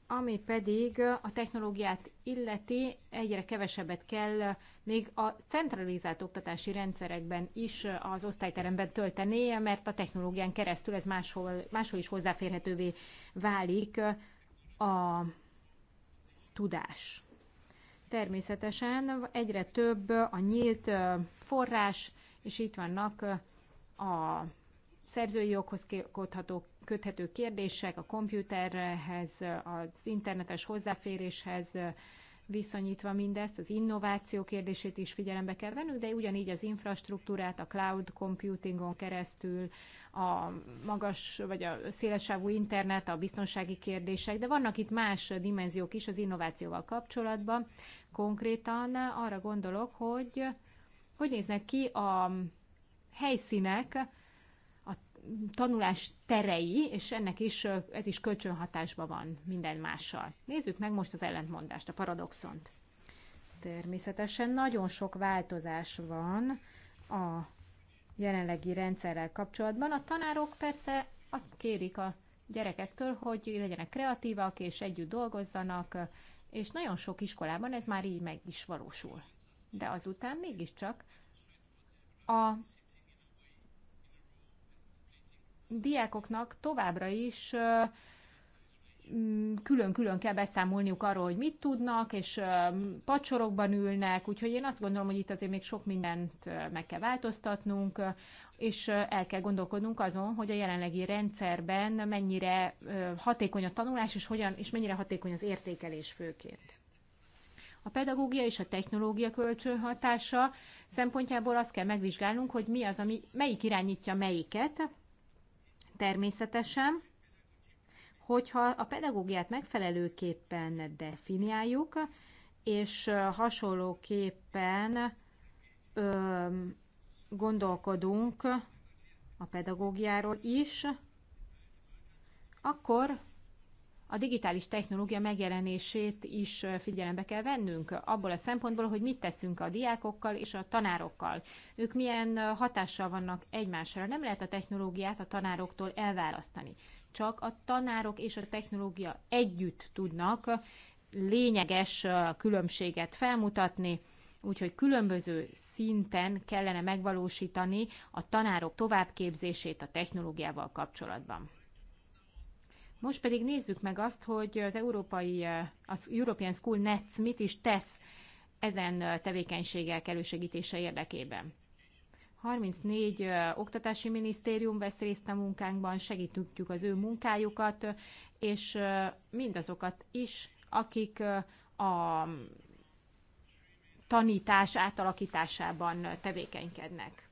ami pedig a technológiát illeti, egyre kevesebbet kell még a centralizált oktatási rendszerekben is az osztályteremben töltenie, mert a technológián keresztül ez máshol, máshol is hozzáférhetővé válik a tudás. Természetesen egyre több a nyílt forrás, és itt vannak a szerzői joghoz kötható köthető kérdések a kompjúterhez, az internetes hozzáféréshez viszonyítva mindezt, az innováció kérdését is figyelembe kell vennünk, de ugyanígy az infrastruktúrát a cloud computingon keresztül, a magas vagy a szélesávú internet, a biztonsági kérdések, de vannak itt más dimenziók is az innovációval kapcsolatban. Konkrétan arra gondolok, hogy hogy néznek ki a helyszínek, tanulás terei, és ennek is, ez is kölcsönhatásban van minden mással. Nézzük meg most az ellentmondást, a paradoxont. Természetesen nagyon sok változás van a jelenlegi rendszerrel kapcsolatban. A tanárok persze azt kérik a gyerekektől, hogy legyenek kreatívak és együtt dolgozzanak, és nagyon sok iskolában ez már így meg is valósul. De azután mégiscsak a diákoknak továbbra is mm, külön-külön kell beszámolniuk arról, hogy mit tudnak, és pacsorokban ülnek, úgyhogy én azt gondolom, hogy itt azért még sok mindent meg kell változtatnunk, és el kell gondolkodnunk azon, hogy a jelenlegi rendszerben mennyire hatékony a tanulás, és, hogyan, és mennyire hatékony az értékelés főként. A pedagógia és a technológia kölcsönhatása szempontjából azt kell megvizsgálnunk, hogy mi az, ami, melyik irányítja melyiket, Természetesen, hogyha a pedagógiát megfelelőképpen definiáljuk, és hasonlóképpen ö, gondolkodunk a pedagógiáról is, akkor a digitális technológia megjelenését is figyelembe kell vennünk, abból a szempontból, hogy mit teszünk a diákokkal és a tanárokkal. Ők milyen hatással vannak egymásra. Nem lehet a technológiát a tanároktól elválasztani. Csak a tanárok és a technológia együtt tudnak lényeges különbséget felmutatni, úgyhogy különböző szinten kellene megvalósítani a tanárok továbbképzését a technológiával kapcsolatban. Most pedig nézzük meg azt, hogy az európai, eh, az European School Nets mit is tesz ezen eh, tevékenységek elősegítése érdekében. 34 eh, oktatási minisztérium vesz részt a munkánkban, segítjük az ő munkájukat, és mindazokat is, akik a tanítás átalakításában tevékenykednek.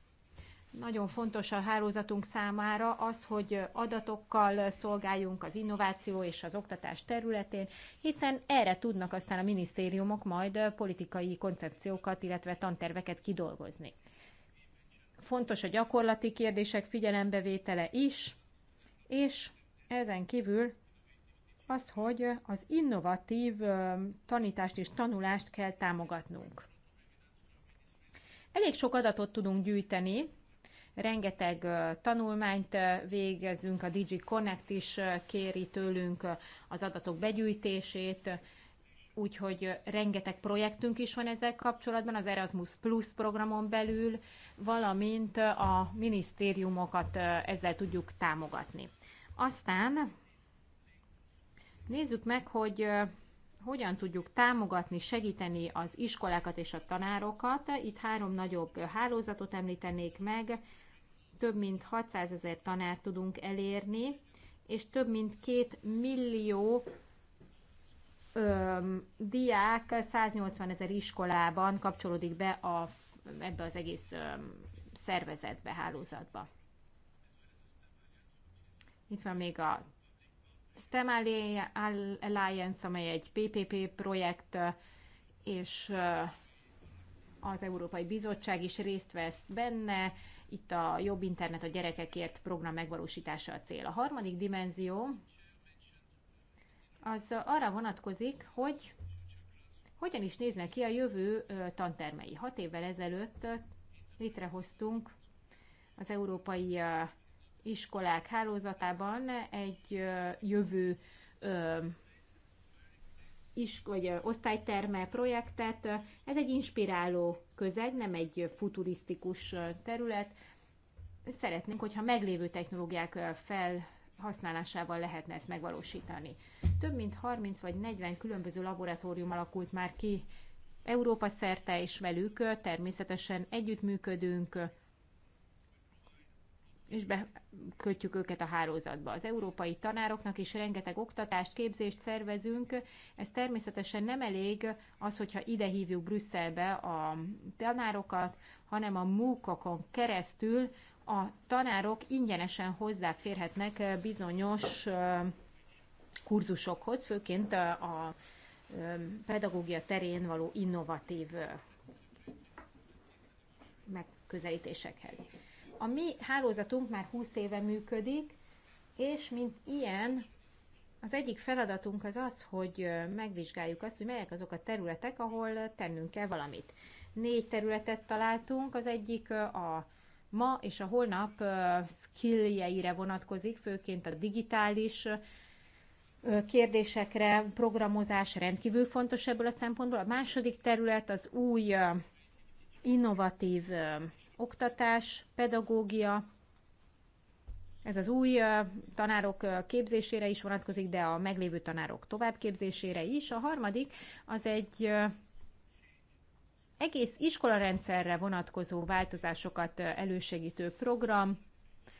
Nagyon fontos a hálózatunk számára az, hogy adatokkal szolgáljunk az innováció és az oktatás területén, hiszen erre tudnak aztán a minisztériumok majd politikai koncepciókat, illetve tanterveket kidolgozni. Fontos a gyakorlati kérdések figyelembevétele is, és ezen kívül az, hogy az innovatív tanítást és tanulást kell támogatnunk. Elég sok adatot tudunk gyűjteni rengeteg tanulmányt végezünk, a Digi Connect is kéri tőlünk az adatok begyűjtését, úgyhogy rengeteg projektünk is van ezzel kapcsolatban, az Erasmus Plus programon belül, valamint a minisztériumokat ezzel tudjuk támogatni. Aztán nézzük meg, hogy hogyan tudjuk támogatni, segíteni az iskolákat és a tanárokat. Itt három nagyobb hálózatot említenék meg több mint 600 ezer tanárt tudunk elérni, és több mint 2 millió öm, diák 180 ezer iskolában kapcsolódik be a, ebbe az egész öm, szervezetbe, hálózatba. Itt van még a STEM Alliance, amely egy PPP projekt, és az Európai Bizottság is részt vesz benne, itt a jobb internet a gyerekekért program megvalósítása a cél. A harmadik dimenzió az arra vonatkozik, hogy hogyan is néznek ki a jövő tantermei. Hat évvel ezelőtt létrehoztunk az európai iskolák hálózatában egy jövő is, vagy osztályterme projektet. Ez egy inspiráló közeg, nem egy futurisztikus terület. Szeretnénk, hogyha meglévő technológiák felhasználásával lehetne ezt megvalósítani. Több mint 30 vagy 40 különböző laboratórium alakult már ki Európa szerte, és velük természetesen együttműködünk, és bekötjük őket a hálózatba. Az európai tanároknak is rengeteg oktatást, képzést szervezünk. Ez természetesen nem elég az, hogyha ide hívjuk Brüsszelbe a tanárokat, hanem a múkokon keresztül a tanárok ingyenesen hozzáférhetnek bizonyos kurzusokhoz, főként a pedagógia terén való innovatív megközelítésekhez. A mi hálózatunk már 20 éve működik, és mint ilyen, az egyik feladatunk az az, hogy megvizsgáljuk azt, hogy melyek azok a területek, ahol tennünk kell valamit. Négy területet találtunk, az egyik a ma és a holnap skilljeire vonatkozik, főként a digitális kérdésekre, programozás rendkívül fontos ebből a szempontból. A második terület az új innovatív oktatás, pedagógia, ez az új tanárok képzésére is vonatkozik, de a meglévő tanárok továbbképzésére is. A harmadik az egy egész iskolarendszerre vonatkozó változásokat elősegítő program,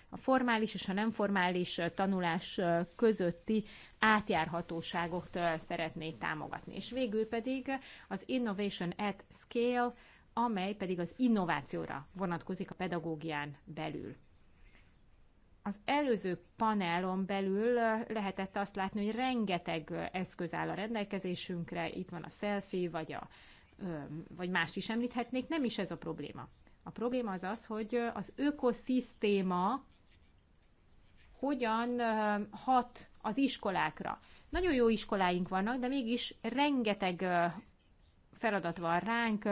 a formális és a nem formális tanulás közötti átjárhatóságot szeretné támogatni. És végül pedig az Innovation at Scale amely pedig az innovációra vonatkozik a pedagógián belül. Az előző panelon belül lehetett azt látni, hogy rengeteg eszköz áll a rendelkezésünkre, itt van a selfie, vagy, a, vagy más is említhetnék, nem is ez a probléma. A probléma az az, hogy az ökoszisztéma hogyan hat az iskolákra. Nagyon jó iskoláink vannak, de mégis rengeteg feladat van ránk,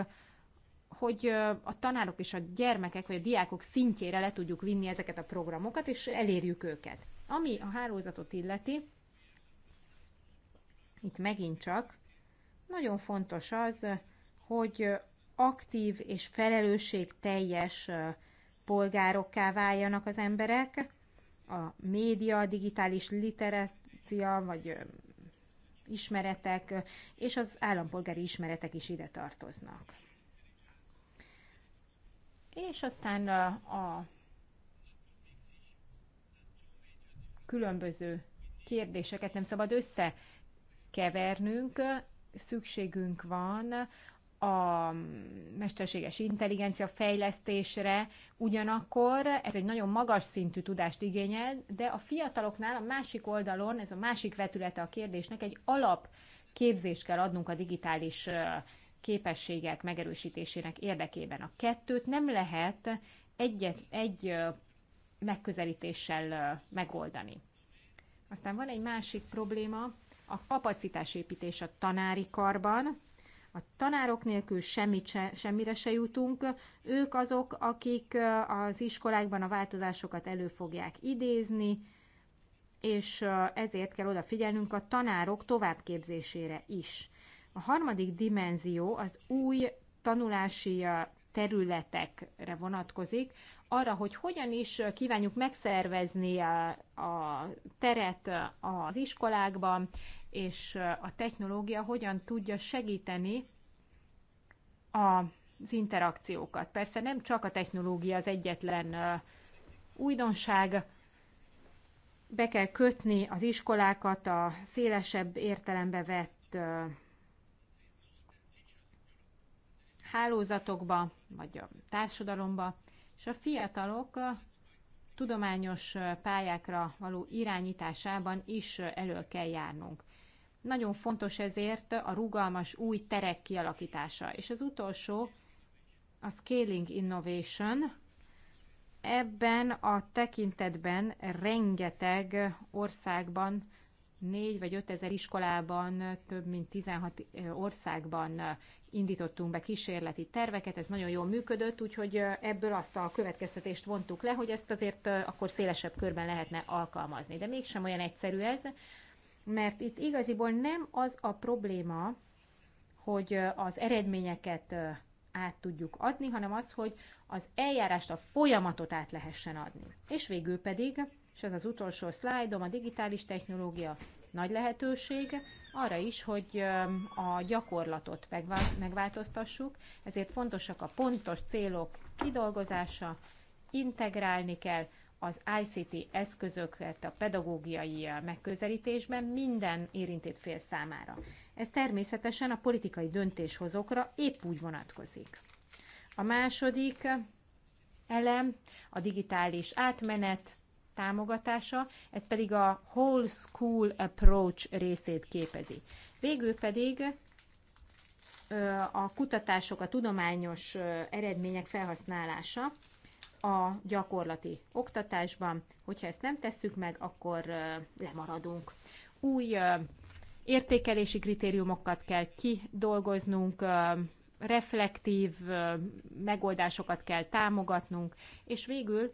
hogy a tanárok és a gyermekek vagy a diákok szintjére le tudjuk vinni ezeket a programokat, és elérjük őket. Ami a hálózatot illeti, itt megint csak nagyon fontos az, hogy aktív és felelősségteljes polgárokká váljanak az emberek, a média, a digitális literácia, vagy ismeretek, és az állampolgári ismeretek is ide tartoznak és aztán a különböző kérdéseket nem szabad összekevernünk, szükségünk van a mesterséges intelligencia fejlesztésre, ugyanakkor ez egy nagyon magas szintű tudást igényel, de a fiataloknál a másik oldalon, ez a másik vetülete a kérdésnek, egy alap képzést kell adnunk a digitális képességek megerősítésének érdekében. A kettőt nem lehet egyet, egy megközelítéssel megoldani. Aztán van egy másik probléma, a kapacitásépítés a tanári karban. A tanárok nélkül semmit se, semmire se jutunk. Ők azok, akik az iskolákban a változásokat elő fogják idézni, és ezért kell odafigyelnünk a tanárok továbbképzésére is. A harmadik dimenzió az új tanulási területekre vonatkozik, arra, hogy hogyan is kívánjuk megszervezni a, a teret az iskolákban, és a technológia hogyan tudja segíteni az interakciókat. Persze nem csak a technológia az egyetlen újdonság, be kell kötni az iskolákat a szélesebb értelembe vett hálózatokba, vagy a társadalomba, és a fiatalok tudományos pályákra való irányításában is elő kell járnunk. Nagyon fontos ezért a rugalmas új terek kialakítása. És az utolsó a Scaling Innovation. Ebben a tekintetben rengeteg országban 4 vagy 5 ezer iskolában, több mint 16 országban indítottunk be kísérleti terveket, ez nagyon jól működött, úgyhogy ebből azt a következtetést vontuk le, hogy ezt azért akkor szélesebb körben lehetne alkalmazni. De mégsem olyan egyszerű ez, mert itt igaziból nem az a probléma, hogy az eredményeket át tudjuk adni, hanem az, hogy az eljárást, a folyamatot át lehessen adni. És végül pedig és ez az utolsó szlájdom, a digitális technológia nagy lehetőség arra is, hogy a gyakorlatot megváltoztassuk, ezért fontosak a pontos célok kidolgozása, integrálni kell az ICT eszközöket a pedagógiai megközelítésben minden érintett fél számára. Ez természetesen a politikai döntéshozókra épp úgy vonatkozik. A második elem a digitális átmenet, támogatása, ez pedig a Whole School Approach részét képezi. Végül pedig a kutatások, a tudományos eredmények felhasználása a gyakorlati oktatásban. Hogyha ezt nem tesszük meg, akkor lemaradunk. Új értékelési kritériumokat kell kidolgoznunk, reflektív megoldásokat kell támogatnunk, és végül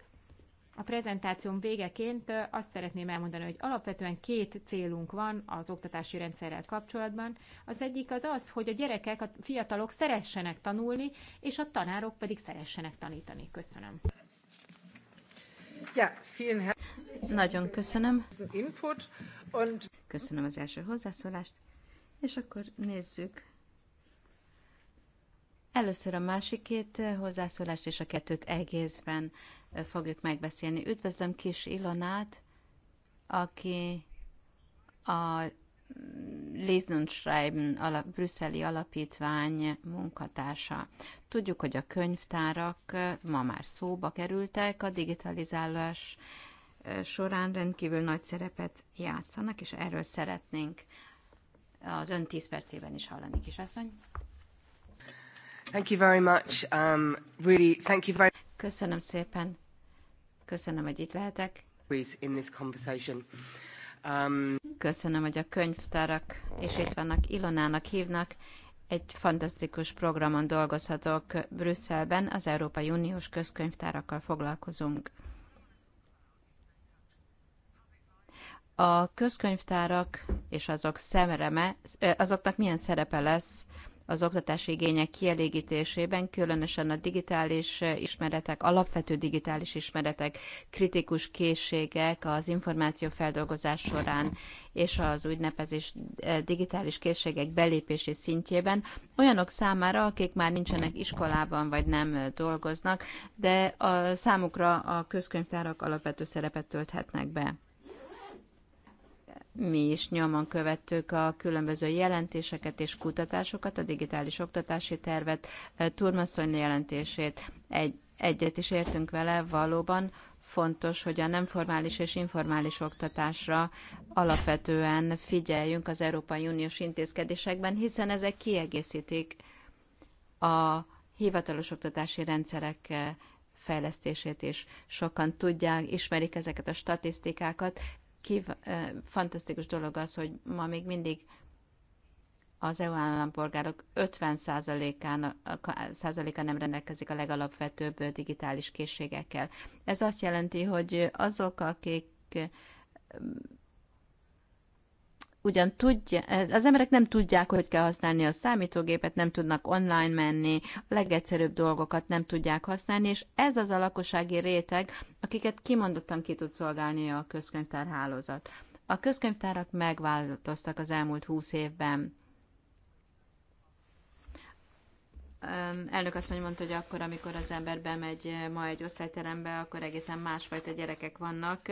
a prezentációm végeként azt szeretném elmondani, hogy alapvetően két célunk van az oktatási rendszerrel kapcsolatban. Az egyik az az, hogy a gyerekek, a fiatalok szeressenek tanulni, és a tanárok pedig szeressenek tanítani. Köszönöm. Ja, Nagyon köszönöm. Input Köszönöm az első hozzászólást, és akkor nézzük. Először a másik két hozzászólást és a kettőt egészben fogjuk megbeszélni. Üdvözlöm Kis Ilonát, aki a Lesnunschreiben alap, brüsszeli alapítvány munkatársa. Tudjuk, hogy a könyvtárak ma már szóba kerültek, a digitalizálás e, során rendkívül nagy szerepet játszanak, és erről szeretnénk az ön 10 percében is hallani, kisasszony. Thank you very much. Um, really, thank you very Köszönöm szépen. Köszönöm, hogy itt lehetek. Um, Köszönöm, hogy a könyvtárak, és itt vannak, Ilonának hívnak. Egy fantasztikus programon dolgozhatok Brüsszelben, az Európai Uniós közkönyvtárakkal foglalkozunk. A közkönyvtárak és azok szemreme, azoknak milyen szerepe lesz az oktatási igények kielégítésében, különösen a digitális eh, ismeretek, alapvető digitális ismeretek, kritikus készségek az információfeldolgozás során és az úgynevezés eh, digitális készségek belépési szintjében olyanok számára, akik már nincsenek iskolában vagy nem eh, dolgoznak, de a számukra a közkönyvtárak alapvető szerepet tölthetnek be. Mi is nyomon követtük a különböző jelentéseket és kutatásokat, a digitális oktatási tervet, eh, Turmaszony jelentését. Egy, egyet is értünk vele, valóban fontos, hogy a nem formális és informális oktatásra alapvetően figyeljünk az Európai Uniós intézkedésekben, hiszen ezek kiegészítik a hivatalos oktatási rendszerek eh, fejlesztését is. Sokan tudják, ismerik ezeket a statisztikákat, Kív- fantasztikus dolog az, hogy ma még mindig az EU állampolgárok 50%-a nem rendelkezik a legalapvetőbb digitális készségekkel. Ez azt jelenti, hogy azok, akik ugyan tudja, az emberek nem tudják, hogy kell használni a számítógépet, nem tudnak online menni, a legegyszerűbb dolgokat nem tudják használni, és ez az a lakossági réteg, akiket kimondottan ki tud szolgálni a közkönyvtár hálózat. A közkönyvtárak megváltoztak az elmúlt húsz évben. elnök azt mondta, hogy akkor, amikor az ember bemegy ma egy osztályterembe, akkor egészen másfajta gyerekek vannak.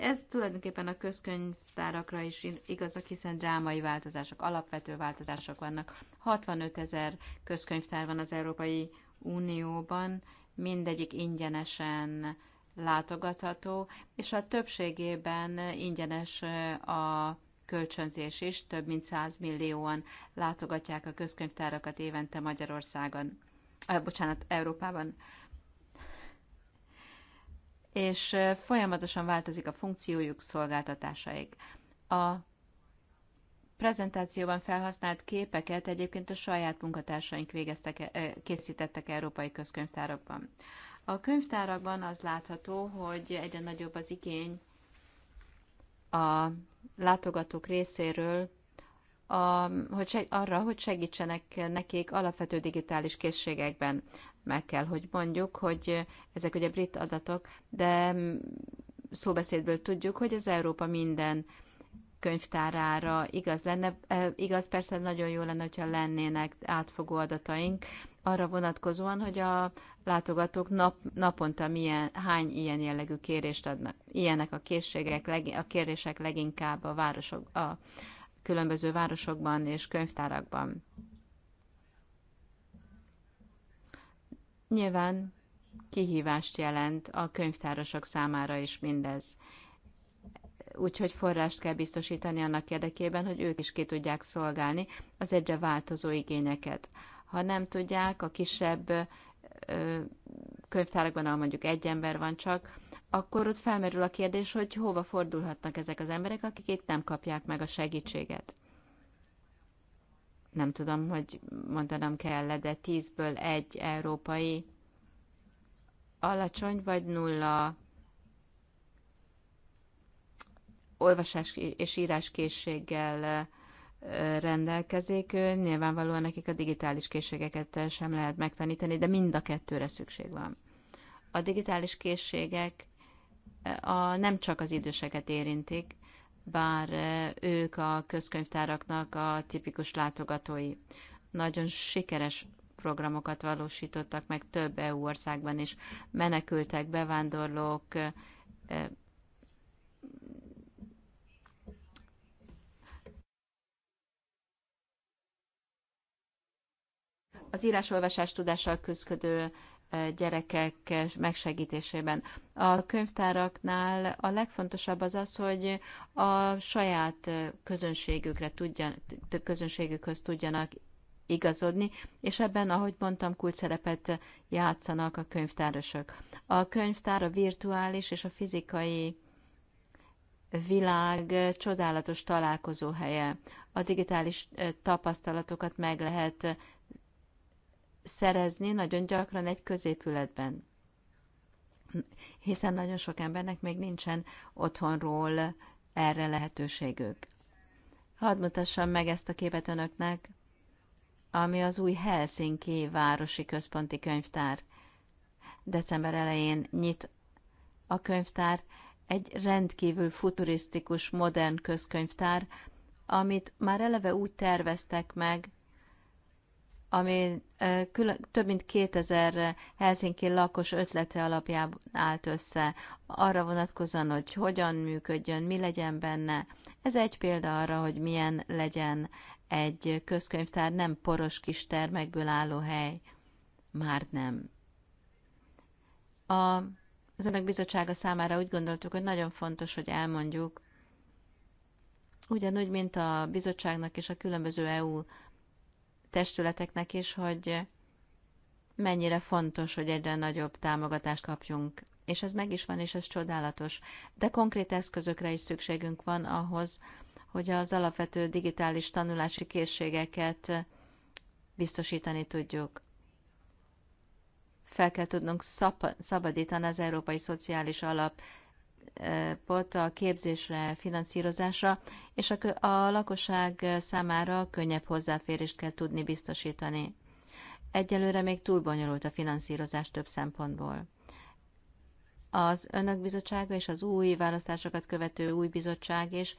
Ez tulajdonképpen a közkönyvtárakra is igazak, hiszen drámai változások, alapvető változások vannak. 65 ezer közkönyvtár van az Európai Unióban, mindegyik ingyenesen látogatható, és a többségében ingyenes a kölcsönzés is, több mint 100 millióan látogatják a közkönyvtárakat évente Magyarországon, eh, bocsánat, Európában. És folyamatosan változik a funkciójuk, szolgáltatásaik. A prezentációban felhasznált képeket egyébként a saját munkatársaink végeztek, e, készítettek európai közkönyvtárakban. A könyvtárakban az látható, hogy egyre nagyobb az igény a látogatók részéről a, hogy seg, arra, hogy segítsenek nekik alapvető digitális készségekben. Meg kell, hogy mondjuk, hogy ezek ugye brit adatok, de szóbeszédből tudjuk, hogy az Európa minden könyvtárára igaz lenne. E, igaz, persze nagyon jó lenne, hogyha lennének átfogó adataink, arra vonatkozóan, hogy a látogatók nap, naponta milyen, hány ilyen jellegű kérést adnak. Ilyenek a készségek, leg, a kérések leginkább a, városok, a különböző városokban és könyvtárakban. Nyilván kihívást jelent a könyvtárosok számára is mindez. Úgyhogy forrást kell biztosítani annak érdekében, hogy ők is ki tudják szolgálni az egyre változó igényeket. Ha nem tudják, a kisebb könyvtárakban, ahol mondjuk egy ember van csak, akkor ott felmerül a kérdés, hogy hova fordulhatnak ezek az emberek, akik itt nem kapják meg a segítséget. Nem tudom, hogy mondanom kell de tízből egy európai alacsony vagy nulla olvasás és íráskészséggel rendelkezik. Nyilvánvalóan nekik a digitális készségeket sem lehet megtanítani, de mind a kettőre szükség van. A digitális készségek eh, a, nem csak az időseket érintik, bár eh, ők a közkönyvtáraknak a tipikus látogatói. Nagyon sikeres programokat valósítottak meg több EU országban is. Menekültek, bevándorlók, eh, az írásolvasás tudással küzdködő gyerekek megsegítésében. A könyvtáraknál a legfontosabb az az, hogy a saját közönségükre tudjan, közönségükhöz tudjanak igazodni, és ebben, ahogy mondtam, kult szerepet játszanak a könyvtárosok. A könyvtár a virtuális és a fizikai világ csodálatos találkozóhelye. A digitális tapasztalatokat meg lehet szerezni nagyon gyakran egy középületben. Hiszen nagyon sok embernek még nincsen otthonról erre lehetőségük. Hadd mutassam meg ezt a képet önöknek, ami az új Helsinki Városi Központi Könyvtár. December elején nyit a könyvtár, egy rendkívül futurisztikus, modern közkönyvtár, amit már eleve úgy terveztek meg, ami külön, több mint 2000 Helsinki lakos ötlete alapján állt össze, arra vonatkozóan, hogy hogyan működjön, mi legyen benne. Ez egy példa arra, hogy milyen legyen egy közkönyvtár, nem poros kis termekből álló hely. Már nem. A, az önök bizottsága számára úgy gondoltuk, hogy nagyon fontos, hogy elmondjuk, ugyanúgy, mint a bizottságnak és a különböző EU testületeknek is, hogy mennyire fontos, hogy egyre nagyobb támogatást kapjunk. És ez meg is van, és ez csodálatos. De konkrét eszközökre is szükségünk van ahhoz, hogy az alapvető digitális tanulási készségeket biztosítani tudjuk. Fel kell tudnunk szab- szabadítani az Európai Szociális Alap pot a képzésre, finanszírozásra, és a, a lakosság számára könnyebb hozzáférést kell tudni biztosítani. Egyelőre még túl bonyolult a finanszírozás több szempontból. Az Önök Bizottsága és az új választásokat követő új bizottság és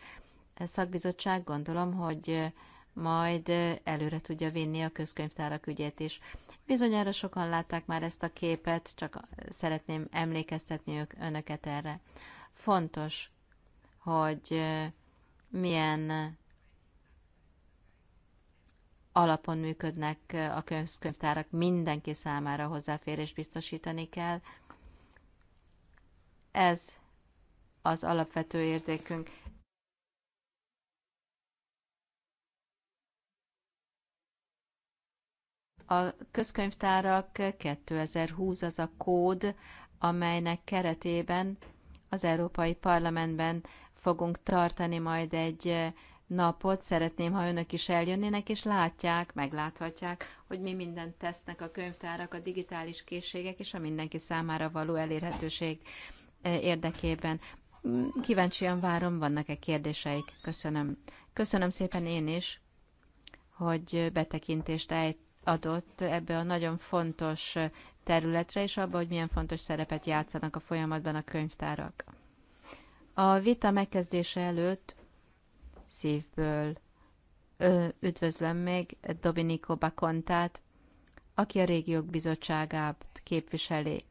szakbizottság gondolom, hogy majd előre tudja vinni a közkönyvtárak ügyét is. Bizonyára sokan látták már ezt a képet, csak szeretném emlékeztetni önöket erre. Fontos, hogy milyen alapon működnek a könyvtárak, mindenki számára hozzáférés biztosítani kell. Ez az alapvető értékünk. A közkönyvtárak 2020 az a kód, amelynek keretében az Európai Parlamentben fogunk tartani majd egy napot, szeretném, ha önök is eljönnének, és látják, megláthatják, hogy mi mindent tesznek a könyvtárak, a digitális készségek és a mindenki számára való elérhetőség érdekében. Mm, kíváncsian várom, vannak-e kérdéseik? Köszönöm. Köszönöm szépen én is, hogy betekintést adott ebbe a nagyon fontos területre, és abba, hogy milyen fontos szerepet játszanak a folyamatban a könyvtárak. A vita megkezdése előtt szívből ö, üdvözlöm még Dominico Bacontát, aki a régiók bizottságát képviseli.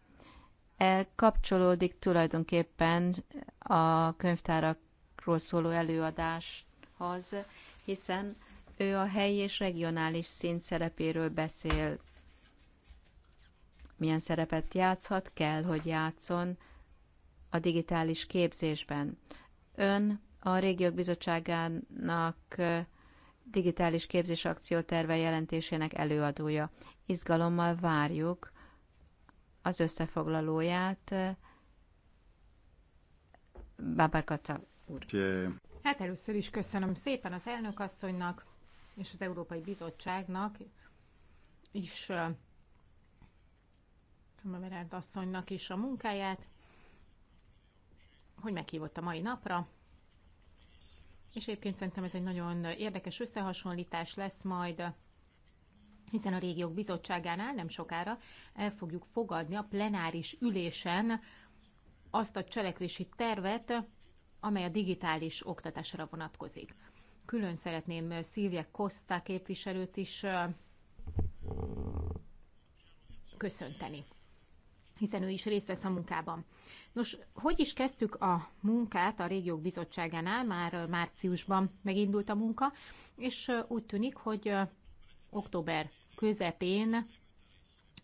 E kapcsolódik tulajdonképpen a könyvtárakról szóló előadáshoz, hiszen ő a helyi és regionális szint szerepéről beszél milyen szerepet játszhat, kell, hogy játszon a digitális képzésben. Ön a Régiók Bizottságának digitális képzés akcióterve jelentésének előadója. Izgalommal várjuk az összefoglalóját. Bábár Kata úr. Hát először is köszönöm szépen az elnök asszonynak és az Európai Bizottságnak is Tömeverárd asszonynak is a munkáját, hogy meghívott a mai napra. És egyébként szerintem ez egy nagyon érdekes összehasonlítás lesz majd, hiszen a régiók bizottságánál nem sokára el fogjuk fogadni a plenáris ülésen azt a cselekvési tervet, amely a digitális oktatásra vonatkozik. Külön szeretném Szilvia Kosztá képviselőt is köszönteni hiszen ő is részt vesz a munkában. Nos, hogy is kezdtük a munkát a régiók bizottságánál, már márciusban megindult a munka, és úgy tűnik, hogy október közepén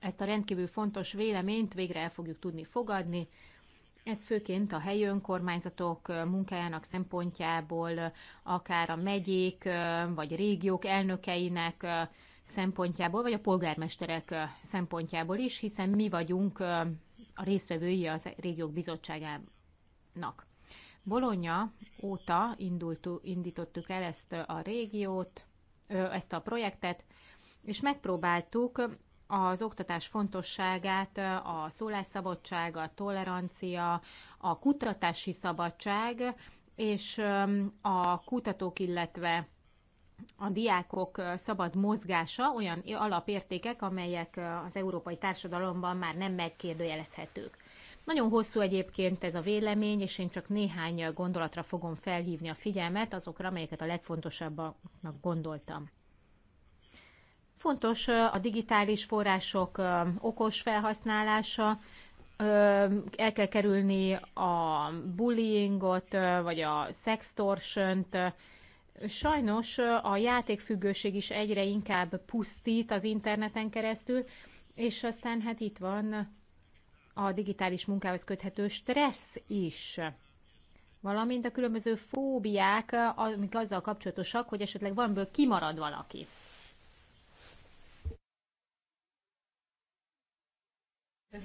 ezt a rendkívül fontos véleményt végre el fogjuk tudni fogadni. Ez főként a helyi önkormányzatok munkájának szempontjából, akár a megyék vagy régiók elnökeinek szempontjából, vagy a polgármesterek szempontjából is, hiszen mi vagyunk a résztvevői az régiók bizottságának. Bologna óta indult, indítottuk el ezt a régiót, ezt a projektet, és megpróbáltuk az oktatás fontosságát, a szólásszabadság, a tolerancia, a kutatási szabadság és a kutatók, illetve a diákok szabad mozgása olyan alapértékek, amelyek az európai társadalomban már nem megkérdőjelezhetők. Nagyon hosszú egyébként ez a vélemény, és én csak néhány gondolatra fogom felhívni a figyelmet, azokra, amelyeket a legfontosabbnak gondoltam. Fontos a digitális források okos felhasználása, el kell kerülni a bullyingot, vagy a sextortiont, Sajnos a játékfüggőség is egyre inkább pusztít az interneten keresztül, és aztán hát itt van a digitális munkához köthető stressz is valamint a különböző fóbiák, amik azzal kapcsolatosak, hogy esetleg valamiből kimarad valaki.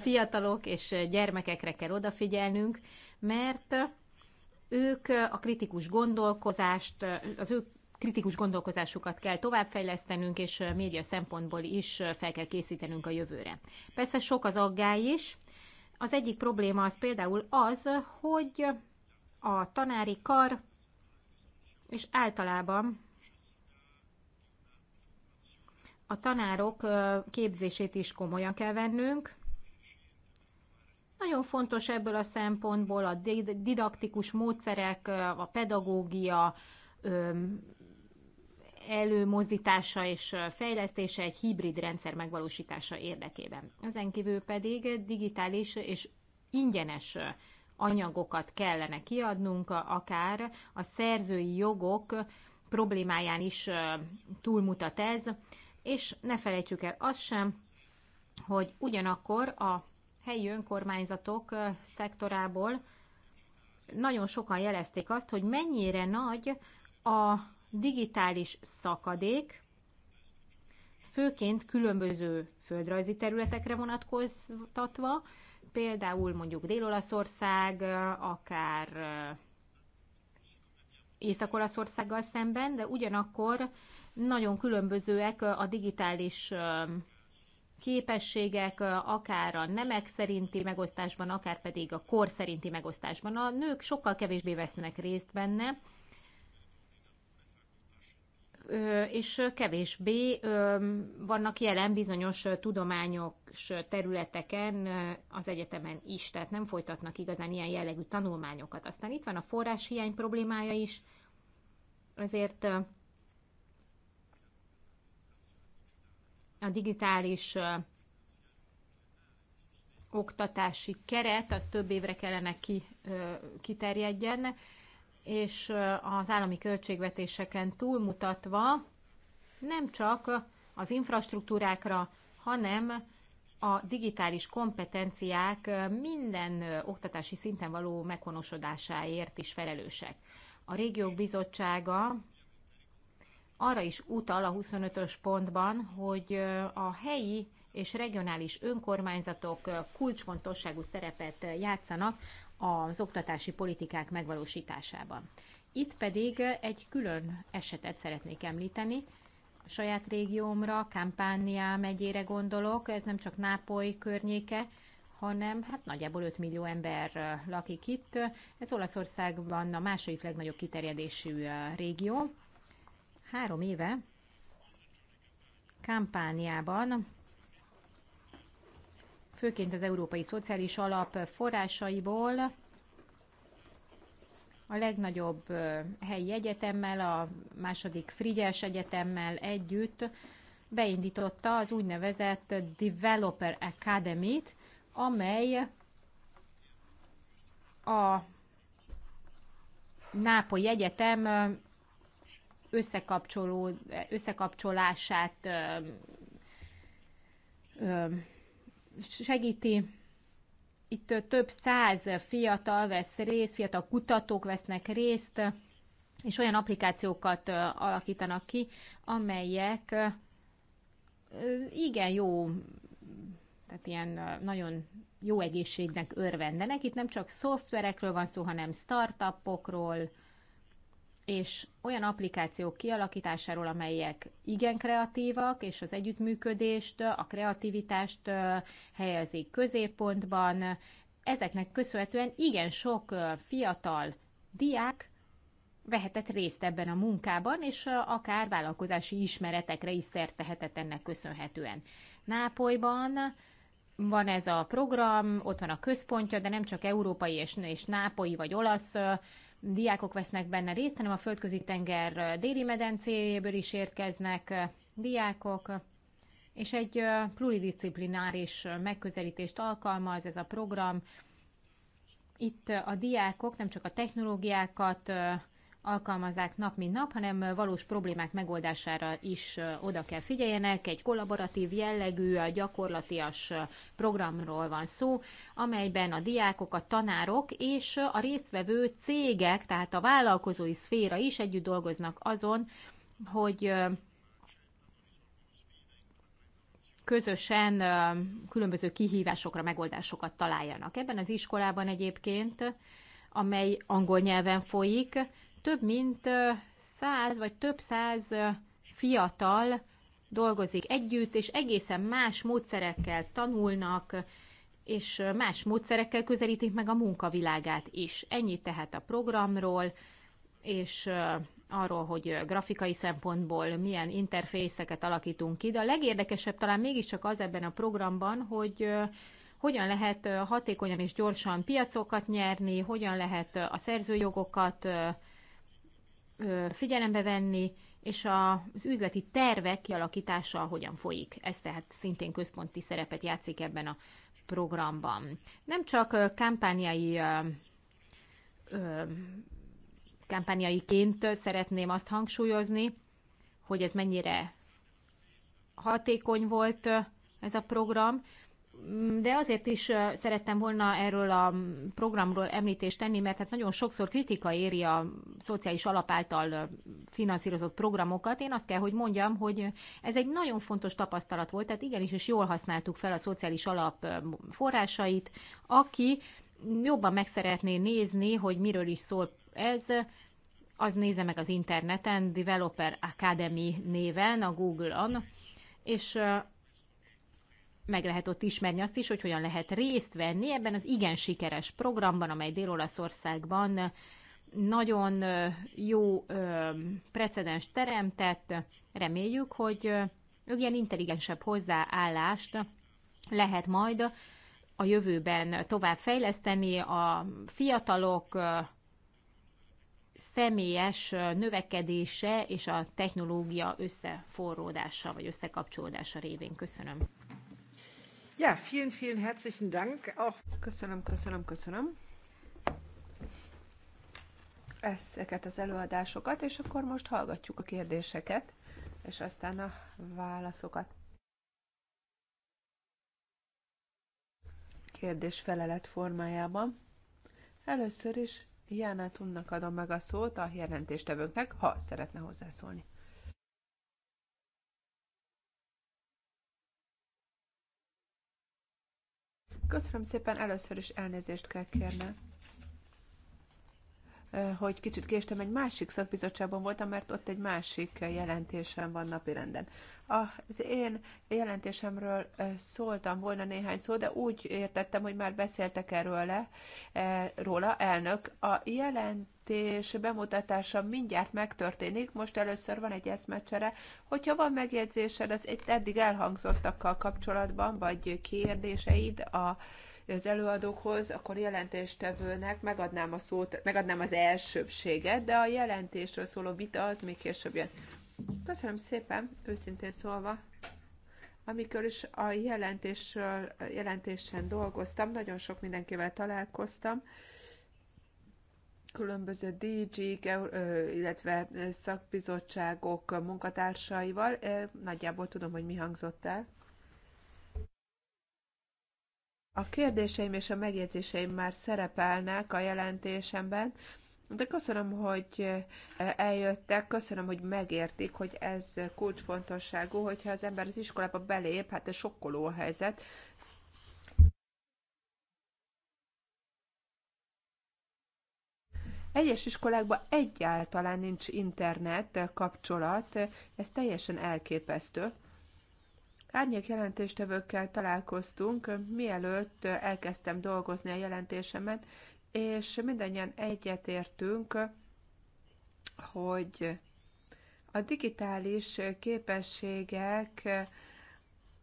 Fiatalok és gyermekekre kell odafigyelnünk, mert ők a kritikus gondolkozást, az ők kritikus gondolkozásukat kell továbbfejlesztenünk, és média szempontból is fel kell készítenünk a jövőre. Persze sok az aggály is. Az egyik probléma az például az, hogy a tanári kar és általában a tanárok képzését is komolyan kell vennünk, nagyon fontos ebből a szempontból a didaktikus módszerek, a pedagógia előmozdítása és fejlesztése egy hibrid rendszer megvalósítása érdekében. Ezen kívül pedig digitális és ingyenes anyagokat kellene kiadnunk, akár a szerzői jogok problémáján is túlmutat ez, és ne felejtsük el azt sem, hogy ugyanakkor a helyi önkormányzatok szektorából nagyon sokan jelezték azt, hogy mennyire nagy a digitális szakadék, főként különböző földrajzi területekre vonatkoztatva, például mondjuk Dél-Olaszország, akár Észak-Olaszországgal szemben, de ugyanakkor nagyon különbözőek a digitális képességek, akár a nemek szerinti megosztásban, akár pedig a kor szerinti megosztásban. A nők sokkal kevésbé vesznek részt benne, és kevésbé vannak jelen bizonyos tudományos területeken az egyetemen is, tehát nem folytatnak igazán ilyen jellegű tanulmányokat. Aztán itt van a forráshiány problémája is, ezért a digitális oktatási keret, az több évre kellene ki, kiterjedjen, és az állami költségvetéseken túlmutatva nem csak az infrastruktúrákra, hanem a digitális kompetenciák minden oktatási szinten való meghonosodásáért is felelősek. A régiók bizottsága arra is utal a 25-ös pontban, hogy a helyi és regionális önkormányzatok kulcsfontosságú szerepet játszanak az oktatási politikák megvalósításában. Itt pedig egy külön esetet szeretnék említeni, a saját régiómra, Kampánia megyére gondolok, ez nem csak Nápoly környéke, hanem hát nagyjából 5 millió ember lakik itt. Ez Olaszországban a második legnagyobb kiterjedésű régió, Három éve kampányában főként az Európai Szociális Alap forrásaiból a legnagyobb helyi egyetemmel, a második Frigyes Egyetemmel együtt beindította az úgynevezett Developer Academy-t, amely a Nápoly Egyetem összekapcsoló, összekapcsolását segíti. Itt több száz fiatal vesz részt, fiatal kutatók vesznek részt, és olyan applikációkat alakítanak ki, amelyek igen jó, tehát ilyen nagyon jó egészségnek örvendenek. Itt nem csak szoftverekről van szó, hanem startupokról, és olyan applikációk kialakításáról, amelyek igen kreatívak, és az együttműködést, a kreativitást helyezik középpontban. Ezeknek köszönhetően igen sok fiatal diák vehetett részt ebben a munkában, és akár vállalkozási ismeretekre is szert tehetett ennek köszönhetően. Nápolyban van ez a program, ott van a központja, de nem csak európai és, és nápolyi vagy olasz diákok vesznek benne részt, hanem a földközi tenger déli medencéjéből is érkeznek diákok, és egy pluridisciplináris megközelítést alkalmaz ez a program. Itt a diákok nem csak a technológiákat, alkalmazzák nap mint nap, hanem valós problémák megoldására is oda kell figyeljenek. Egy kollaboratív jellegű, gyakorlatias programról van szó, amelyben a diákok, a tanárok és a résztvevő cégek, tehát a vállalkozói szféra is együtt dolgoznak azon, hogy közösen különböző kihívásokra megoldásokat találjanak. Ebben az iskolában egyébként, amely angol nyelven folyik, több mint száz vagy több száz fiatal dolgozik együtt, és egészen más módszerekkel tanulnak, és más módszerekkel közelítik meg a munkavilágát is. Ennyit tehát a programról, és arról, hogy grafikai szempontból milyen interfészeket alakítunk ki, de a legérdekesebb talán mégiscsak az ebben a programban, hogy hogyan lehet hatékonyan és gyorsan piacokat nyerni, hogyan lehet a szerzőjogokat figyelembe venni, és az üzleti tervek kialakítása hogyan folyik. Ez tehát szintén központi szerepet játszik ebben a programban. Nem csak kampányai kampányaiként szeretném azt hangsúlyozni, hogy ez mennyire hatékony volt ez a program, de azért is szerettem volna erről a programról említést tenni, mert hát nagyon sokszor kritika éri a szociális alap által finanszírozott programokat. Én azt kell, hogy mondjam, hogy ez egy nagyon fontos tapasztalat volt, tehát igenis, és jól használtuk fel a szociális alap forrásait. Aki jobban meg szeretné nézni, hogy miről is szól ez, az nézze meg az interneten, Developer Academy néven, a Google-on, és meg lehet ott ismerni azt is, hogy hogyan lehet részt venni ebben az igen sikeres programban, amely Dél-Olaszországban nagyon jó precedens teremtett. Reméljük, hogy ilyen intelligensebb hozzáállást lehet majd a jövőben tovább fejleszteni a fiatalok személyes növekedése és a technológia összeforródása vagy összekapcsolódása révén. Köszönöm. Ja, vielen, vielen herzlichen Dank. Auch köszönöm, köszönöm, köszönöm. Ezeket az előadásokat, és akkor most hallgatjuk a kérdéseket, és aztán a válaszokat. Kérdés-felelet formájában. Először is Jánát Unnak adom meg a szót a jelentéstevőknek, ha szeretne hozzászólni. Köszönöm szépen, először is elnézést kell kérnem hogy kicsit késtem, egy másik szakbizottságban voltam, mert ott egy másik jelentésem van napirenden. Az én jelentésemről szóltam volna néhány szó, de úgy értettem, hogy már beszéltek erről le, róla, elnök. A jelent és bemutatása mindjárt megtörténik. Most először van egy eszmecsere. Hogyha van megjegyzésed az eddig elhangzottakkal kapcsolatban, vagy kérdéseid a az előadókhoz, akkor jelentéstevőnek megadnám a szót, megadnám az elsőbséget, de a jelentésről szóló vita az még később jön. Köszönöm szépen, őszintén szólva. Amikor is a jelentésről, jelentésen dolgoztam, nagyon sok mindenkivel találkoztam, különböző DG-k, illetve szakbizottságok munkatársaival. Nagyjából tudom, hogy mi hangzott el. A kérdéseim és a megjegyzéseim már szerepelnek a jelentésemben, de köszönöm, hogy eljöttek, köszönöm, hogy megértik, hogy ez kulcsfontosságú, hogyha az ember az iskolába belép, hát ez sokkoló a helyzet, Egyes iskolákban egyáltalán nincs internet kapcsolat, ez teljesen elképesztő. Árnyék jelentéstevőkkel találkoztunk, mielőtt elkezdtem dolgozni a jelentésemet, és mindannyian egyetértünk, hogy a digitális képességek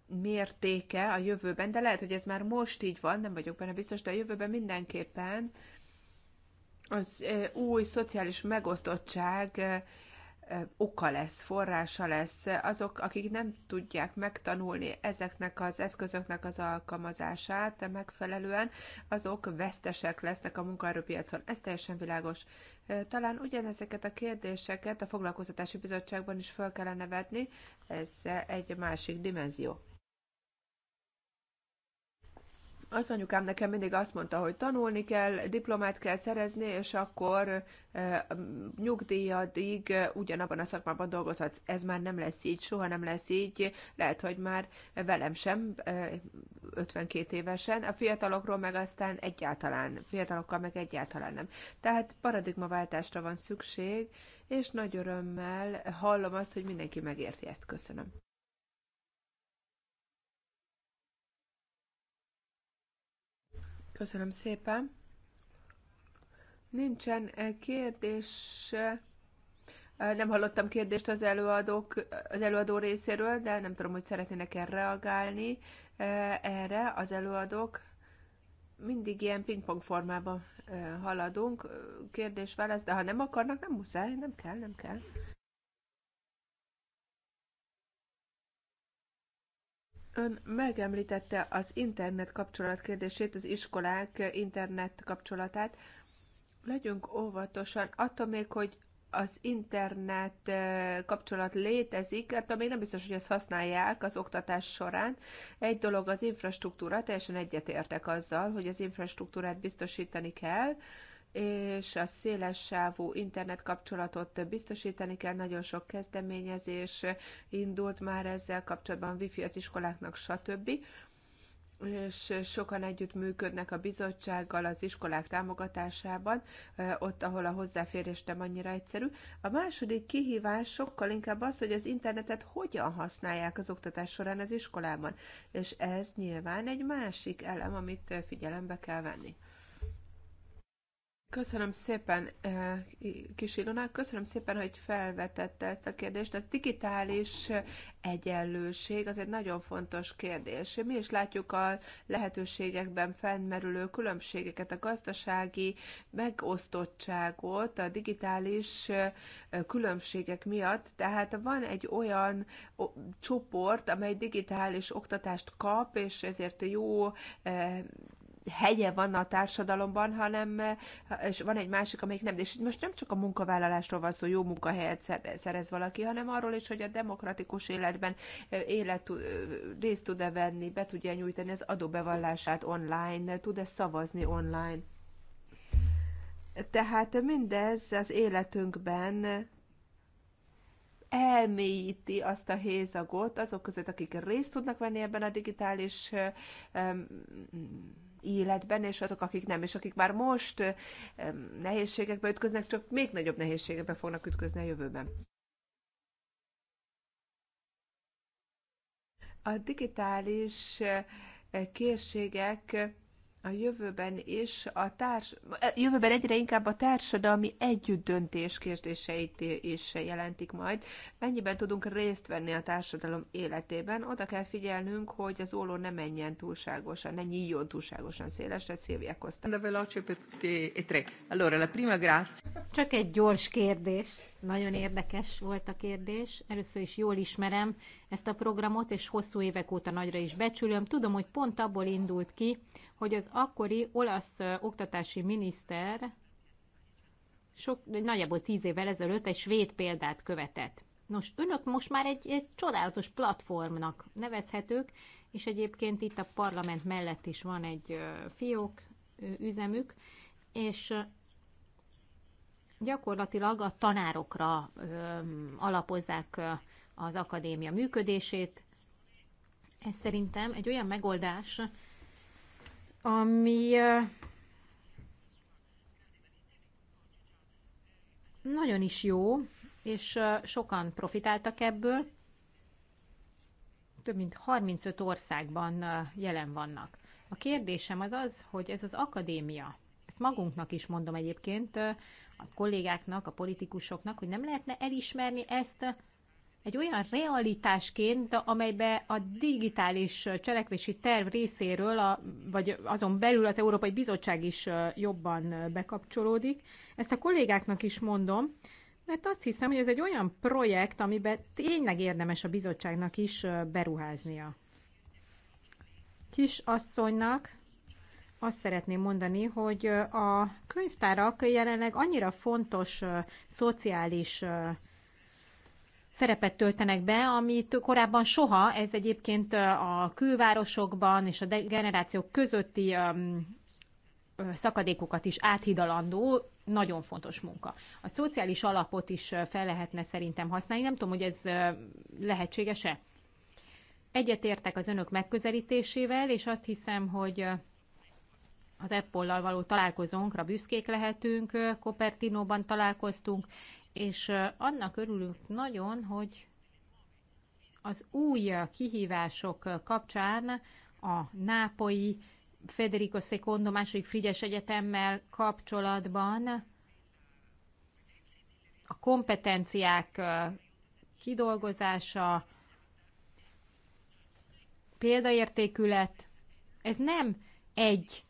mértéke a jövőben, de lehet, hogy ez már most így van, nem vagyok benne biztos, de a jövőben mindenképpen az új szociális megosztottság oka lesz, forrása lesz. Azok, akik nem tudják megtanulni ezeknek az eszközöknek az alkalmazását megfelelően, azok vesztesek lesznek a munkaerőpiacon. Ez teljesen világos. Talán ugyanezeket a kérdéseket a foglalkoztatási bizottságban is fel kellene vetni, ez egy másik dimenzió az anyukám nekem mindig azt mondta, hogy tanulni kell, diplomát kell szerezni, és akkor e, nyugdíjadig ugyanabban a szakmában dolgozhatsz. Ez már nem lesz így, soha nem lesz így. Lehet, hogy már velem sem, e, 52 évesen. A fiatalokról meg aztán egyáltalán, fiatalokkal meg egyáltalán nem. Tehát paradigmaváltásra van szükség, és nagy örömmel hallom azt, hogy mindenki megérti ezt. Köszönöm. Köszönöm szépen. Nincsen eh, kérdés. Eh, eh, nem hallottam kérdést az előadók, az előadó részéről, de nem tudom, hogy szeretnének erre reagálni erre az előadók. Mindig ilyen pingpong formában haladunk, kérdés-válasz, de ha nem akarnak, nem muszáj, nem kell, nem kell. Ön megemlítette az internet kapcsolat kérdését, az iskolák internet kapcsolatát. Legyünk óvatosan, attól még, hogy az internet eh, kapcsolat létezik, attól még nem biztos, hogy ezt használják az oktatás során. Egy dolog az infrastruktúra, teljesen egyetértek azzal, hogy az infrastruktúrát biztosítani kell, és a széles sávú internetkapcsolatot biztosítani kell. Nagyon sok kezdeményezés indult már ezzel kapcsolatban, wifi az iskoláknak, stb. És sokan együtt működnek a bizottsággal az iskolák támogatásában, eh, ott, ahol a hozzáférés nem annyira egyszerű. A második kihívás sokkal inkább az, hogy az internetet hogyan használják az oktatás során az iskolában. És ez nyilván egy másik elem, amit eh, figyelembe kell venni. Köszönöm szépen, eh, kis Ilona, köszönöm szépen, hogy felvetette ezt a kérdést. Az digitális eh, egyenlőség az egy nagyon fontos kérdés. Mi is látjuk a lehetőségekben fennmerülő különbségeket, a gazdasági megosztottságot a digitális eh, különbségek miatt. Tehát van egy olyan csoport, amely digitális oktatást kap, és ezért jó helye van a társadalomban, hanem eh, és van egy másik, amelyik nem. És most nem csak a munkavállalásról van szó, jó munkahelyet szerez valaki, hanem arról is, hogy a demokratikus életben eh, élet, eh, részt tud-e venni, be tudja nyújtani az adóbevallását online, tud-e szavazni online. Tehát mindez az életünkben elmélyíti azt a hézagot azok között, akik részt tudnak venni ebben a digitális um, életben, és azok, akik nem, és akik már most nehézségekbe ütköznek, csak még nagyobb nehézségekbe fognak ütközni a jövőben. A digitális készségek a jövőben is a társ, jövőben egyre inkább a társadalmi döntés kérdéseit is jelentik majd. Mennyiben tudunk részt venni a társadalom életében? Oda kell figyelnünk, hogy az óló ne menjen túlságosan, ne nyíljon túlságosan szélesre, Szilvia Costa. E Csak egy gyors kérdés. Nagyon érdekes volt a kérdés. Először is jól ismerem ezt a programot, és hosszú évek óta nagyra is becsülöm. Tudom, hogy pont abból indult ki, hogy az akkori olasz oktatási miniszter sok, nagyjából tíz évvel ezelőtt egy svéd példát követett. Nos, önök most már egy, egy csodálatos platformnak nevezhetők, és egyébként itt a parlament mellett is van egy fiók üzemük, és gyakorlatilag a tanárokra alapozzák az akadémia működését. Ez szerintem egy olyan megoldás, ami nagyon is jó, és sokan profitáltak ebből. Több mint 35 országban jelen vannak. A kérdésem az az, hogy ez az akadémia magunknak is mondom egyébként, a kollégáknak, a politikusoknak, hogy nem lehetne elismerni ezt egy olyan realitásként, amelybe a digitális cselekvési terv részéről, a, vagy azon belül az Európai Bizottság is jobban bekapcsolódik. Ezt a kollégáknak is mondom, mert azt hiszem, hogy ez egy olyan projekt, amiben tényleg érdemes a bizottságnak is beruháznia. Kis asszonynak azt szeretném mondani, hogy a könyvtárak jelenleg annyira fontos szociális szerepet töltenek be, amit korábban soha, ez egyébként a külvárosokban és a generációk közötti szakadékokat is áthidalandó, nagyon fontos munka. A szociális alapot is fel lehetne szerintem használni, nem tudom, hogy ez lehetséges-e? Egyetértek az önök megközelítésével, és azt hiszem, hogy az Apple-lal való találkozónkra büszkék lehetünk, Kopertinóban találkoztunk, és annak örülünk nagyon, hogy az új kihívások kapcsán a nápoi Federico II. második Frigyes Egyetemmel kapcsolatban a kompetenciák kidolgozása, példaértékű lett. Ez nem egy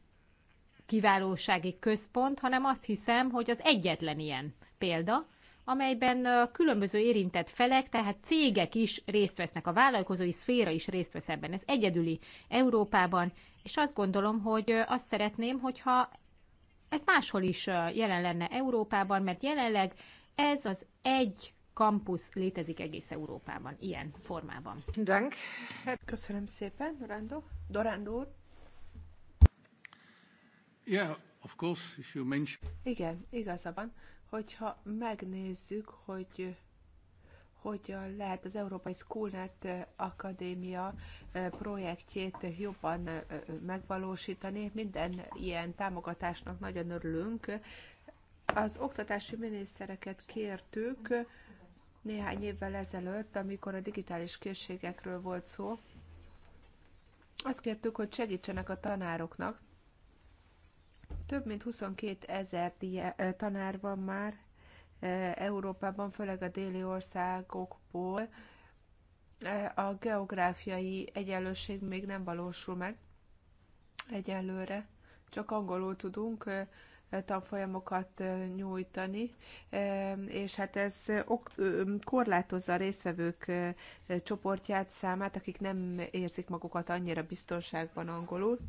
kiválósági központ, hanem azt hiszem, hogy az egyetlen ilyen példa, amelyben különböző érintett felek, tehát cégek is részt vesznek, a vállalkozói szféra is részt vesz ebben. Ez egyedüli Európában, és azt gondolom, hogy azt szeretném, hogyha ez máshol is jelen lenne Európában, mert jelenleg ez az egy kampusz létezik egész Európában, ilyen formában. Dank. Köszönöm szépen, Dorándó. Dorándó úr. Igen, igaza van, Igen, hogyha megnézzük, hogy hogyan lehet az Európai Schoolnet Akadémia projektjét jobban megvalósítani. Minden ilyen támogatásnak nagyon örülünk. Az oktatási minisztereket kértük néhány évvel ezelőtt, amikor a digitális készségekről volt szó. Azt kértük, hogy segítsenek a tanároknak, több mint 22 ezer tanár van már Európában, főleg a déli országokból. A geográfiai egyenlőség még nem valósul meg egyelőre. Csak angolul tudunk tanfolyamokat nyújtani, és hát ez korlátozza a résztvevők csoportját, számát, akik nem érzik magukat annyira biztonságban angolul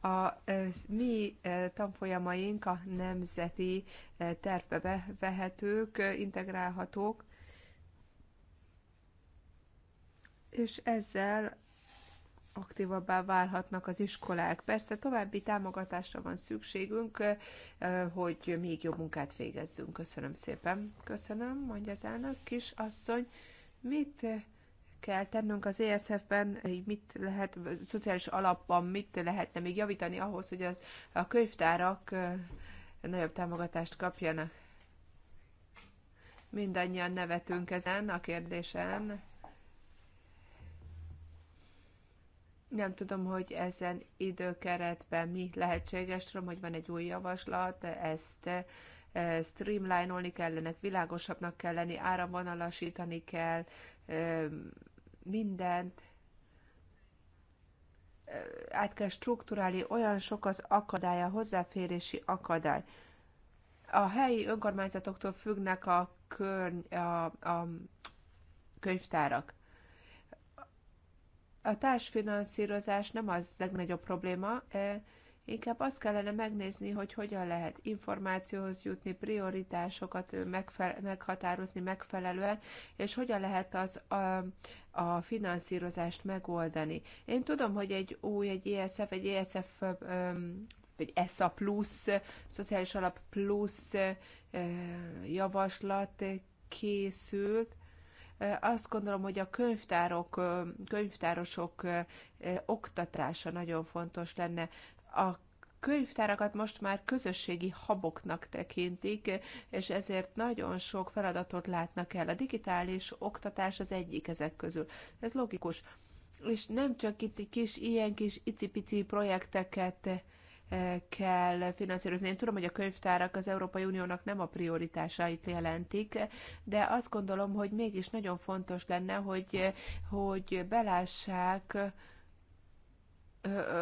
a mi tanfolyamaink a nemzeti tervbe vehetők integrálhatók, és ezzel aktívabbá válhatnak az iskolák. Persze további támogatásra van szükségünk, hogy még jobb munkát végezzünk. Köszönöm szépen. Köszönöm, mondja az elnök kisasszony. Mit kell tennünk az ESF-ben, hogy mit lehet, szociális alapban mit lehetne még javítani ahhoz, hogy az, a könyvtárak nagyobb támogatást kapjanak. Mindannyian nevetünk ezen a kérdésen. Nem tudom, hogy ezen időkeretben mi lehetséges. Tudom, hogy van egy új javaslat, ezt streamline-olni kellene, világosabbnak kell lenni, áramvonalasítani kell, mindent át kell struktúrálni, olyan sok az akadály, a hozzáférési akadály. A helyi önkormányzatoktól függnek a, körny, a, a könyvtárak. A társfinanszírozás nem az legnagyobb probléma, Inkább azt kellene megnézni, hogy hogyan lehet információhoz jutni, prioritásokat meghatározni megfelelően, és hogyan lehet az a, a finanszírozást megoldani. Én tudom, hogy egy új, egy ESF, egy ESF vagy ESA plusz, szociális alap plusz javaslat készült. Azt gondolom, hogy a könyvtárok, könyvtárosok oktatása nagyon fontos lenne a könyvtárakat most már közösségi haboknak tekintik, és ezért nagyon sok feladatot látnak el. A digitális oktatás az egyik ezek közül. Ez logikus. És nem csak itt kis, ilyen kis icipici projekteket eh, kell finanszírozni. Én tudom, hogy a könyvtárak az Európai Uniónak nem a prioritásait jelentik, de azt gondolom, hogy mégis nagyon fontos lenne, hogy, eh, hogy belássák,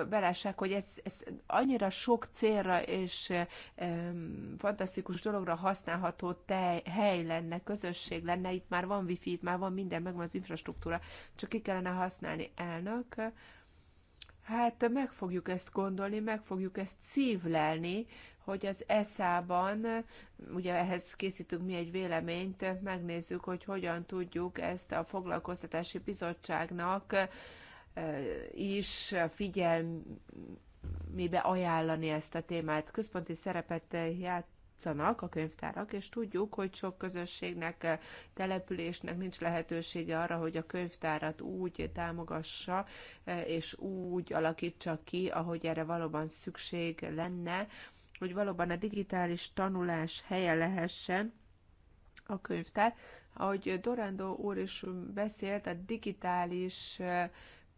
belássák, hogy ez, ez annyira sok célra és ö, fantasztikus dologra használható tej, hely lenne, közösség lenne, itt már van wifi, itt már van minden, meg van az infrastruktúra, csak ki kellene használni elnök. Hát meg fogjuk ezt gondolni, meg fogjuk ezt szívlelni, hogy az ESZÁ-ban, ugye ehhez készítünk mi egy véleményt, megnézzük, hogy hogyan tudjuk ezt a foglalkoztatási bizottságnak is figyelmébe ajánlani ezt a témát. Központi szerepet játszanak a könyvtárak, és tudjuk, hogy sok közösségnek, településnek nincs lehetősége arra, hogy a könyvtárat úgy támogassa, és úgy alakítsa ki, ahogy erre valóban szükség lenne, hogy valóban a digitális tanulás helye lehessen a könyvtár. Ahogy Dorando úr is beszélt, a digitális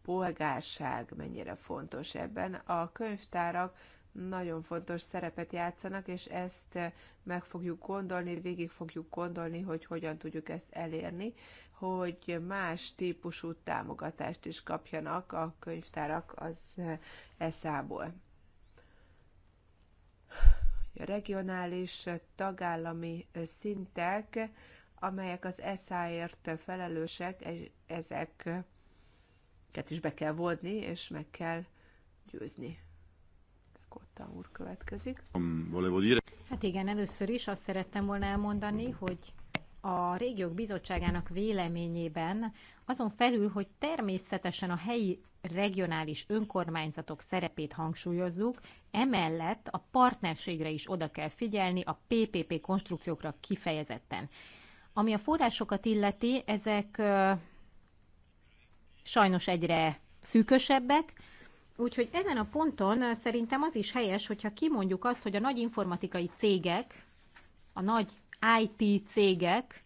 polgárság mennyire fontos ebben. A könyvtárak nagyon fontos szerepet játszanak, és ezt meg fogjuk gondolni, végig fogjuk gondolni, hogy hogyan tudjuk ezt elérni, hogy más típusú támogatást is kapjanak a könyvtárak az eszából. A regionális tagállami szintek, amelyek az eszáért felelősek, ezek is be kell vodni, és meg kell győzni. Kotta úr következik. Um, hát igen, először is azt szerettem volna elmondani, hogy a régiók bizottságának véleményében azon felül, hogy természetesen a helyi regionális önkormányzatok szerepét hangsúlyozzuk, emellett a partnerségre is oda kell figyelni a PPP konstrukciókra kifejezetten. Ami a forrásokat illeti, ezek sajnos egyre szűkösebbek, úgyhogy ezen a ponton szerintem az is helyes, hogyha kimondjuk azt, hogy a nagy informatikai cégek, a nagy IT cégek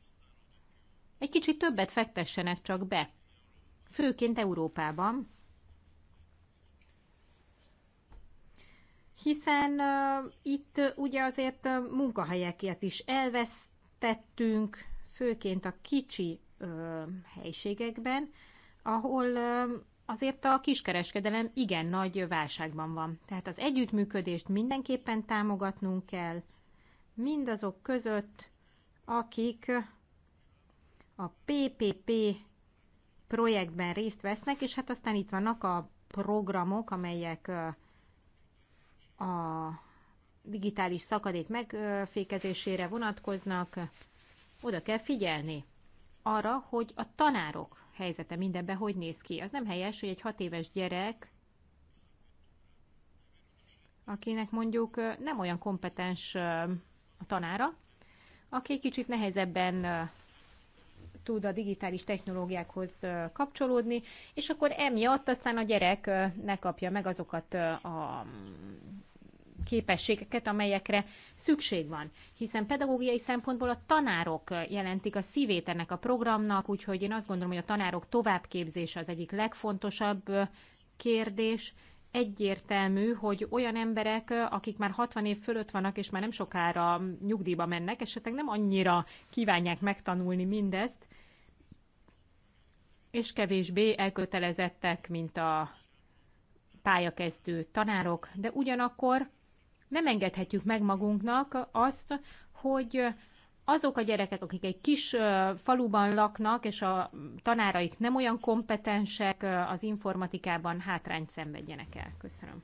egy kicsit többet fektessenek csak be, főként Európában, hiszen uh, itt uh, ugye azért uh, munkahelyeket is elvesztettünk, főként a kicsi uh, helységekben, ahol azért a kiskereskedelem igen nagy válságban van. Tehát az együttműködést mindenképpen támogatnunk kell, mindazok között, akik a PPP projektben részt vesznek, és hát aztán itt vannak a programok, amelyek a digitális szakadék megfékezésére vonatkoznak, oda kell figyelni arra, hogy a tanárok helyzete mindenben hogy néz ki. Az nem helyes, hogy egy hat éves gyerek, akinek mondjuk nem olyan kompetens a tanára, aki kicsit nehezebben tud a digitális technológiákhoz kapcsolódni, és akkor emiatt aztán a gyerek ne kapja meg azokat a képességeket, amelyekre szükség van. Hiszen pedagógiai szempontból a tanárok jelentik a szívét ennek a programnak, úgyhogy én azt gondolom, hogy a tanárok továbbképzése az egyik legfontosabb kérdés, egyértelmű, hogy olyan emberek, akik már 60 év fölött vannak, és már nem sokára nyugdíjba mennek, esetleg nem annyira kívánják megtanulni mindezt, és kevésbé elkötelezettek, mint a pályakezdő tanárok, de ugyanakkor nem engedhetjük meg magunknak azt, hogy azok a gyerekek, akik egy kis faluban laknak, és a tanáraik nem olyan kompetensek az informatikában, hátrányt szenvedjenek el. Köszönöm.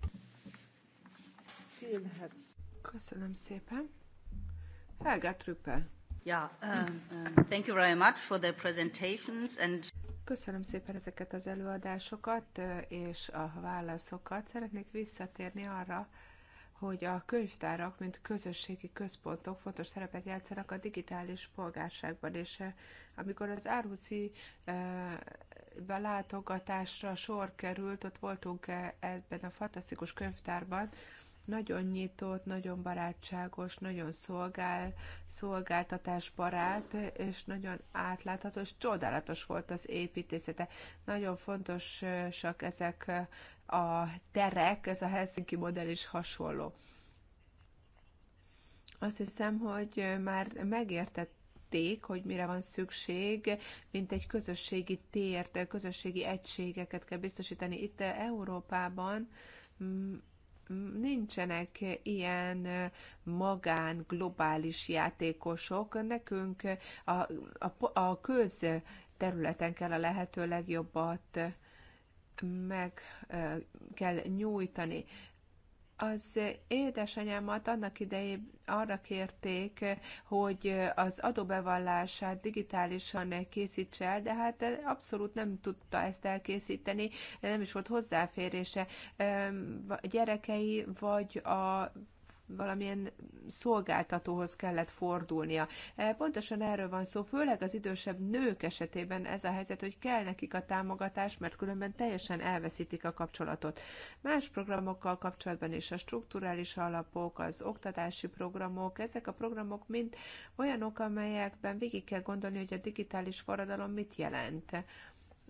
Köszönöm szépen. Helga Trüppel. Yeah, um, um, thank you very much for the presentations and Köszönöm szépen ezeket az előadásokat és a válaszokat. Szeretnék visszatérni arra, hogy a könyvtárak, mint közösségi központok fontos szerepet játszanak a digitális polgárságban, és eh, amikor az Árhuszi eh, látogatásra sor került, ott voltunk eh, ebben a fantasztikus könyvtárban, nagyon nyitott, nagyon barátságos, nagyon szolgál, szolgáltatásbarát, és nagyon átlátható, és csodálatos volt az építészete. Nagyon fontosak ezek a terek, ez a Helsinki modell is hasonló. Azt hiszem, hogy már megértett hogy mire van szükség, mint egy közösségi tért, közösségi egységeket kell biztosítani. Itt Európában nincsenek ilyen magán globális játékosok. Nekünk a, a, a köz területen kell a lehető legjobbat meg kell nyújtani. Az édesanyámat annak idején arra kérték, hogy az adóbevallását digitálisan készítse el, de hát abszolút nem tudta ezt elkészíteni, nem is volt hozzáférése. Gyerekei vagy a valamilyen szolgáltatóhoz kellett fordulnia. E, pontosan erről van szó, főleg az idősebb nők esetében ez a helyzet, hogy kell nekik a támogatás, mert különben teljesen elveszítik a kapcsolatot. Más programokkal kapcsolatban is a strukturális alapok, az oktatási programok, ezek a programok mind olyanok, amelyekben végig kell gondolni, hogy a digitális forradalom mit jelent.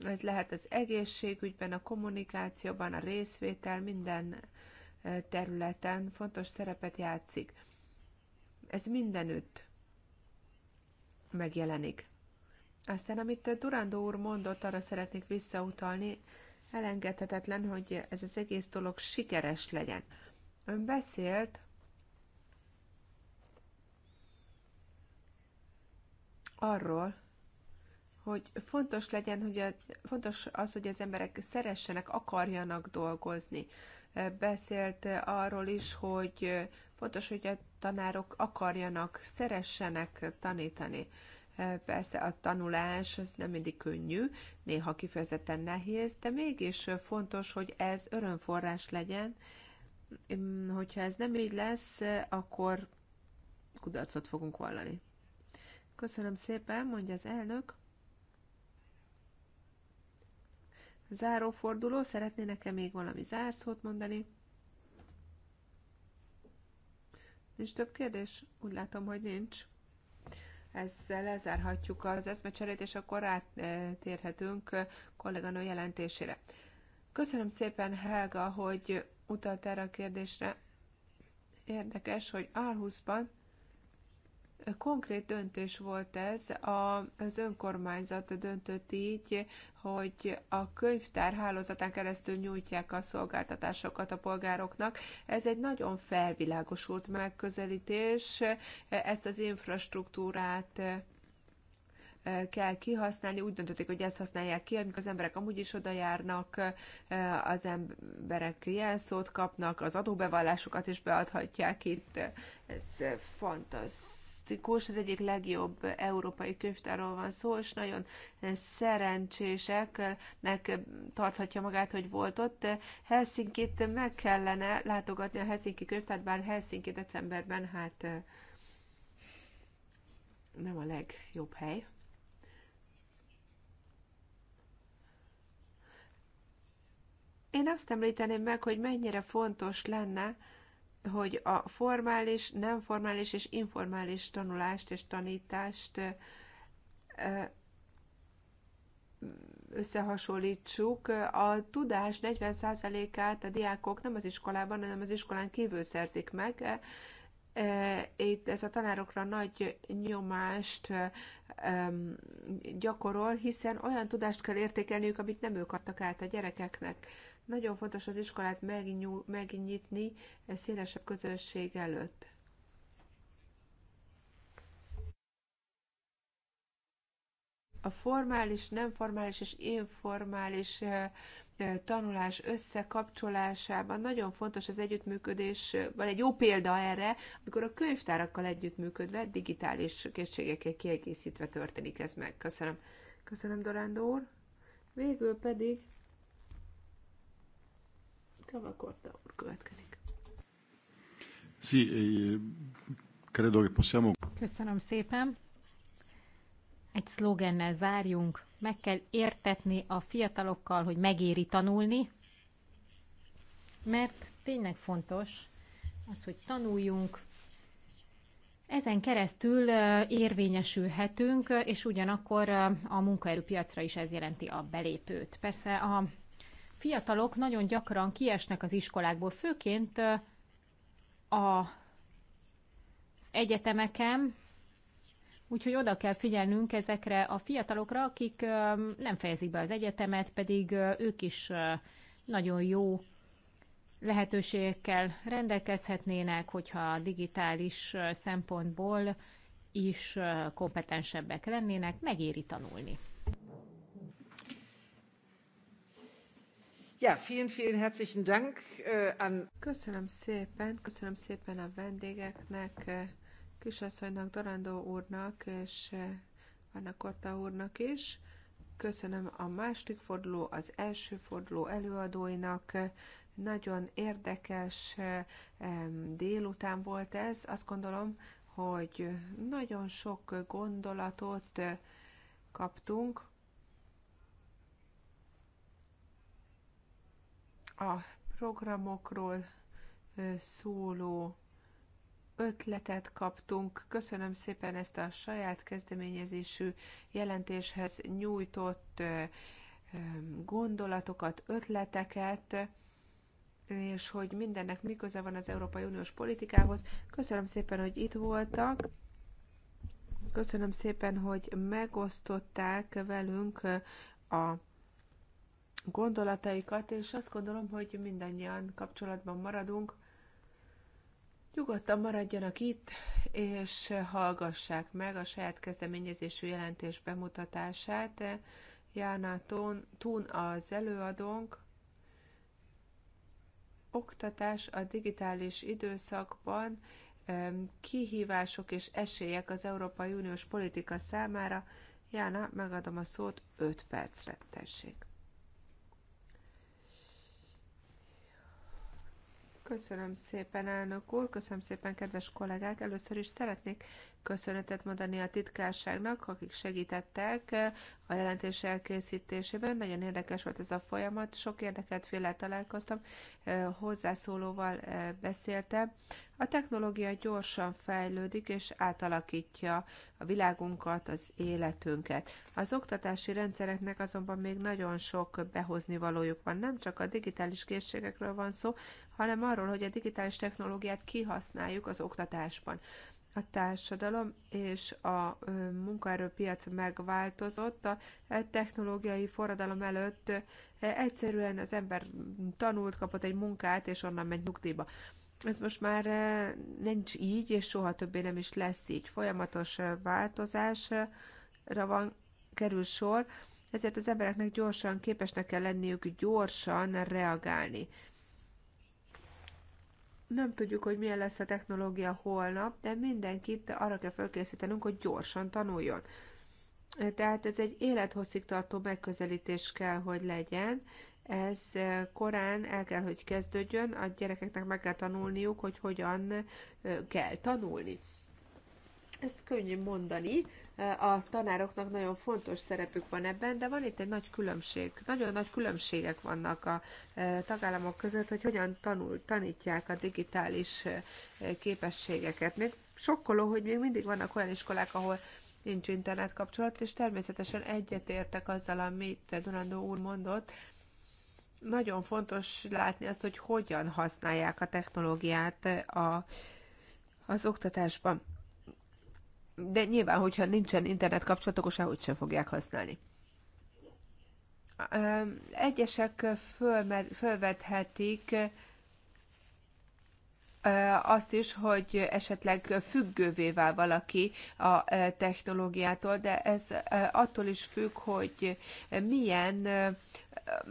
Ez lehet az egészségügyben, a kommunikációban, a részvétel, minden területen fontos szerepet játszik. Ez mindenütt megjelenik. Aztán, amit Durandó úr mondott, arra szeretnék visszautalni, elengedhetetlen, hogy ez az egész dolog sikeres legyen. Ön beszélt arról, hogy fontos legyen, hogy a, fontos az, hogy az emberek szeressenek, akarjanak dolgozni beszélt arról is, hogy fontos, hogy a tanárok akarjanak, szeressenek tanítani. Persze a tanulás az nem mindig könnyű, néha kifejezetten nehéz, de mégis fontos, hogy ez örömforrás legyen. Hogyha ez nem így lesz, akkor kudarcot fogunk vallani. Köszönöm szépen, mondja az elnök. Záróforduló, szeretnének-e még valami zárszót mondani? Nincs több kérdés? Úgy látom, hogy nincs. Ezzel lezárhatjuk az eszmecserét, és akkor rátérhetünk kolléganő jelentésére. Köszönöm szépen, Helga, hogy utalt erre a kérdésre. Érdekes, hogy Aarhusban Konkrét döntés volt ez, a az önkormányzat döntött így, hogy a könyvtár hálózatán keresztül nyújtják a szolgáltatásokat a polgároknak. Ez egy nagyon felvilágosult megközelítés, ezt az infrastruktúrát eh, kell kihasználni. Úgy döntötték, hogy ezt használják ki, amikor az emberek amúgy is oda járnak, eh, az emberek jelszót kapnak, az adóbevallásokat is beadhatják itt. Ez fantasztikus fantasztikus, az egyik legjobb európai könyvtárról van szó, és nagyon szerencséseknek tarthatja magát, hogy volt ott. Helsinki-t meg kellene látogatni a Helsinki könyvtárt, bár Helsinki decemberben hát nem a legjobb hely. Én azt említeném meg, hogy mennyire fontos lenne, hogy a formális, nem formális és informális tanulást és tanítást összehasonlítsuk, a tudás 40%-át a diákok nem az iskolában, hanem az iskolán kívül szerzik meg. Itt ez a tanárokra nagy nyomást gyakorol, hiszen olyan tudást kell értékelniük, amit nem ők adtak át a gyerekeknek nagyon fontos az iskolát megnyú, megnyitni szélesebb közösség előtt. A formális, nem formális és informális eh, eh, tanulás összekapcsolásában nagyon fontos az együttműködés, van egy jó példa erre, amikor a könyvtárakkal együttműködve, digitális készségekkel kiegészítve történik ez meg. Köszönöm. Köszönöm, Dorándó úr. Végül pedig Cavacorta úr következik. Sí, e, e, credo che possiamo... Köszönöm szépen. Egy szlogennel zárjunk. Meg kell értetni a fiatalokkal, hogy megéri tanulni, mert tényleg fontos az, hogy tanuljunk, ezen keresztül érvényesülhetünk, és ugyanakkor a munkaerőpiacra is ez jelenti a belépőt. Persze a fiatalok nagyon gyakran kiesnek az iskolákból, főként az egyetemeken, úgyhogy oda kell figyelnünk ezekre a fiatalokra, akik nem fejezik be az egyetemet, pedig ők is nagyon jó lehetőségekkel rendelkezhetnének, hogyha digitális szempontból is kompetensebbek lennének, megéri tanulni. Ja, vielen, vielen herzlichen Dank äh, an... Köszönöm szépen, köszönöm szépen a vendégeknek, kisasszonynak, Dorandó úrnak és Anna Korta úrnak is. Köszönöm a második forduló, az első forduló előadóinak. Nagyon érdekes délután volt ez. Azt gondolom, hogy nagyon sok gondolatot kaptunk a programokról szóló ötletet kaptunk. Köszönöm szépen ezt a saját kezdeményezésű jelentéshez nyújtott gondolatokat, ötleteket, és hogy mindennek miköze van az Európai Uniós politikához. Köszönöm szépen, hogy itt voltak. Köszönöm szépen, hogy megosztották velünk a gondolataikat, és azt gondolom, hogy mindannyian kapcsolatban maradunk. Nyugodtan maradjanak itt, és hallgassák meg a saját kezdeményezésű jelentés bemutatását. Jána Tún az előadónk, oktatás a digitális időszakban, kihívások és esélyek az Európai Uniós politika számára. Jána, megadom a szót 5 percre, tessék. Köszönöm szépen, elnök úr, köszönöm szépen, kedves kollégák. Először is szeretnék köszönetet mondani a titkárságnak, akik segítettek a jelentés elkészítésében. Nagyon érdekes volt ez a folyamat, sok érdeket féle találkoztam, eh, hozzászólóval eh, beszéltem. A technológia gyorsan fejlődik és átalakítja a világunkat, az életünket. Az oktatási rendszereknek azonban még nagyon sok behozni valójuk van. Nem csak a digitális készségekről van szó, hanem arról, hogy a digitális technológiát kihasználjuk az oktatásban. A társadalom és a munkaerőpiac megváltozott, a e, technológiai forradalom előtt e, egyszerűen az ember tanult, kapott egy munkát, és onnan ment nyugdíjba ez most már e, nincs így, és soha többé nem is lesz így. Folyamatos változásra van, kerül sor, ezért az embereknek gyorsan képesnek kell lenniük gyorsan reagálni nem tudjuk, hogy milyen lesz a technológia holnap, de mindenkit arra kell felkészítenünk, hogy gyorsan tanuljon. Tehát ez egy élethosszig tartó megközelítés kell, hogy legyen. Ez eh, korán el kell, hogy kezdődjön, a gyerekeknek meg kell tanulniuk, hogy hogyan eh, kell tanulni. Ezt könnyű mondani, a tanároknak nagyon fontos szerepük van ebben, de van itt egy nagy különbség, nagyon nagy különbségek vannak a e, tagállamok között, hogy hogyan tanul, tanítják a digitális e, képességeket. Még sokkoló, hogy még mindig vannak olyan iskolák, ahol nincs internet kapcsolat, és természetesen egyetértek azzal, amit Durandó úr mondott, nagyon fontos látni azt, hogy hogyan használják a technológiát e, a, az oktatásban de nyilván, hogyha nincsen internet kapcsolatok, akkor sehogy sem fogják használni. Egyesek fölmer, fölvethetik azt is, hogy esetleg függővé vál valaki a technológiától, de ez attól is függ, hogy milyen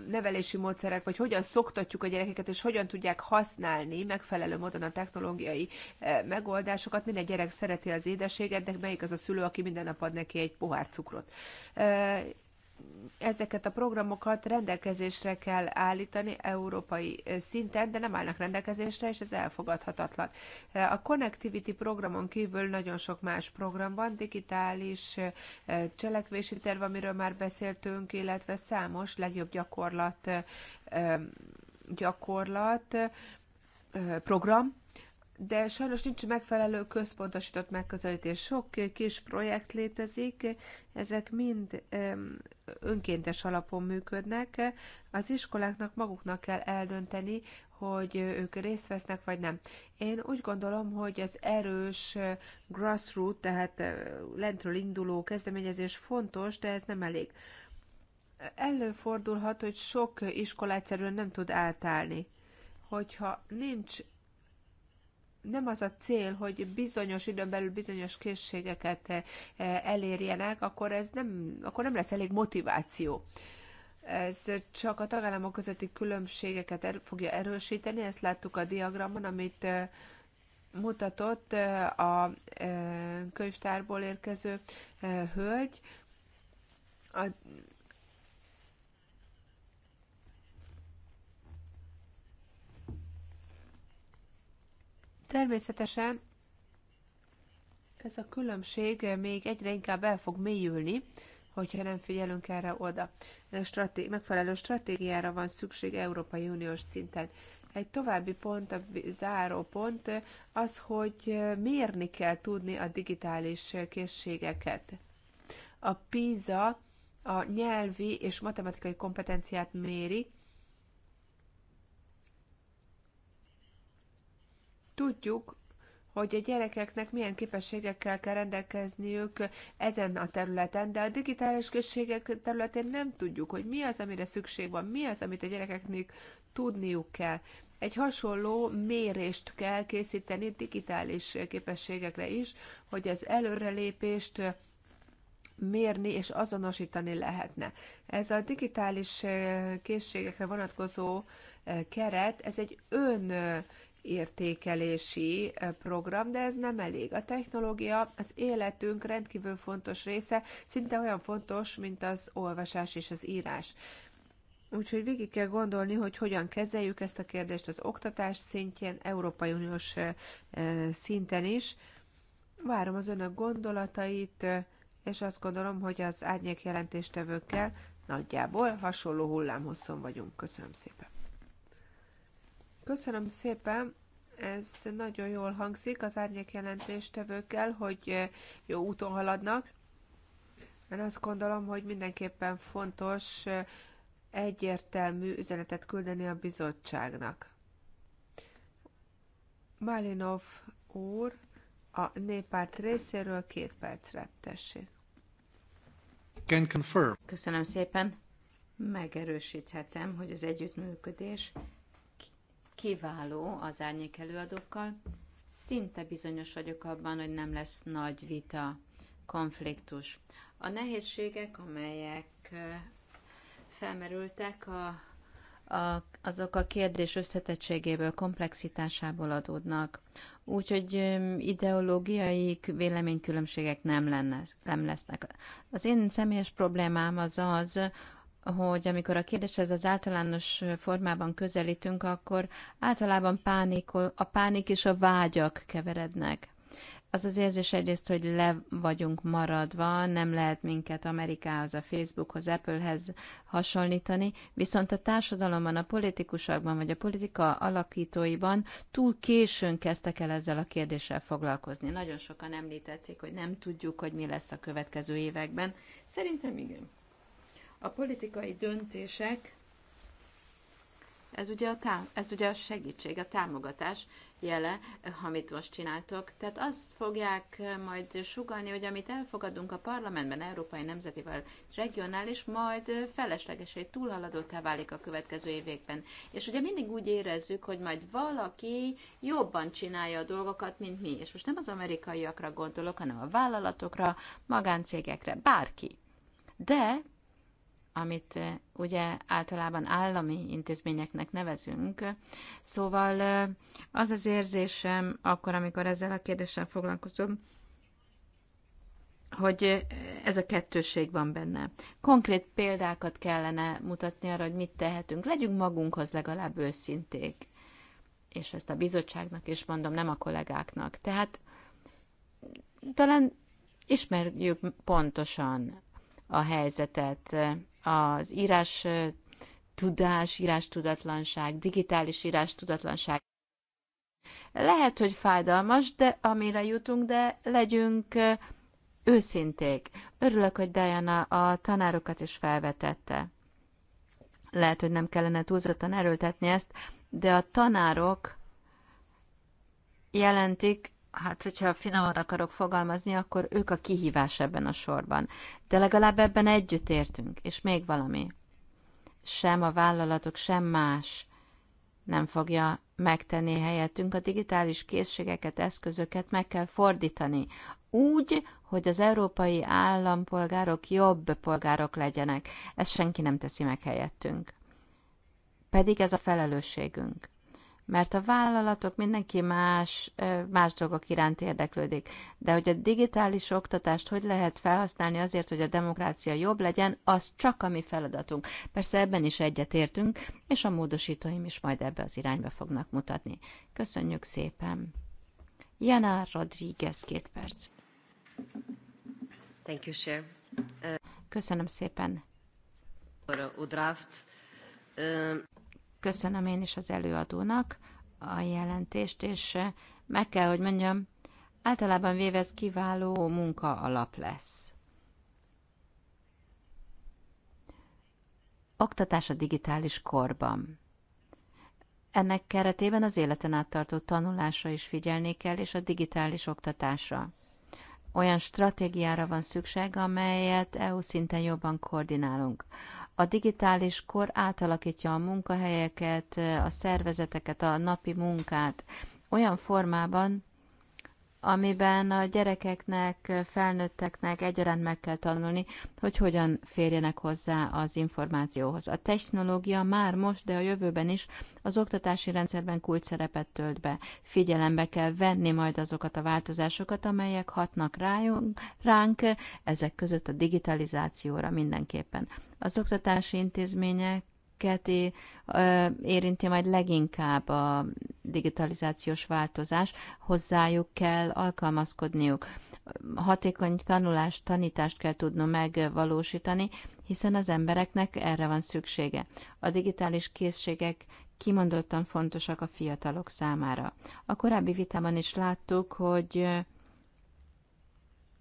nevelési módszerek, vagy hogyan szoktatjuk a gyerekeket, és hogyan tudják használni megfelelő módon a technológiai eh, megoldásokat. Minden gyerek szereti az édeséget, de melyik az a szülő, aki minden nap ad neki egy pohár cukrot. Eh, ezeket a programokat rendelkezésre kell állítani európai szinten, de nem állnak rendelkezésre, és ez elfogadhatatlan. A Connectivity programon kívül nagyon sok más program van, digitális cselekvési terv, amiről már beszéltünk, illetve számos legjobb gyakorlat gyakorlat program, de sajnos nincs megfelelő központosított megközelítés. Sok kis projekt létezik, ezek mind önkéntes alapon működnek. Az iskoláknak maguknak kell eldönteni, hogy ők részt vesznek, vagy nem. Én úgy gondolom, hogy az erős grassroot, tehát eh, lentről induló kezdeményezés fontos, de ez nem elég. Előfordulhat, hogy sok iskola egyszerűen nem tud átállni. Hogyha nincs nem az a cél, hogy bizonyos időn belül bizonyos készségeket eh, elérjenek, akkor ez nem, akkor nem lesz elég motiváció. Ez csak a tagállamok közötti különbségeket er, fogja erősíteni, ezt láttuk a diagramon, amit eh, mutatott eh, a könyvtárból érkező hölgy. A Természetesen ez a különbség még egyre inkább el fog mélyülni, hogyha nem figyelünk erre oda. Straté- megfelelő stratégiára van szükség Európai Uniós szinten. Egy további pont, a záró pont az, hogy mérni kell tudni a digitális készségeket. A PISA a nyelvi és matematikai kompetenciát méri, Tudjuk, hogy a gyerekeknek milyen képességekkel kell rendelkezniük ezen a területen, de a digitális készségek területén nem tudjuk, hogy mi az, amire szükség van, mi az, amit a gyerekeknek tudniuk kell. Egy hasonló mérést kell készíteni digitális képességekre is, hogy az előrelépést mérni és azonosítani lehetne. Ez a digitális eh, készségekre vonatkozó eh, keret, ez egy ön eh, értékelési eh, program, de ez nem elég. A technológia az életünk rendkívül fontos része, szinte olyan fontos, mint az olvasás és az írás. Úgyhogy végig kell gondolni, hogy hogyan kezeljük ezt a kérdést az oktatás szintjén, Európai Uniós eh, eh, szinten is. Várom az önök gondolatait, és azt gondolom, hogy az árnyék jelentéstevőkkel nagyjából hasonló hullámhosszon vagyunk. Köszönöm szépen! Köszönöm szépen, ez nagyon jól hangzik az árnyék jelentéstevőkkel, hogy eh, jó úton haladnak. Én azt gondolom, hogy mindenképpen fontos eh, egyértelmű üzenetet küldeni a bizottságnak. Malinov úr, a néppárt részéről két percre tessék. Can confirm. Köszönöm szépen. Megerősíthetem, hogy az együttműködés kiváló az árnyék előadókkal. Szinte bizonyos vagyok abban, hogy nem lesz nagy vita, konfliktus. A nehézségek, amelyek felmerültek, a, a, azok a kérdés összetettségéből, komplexitásából adódnak. Úgyhogy ideológiai véleménykülönbségek nem, lenne, nem lesznek. Az én személyes problémám az az, hogy amikor a kérdéshez az általános formában közelítünk, akkor általában pánik, a pánik és a vágyak keverednek. Az az érzés egyrészt, hogy le vagyunk maradva, nem lehet minket Amerikához, a Facebookhoz, Applehez hasonlítani, viszont a társadalomban, a politikusokban vagy a politika alakítóiban túl későn kezdtek el ezzel a kérdéssel foglalkozni. Nagyon sokan említették, hogy nem tudjuk, hogy mi lesz a következő években. Szerintem igen. A politikai döntések, ez ugye a, tám, ez ugye a segítség, a támogatás jele, amit most csináltok. Tehát azt fogják eh, majd sugalni, hogy amit elfogadunk a parlamentben, európai, nemzetivel, regionális, majd eh, feleslegesé túlhaladottá válik a következő években. És ugye mindig úgy érezzük, hogy majd valaki jobban csinálja a dolgokat, mint mi. És most nem az amerikaiakra gondolok, hanem a vállalatokra, magáncégekre, bárki. De amit ugye általában állami intézményeknek nevezünk. Szóval az az érzésem, akkor, amikor ezzel a kérdéssel foglalkozom, hogy ez a kettőség van benne. Konkrét példákat kellene mutatni arra, hogy mit tehetünk. Legyünk magunkhoz legalább őszinték. És ezt a bizottságnak is mondom, nem a kollégáknak. Tehát talán ismerjük pontosan a helyzetet. Az írás tudás, írás tudatlanság, digitális írás tudatlanság. Lehet, hogy fájdalmas, de amire jutunk, de legyünk őszinték. Örülök, hogy Diana a tanárokat is felvetette. Lehet, hogy nem kellene túlzottan erőltetni ezt, de a tanárok jelentik hát hogyha finoman akarok fogalmazni, akkor ők a kihívás ebben a sorban. De legalább ebben együtt értünk, és még valami. Sem a vállalatok, sem más nem fogja megtenni helyettünk. A digitális készségeket, eszközöket meg kell fordítani úgy, hogy az európai állampolgárok jobb polgárok legyenek. Ezt senki nem teszi meg helyettünk. Pedig ez a felelősségünk mert a vállalatok mindenki más, más dolgok iránt érdeklődik. De hogy a digitális oktatást hogy lehet felhasználni azért, hogy a demokrácia jobb legyen, az csak a mi feladatunk. Persze ebben is egyetértünk, és a módosítóim is majd ebbe az irányba fognak mutatni. Köszönjük szépen! Jana Rodríguez, két perc. Thank you, Chair. Köszönöm szépen. A draft. Köszönöm én is az előadónak a jelentést, és eh, meg kell, hogy mondjam, általában véve ez kiváló munka alap lesz. Oktatás a digitális korban. Ennek keretében az életen át tartó tanulásra is figyelni kell, és a digitális oktatásra. Olyan stratégiára van szükség, amelyet EU szinten jobban koordinálunk. A digitális kor átalakítja a munkahelyeket, a szervezeteket, a napi munkát olyan formában, amiben a gyerekeknek, felnőtteknek egyaránt meg kell tanulni, hogy hogyan férjenek hozzá az információhoz. A technológia már most, de a jövőben is az oktatási rendszerben kulcs szerepet tölt be. Figyelembe kell venni majd azokat a változásokat, amelyek hatnak rájunk, ránk, ezek között a digitalizációra mindenképpen. Az oktatási intézmények Keti érinti majd leginkább a digitalizációs változás, hozzájuk kell alkalmazkodniuk. Hatékony tanulást, tanítást kell tudnom megvalósítani, hiszen az embereknek erre van szüksége. A digitális készségek kimondottan fontosak a fiatalok számára. A korábbi vitában is láttuk, hogy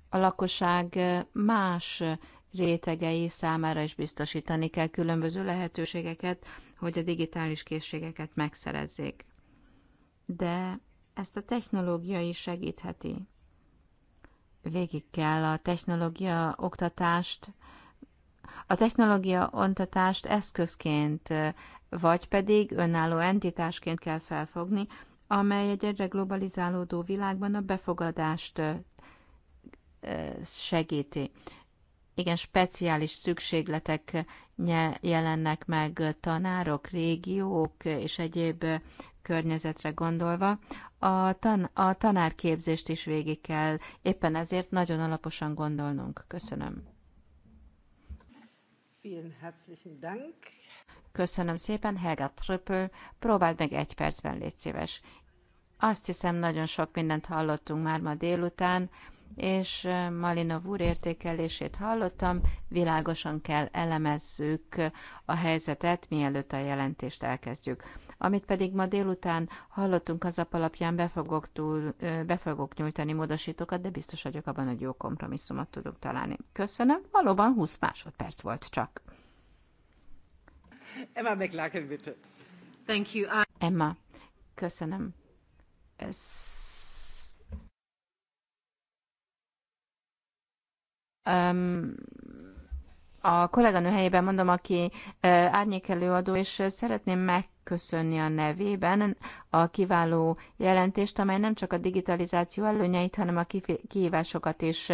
a lakosság más rétegei számára is biztosítani kell különböző lehetőségeket, hogy a digitális készségeket megszerezzék. De ezt a technológia is segítheti. Végig kell a technológia oktatást, a technológia oktatást eszközként, vagy pedig önálló entitásként kell felfogni, amely egy egyre globalizálódó világban a befogadást segíti igen speciális szükségletek jelennek meg tanárok, régiók és egyéb környezetre gondolva, a, tan- a tanárképzést is végig kell, éppen ezért nagyon alaposan gondolnunk. Köszönöm. Köszönöm szépen, Helga Tröpöl. Próbáld meg egy percben, légy szíves. Azt hiszem, nagyon sok mindent hallottunk már ma délután és Malinov úr értékelését hallottam, világosan kell elemezzük a helyzetet, mielőtt a jelentést elkezdjük. Amit pedig ma délután hallottunk, az alapján be fogok, túl, be fogok nyújtani módosítókat, de biztos vagyok abban, hogy jó kompromisszumot tudok találni. Köszönöm, valóban 20 másodperc volt csak. Emma McLaughlin, bitte. Thank you. I... Emma, köszönöm. Ez a kolléganő helyében mondom, aki árnyékelőadó, és szeretném megköszönni a nevében a kiváló jelentést, amely nem csak a digitalizáció előnyeit, hanem a kihívásokat is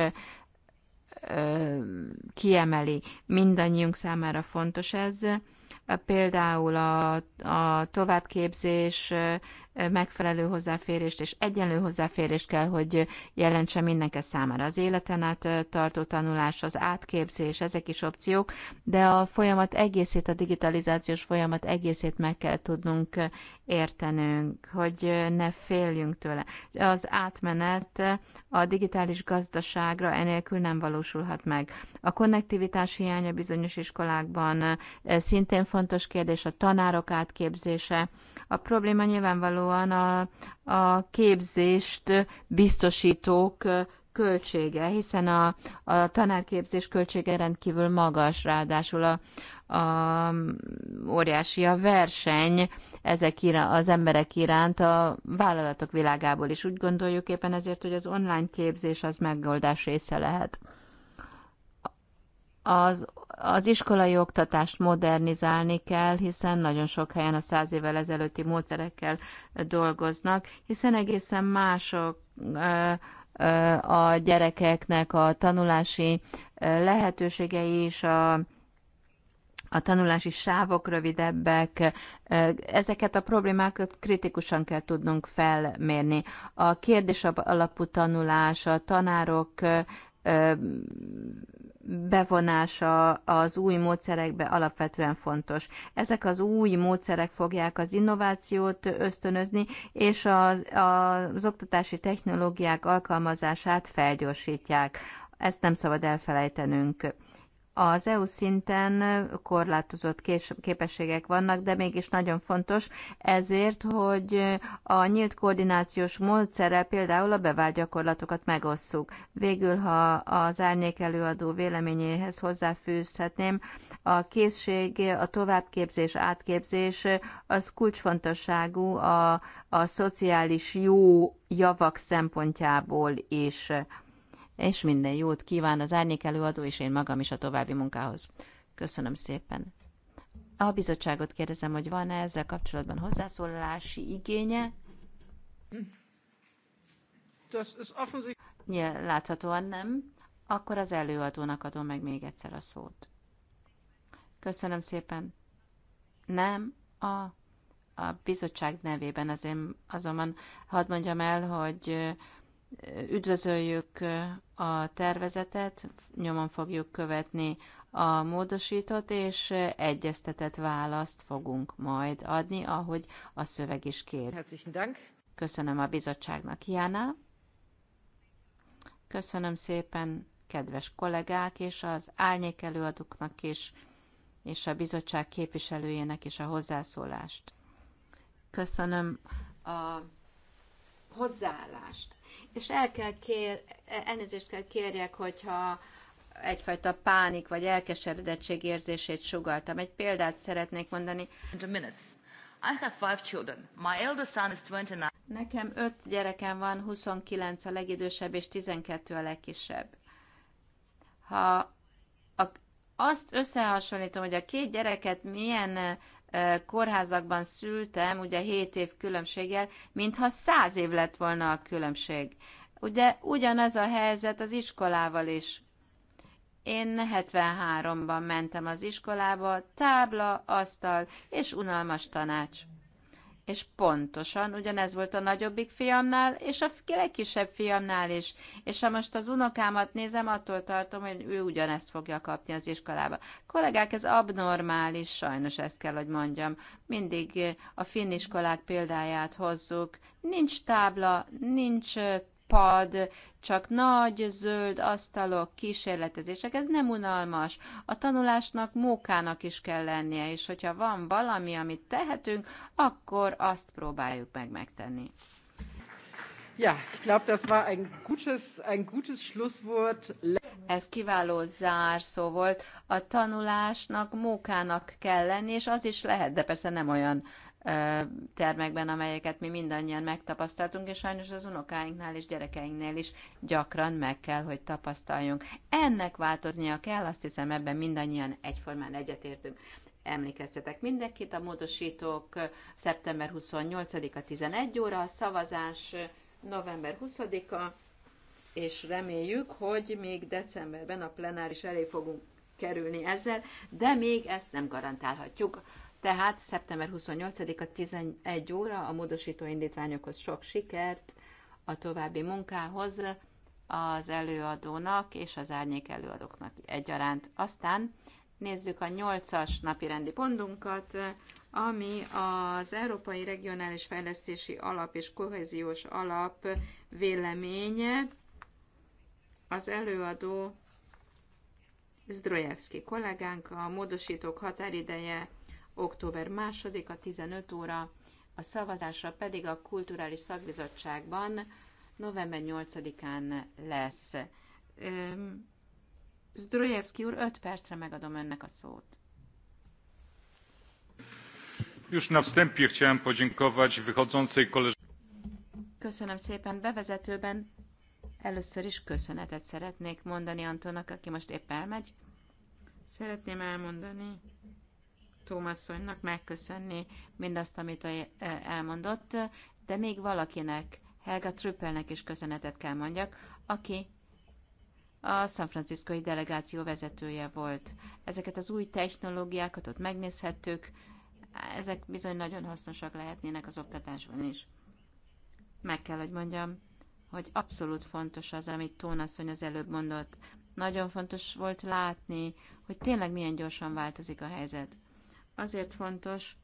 kiemeli. Mindannyiunk számára fontos ez. Például a, a továbbképzés, megfelelő hozzáférést és egyenlő hozzáférést kell, hogy jelentse mindenki számára az életen át tartó tanulás, az átképzés, ezek is opciók, de a folyamat egészét, a digitalizációs folyamat egészét meg kell tudnunk értenünk, hogy ne féljünk tőle. Az átmenet a digitális gazdaságra enélkül nem valósulhat meg. A konnektivitás hiánya bizonyos iskolákban szintén fontos kérdés, a tanárok átképzése. A probléma nyilvánvaló nyilvánvalóan a, a képzést biztosítók költsége, hiszen a, a tanárképzés költsége rendkívül magas, ráadásul a, a óriási a verseny ezek iránt, az emberek iránt a vállalatok világából is. Úgy gondoljuk éppen ezért, hogy az online képzés az megoldás része lehet. Az, az iskolai oktatást modernizálni kell, hiszen nagyon sok helyen a száz évvel ezelőtti módszerekkel dolgoznak, hiszen egészen mások a gyerekeknek a tanulási lehetőségei és a, a tanulási sávok rövidebbek, ezeket a problémákat kritikusan kell tudnunk felmérni. A kérdés alapú tanulás, a tanárok bevonása az új módszerekbe alapvetően fontos. Ezek az új módszerek fogják az innovációt ösztönözni, és az, az oktatási technológiák alkalmazását felgyorsítják. Ezt nem szabad elfelejtenünk. Az EU szinten korlátozott képességek vannak, de mégis nagyon fontos ezért, hogy a nyílt koordinációs módszerrel például a bevált gyakorlatokat megosszuk. Végül, ha az árnyék előadó véleményéhez hozzáfűzhetném, a készség, a továbbképzés, átképzés az kulcsfontosságú a, a szociális jó javak szempontjából is és minden jót kíván az árnyék előadó, és én magam is a további munkához. Köszönöm szépen. A bizottságot kérdezem, hogy van-e ezzel kapcsolatban hozzászólási igénye? Ja, láthatóan nem. Akkor az előadónak adom meg még egyszer a szót. Köszönöm szépen. Nem, a, a bizottság nevében azért azonban hadd mondjam el, hogy üdvözöljük a tervezetet, nyomon fogjuk követni a módosított és egyeztetett választ fogunk majd adni, ahogy a szöveg is kér. Köszönöm a bizottságnak, Jana. Köszönöm szépen kedves kollégák és az álnyék előadóknak is, és a bizottság képviselőjének is a hozzászólást. Köszönöm a hozzáállást. És el kell kér, elnézést kell kérjek, hogyha egyfajta pánik vagy elkeseredettség érzését sugaltam. Egy példát szeretnék mondani. I have five children. My eldest son is 29. Nekem öt gyerekem van, 29 a legidősebb és 12 a legkisebb. Ha a, azt összehasonlítom, hogy a két gyereket milyen kórházakban szültem, ugye 7 év különbséggel, mintha 100 év lett volna a különbség. Ugye ugyanez a helyzet az iskolával is. Én 73-ban mentem az iskolába, tábla, asztal és unalmas tanács. És pontosan ugyanez volt a nagyobbik fiamnál, és a legkisebb fiamnál is. És ha most az unokámat nézem, attól tartom, hogy ő ugyanezt fogja kapni az iskolába. Kollégák, ez abnormális, sajnos ezt kell, hogy mondjam. Mindig eh, a finn iskolák példáját hozzuk. Nincs tábla, nincs eh, pad, csak nagy, zöld asztalok, kísérletezések, ez nem unalmas. A tanulásnak mókának is kell lennie, és hogyha van valami, amit tehetünk, akkor azt próbáljuk meg megtenni. Ja, ich glaube, das war ein gutes, ein gutes Schlusswort. Ez kiváló zárszó volt. A tanulásnak, mókának kell lenni, és az is lehet, de persze nem olyan termekben, amelyeket mi mindannyian megtapasztaltunk, és sajnos az unokáinknál és gyerekeinknél is gyakran meg kell, hogy tapasztaljunk. Ennek változnia kell, azt hiszem ebben mindannyian egyformán egyetértünk. Emlékeztetek mindenkit, a módosítók szeptember 28-a 11 óra, a szavazás november 20-a, és reméljük, hogy még decemberben a plenáris elé fogunk kerülni ezzel, de még ezt nem garantálhatjuk. Tehát szeptember 28-a 11 óra a módosító indítványokhoz sok sikert a további munkához az előadónak és az árnyék előadóknak egyaránt. Aztán nézzük a 8-as napi rendi pontunkat, ami az Európai Regionális Fejlesztési Alap és Kohéziós Alap véleménye. Az előadó Zdrojevski kollégánk, a módosítók határideje október 2-a 15 óra, a szavazásra pedig a Kulturális Szakbizottságban november 8-án lesz. Zdrojevski úr, 5 percre megadom önnek a szót. Już na wstępie chciałem podziękować wychodzącej koleżance. Köszönöm szépen bevezetőben. Először is köszönetet szeretnék mondani Antonak, aki most épp elmegy. Szeretném elmondani, Tómasszonynak megköszönni mindazt, amit e, elmondott, de még valakinek, Helga Trüppelnek is köszönetet kell mondjak, aki a San Franciscoi delegáció vezetője volt. Ezeket az új technológiákat ott megnézhettük, ezek bizony nagyon hasznosak lehetnének az oktatásban is. Meg kell, hogy mondjam, hogy abszolút fontos az, amit Tónasszony az előbb mondott. Nagyon fontos volt látni, hogy tényleg milyen gyorsan változik a helyzet azért fontos,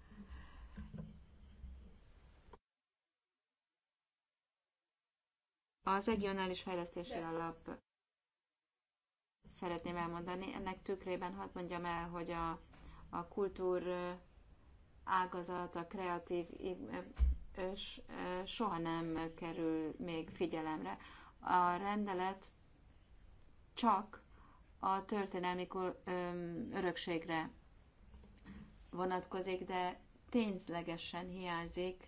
az regionális fejlesztési alap szeretném elmondani. Ennek tükrében hadd mondjam el, hogy a, a kultúr ágazat, a kreatív és soha nem kerül még figyelemre. A rendelet csak a történelmi örökségre vonatkozik, de ténylegesen hiányzik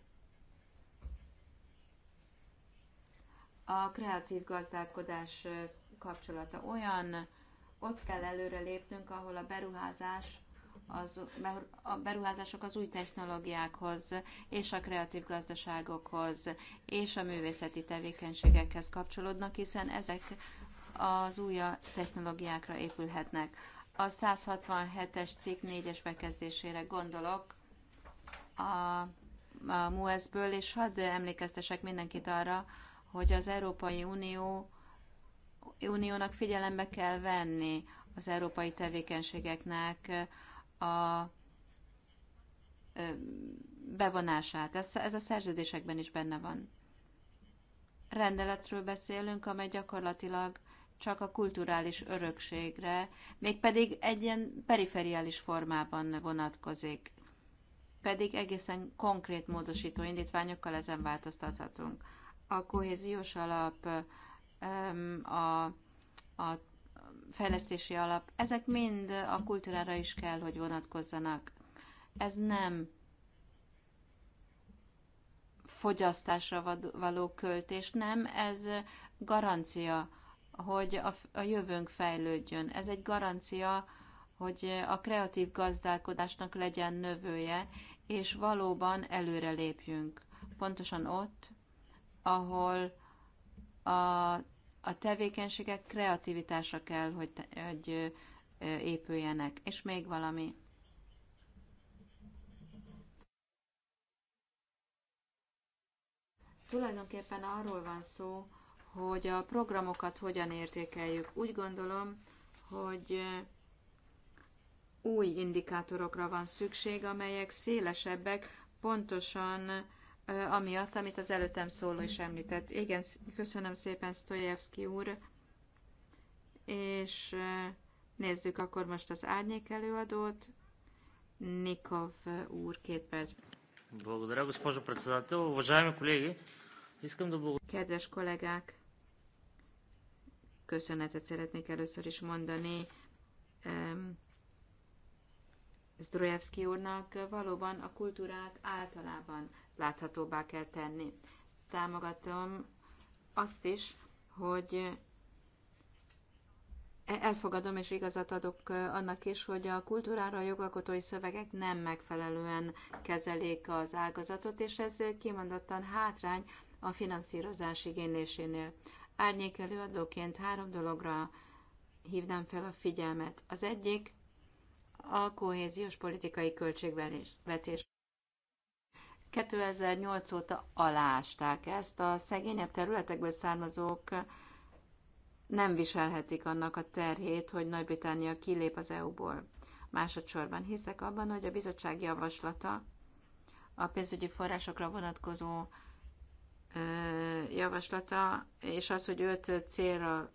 a kreatív gazdálkodás kapcsolata. Olyan, ott kell előre lépnünk, ahol a beruházás az, a beruházások az új technológiákhoz, és a kreatív gazdaságokhoz, és a művészeti tevékenységekhez kapcsolódnak, hiszen ezek az új technológiákra épülhetnek a 167-es cikk 4-es bekezdésére gondolok a, a MUES-ből, és hadd emlékeztesek mindenkit arra, hogy az Európai Unió Uniónak figyelembe kell venni az európai tevékenységeknek a bevonását. Ez, ez a szerződésekben is benne van. Rendeletről beszélünk, amely gyakorlatilag csak a kulturális örökségre, mégpedig egy ilyen periferiális formában vonatkozik, pedig egészen konkrét módosító indítványokkal ezen változtathatunk. A kohéziós alap, a, a fejlesztési alap, ezek mind a kultúrára is kell, hogy vonatkozzanak. Ez nem fogyasztásra való költés, nem, ez garancia hogy a, a jövőnk fejlődjön. Ez egy garancia, hogy a kreatív gazdálkodásnak legyen növője, és valóban előre lépjünk. Pontosan ott, ahol a, a tevékenységek kreativitása kell, hogy, hogy épüljenek. És még valami. Tulajdonképpen arról van szó, hogy a programokat hogyan értékeljük. Úgy gondolom, hogy eh, új indikátorokra van szükség, amelyek szélesebbek, pontosan eh, amiatt, amit az előttem szóló is említett. Igen, köszönöm szépen Stojevski úr, és eh, nézzük akkor most az árnyék előadót. Nikov úr, két perc. Благодаря, госпожо председател. Уважаеми колеги, искам да благодаря... Kedves kollégák, köszönetet szeretnék először is mondani Zdrojevski úrnak. Valóban a kultúrát általában láthatóbbá kell tenni. Támogatom azt is, hogy e- elfogadom és igazat adok annak is, hogy a kultúrára a jogalkotói szövegek nem megfelelően kezelik az ágazatot, és ez kimondottan hátrány a finanszírozás igénylésénél. Árnyék előadóként három dologra hívnám fel a figyelmet. Az egyik a kohéziós politikai költségvetés. 2008 óta alásták ezt, a szegényebb területekből származók nem viselhetik annak a terhét, hogy Nagy-Britannia kilép az EU-ból. Másodszorban hiszek abban, hogy a bizottság javaslata a pénzügyi forrásokra vonatkozó javaslata, és az, hogy őt célra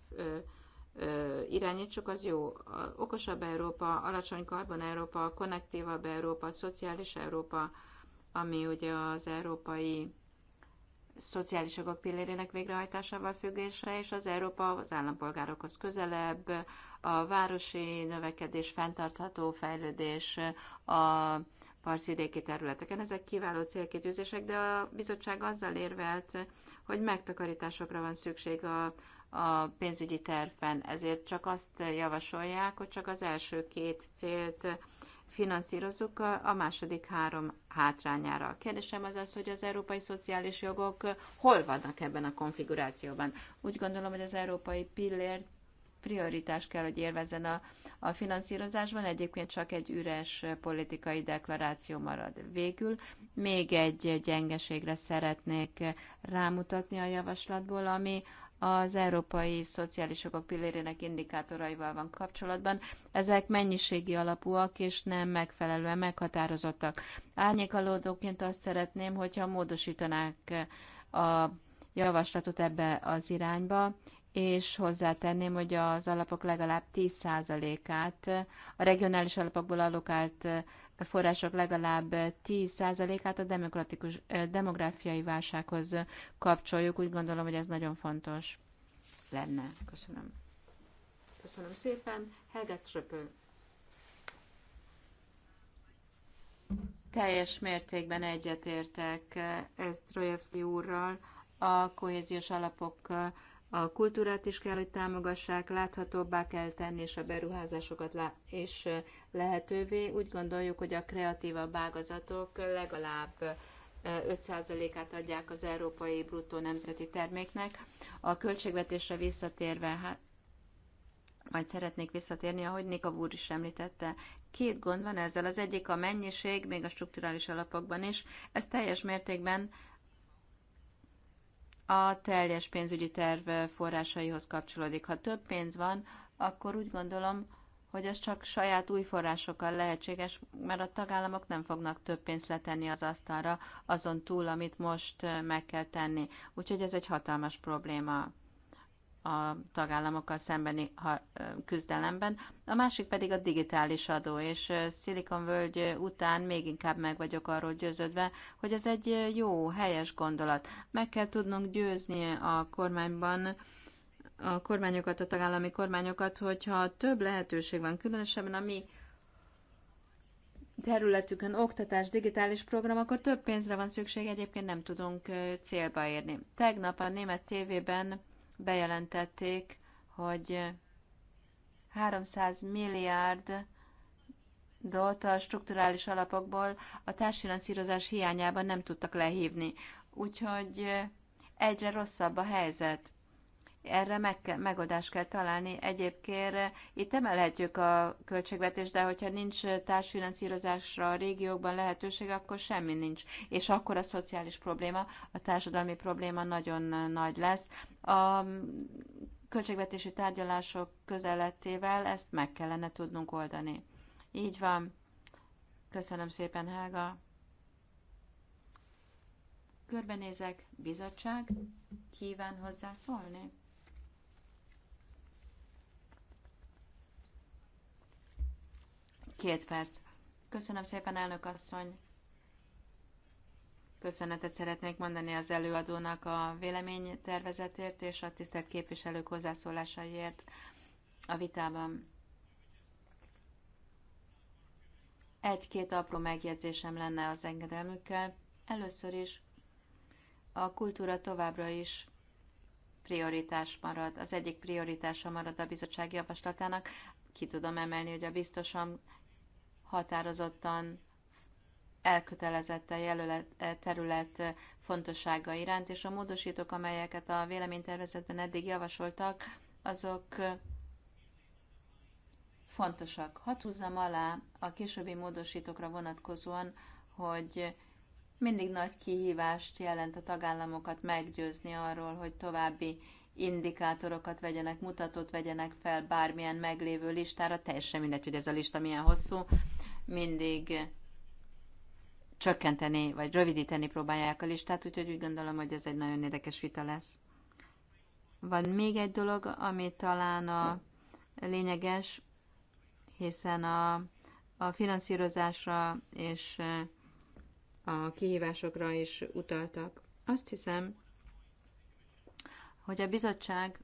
irányítsuk, az jó. A okosabb Európa, alacsony karbon Európa, konnektívabb Európa, szociális Európa, ami ugye az európai szociális jogok pillérének végrehajtásával függésre, és az Európa az állampolgárokhoz közelebb, a városi növekedés, fenntartható fejlődés, a partvidéki területeken. Ezek kiváló célkitűzések, de a bizottság azzal érvelt, hogy megtakarításokra van szükség a, a pénzügyi tervben, ezért csak azt javasolják, hogy csak az első két célt finanszírozzuk, a második három hátrányára. A kérdésem az az, hogy az európai szociális jogok hol vannak ebben a konfigurációban. Úgy gondolom, hogy az európai pillért prioritás kell, hogy élvezzen a, a finanszírozásban, egyébként csak egy üres politikai deklaráció marad. Végül még egy gyengeségre szeretnék rámutatni a javaslatból, ami az európai szociális jogok pillérének indikátoraival van kapcsolatban. Ezek mennyiségi alapúak és nem megfelelően meghatározottak. Árnyékalódóként azt szeretném, hogyha módosítanák a javaslatot ebbe az irányba, és hozzátenném, hogy az alapok legalább 10%-át, a regionális alapokból allokált eh, források legalább 10%-át a demokratikus, eh, demográfiai válsághoz kapcsoljuk. Úgy gondolom, hogy ez nagyon fontos lenne. Köszönöm. Köszönöm szépen. Helge Tröpöl. Teljes mértékben egyetértek Esztrojevszki eh, úrral a kohéziós alapok a kultúrát is kell, hogy támogassák, láthatóbbá kell tenni, és a beruházásokat lá- és lehetővé. Úgy gondoljuk, hogy a kreatívabb ágazatok legalább 5%-át adják az európai bruttó nemzeti terméknek. A költségvetésre visszatérve, hát, majd szeretnék visszatérni, ahogy Nika úr is említette, két gond van ezzel. Az egyik a mennyiség, még a strukturális alapokban is. Ez teljes mértékben a teljes pénzügyi terv forrásaihoz kapcsolódik. Ha több pénz van, akkor úgy gondolom, hogy ez csak saját új forrásokkal lehetséges, mert a tagállamok nem fognak több pénzt letenni az asztalra azon túl, amit most eh, meg kell tenni. Úgyhogy ez egy hatalmas probléma a tagállamokkal szembeni küzdelemben, a másik pedig a digitális adó, és Silicon Völgy után még inkább meg vagyok arról győződve, hogy ez egy jó, helyes gondolat. Meg kell tudnunk győzni a kormányban, a kormányokat, a tagállami kormányokat, hogyha több lehetőség van, különösen a mi területükön oktatás, digitális program, akkor több pénzre van szükség, egyébként nem tudunk célba érni. Tegnap a német tévében bejelentették, hogy 300 milliárd dot a strukturális alapokból a társfinanszírozás hiányában nem tudtak lehívni. Úgyhogy egyre rosszabb a helyzet erre meg kell, megoldást kell találni. Egyébként eh, itt emelhetjük a költségvetést, de hogyha nincs eh, társfinanszírozásra a régiókban lehetőség, akkor semmi nincs. És akkor a szociális probléma, a társadalmi probléma nagyon eh, nagy lesz. A mm, költségvetési tárgyalások közelettével ezt meg kellene tudnunk oldani. Így van. Köszönöm szépen, Hága. Körbenézek, bizottság, kíván hozzászólni? Két perc. Köszönöm szépen, elnök asszony. Köszönetet szeretnék mondani az előadónak a véleménytervezetért és a tisztelt képviselők hozzászólásaiért a vitában. Egy-két apró megjegyzésem lenne az engedelmükkel. Először is a kultúra továbbra is prioritás marad. Az egyik prioritása marad a bizottság javaslatának. Ki tudom emelni, hogy a biztosom határozottan elkötelezett a jelölet, eh, terület eh, fontossága iránt, és a módosítók, amelyeket a véleménytervezetben eddig javasoltak, azok eh, fontosak. Hadd húzzam alá a későbbi módosítókra vonatkozóan, hogy mindig nagy kihívást jelent a tagállamokat meggyőzni arról, hogy további indikátorokat vegyenek, mutatót vegyenek fel bármilyen meglévő listára, teljesen mindegy, hogy ez a lista milyen hosszú, mindig csökkenteni vagy rövidíteni próbálják a listát, úgyhogy úgy gondolom, hogy ez egy nagyon érdekes vita lesz. Van még egy dolog, ami talán a lényeges, hiszen a, a finanszírozásra és eh, a kihívásokra is utaltak. Azt hiszem, hogy a bizottság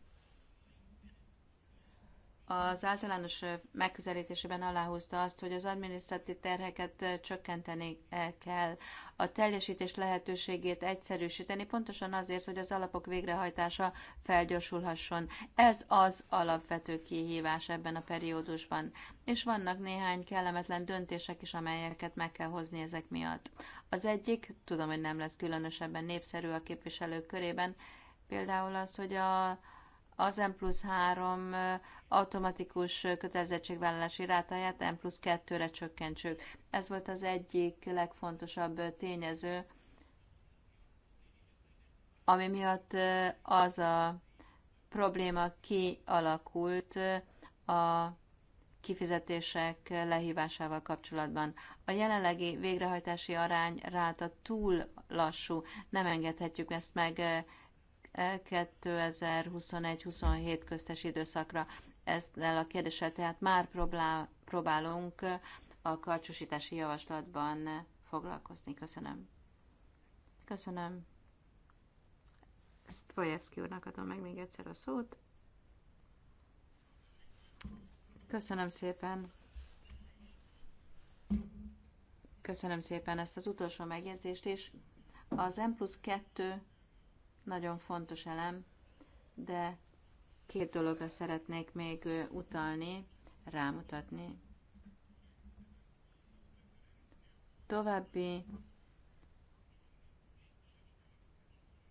az általános megközelítésében aláhúzta azt, hogy az adminisztratív terheket csökkenteni kell, a teljesítés lehetőségét egyszerűsíteni, pontosan azért, hogy az alapok végrehajtása felgyorsulhasson. Ez az alapvető kihívás ebben a periódusban. És vannak néhány kellemetlen döntések is, amelyeket meg kell hozni ezek miatt. Az egyik, tudom, hogy nem lesz különösebben népszerű a képviselők körében, például az, hogy a az M plusz 3 automatikus kötelezettségvállalási rátáját M plusz 2-re csökkentsük. Ez volt az egyik legfontosabb tényező, ami miatt az a probléma kialakult a kifizetések lehívásával kapcsolatban. A jelenlegi végrehajtási arány ráta túl lassú, nem engedhetjük ezt meg 2021-27 köztes időszakra. Ezzel a kérdéssel tehát már próbálunk a karcsúsítási javaslatban foglalkozni. Köszönöm. Köszönöm. Sztrojevszki úrnak adom meg még egyszer a szót. Köszönöm szépen. Köszönöm szépen ezt az utolsó megjegyzést is. Az M plusz 2 nagyon fontos elem, de két dologra szeretnék még utalni, rámutatni. További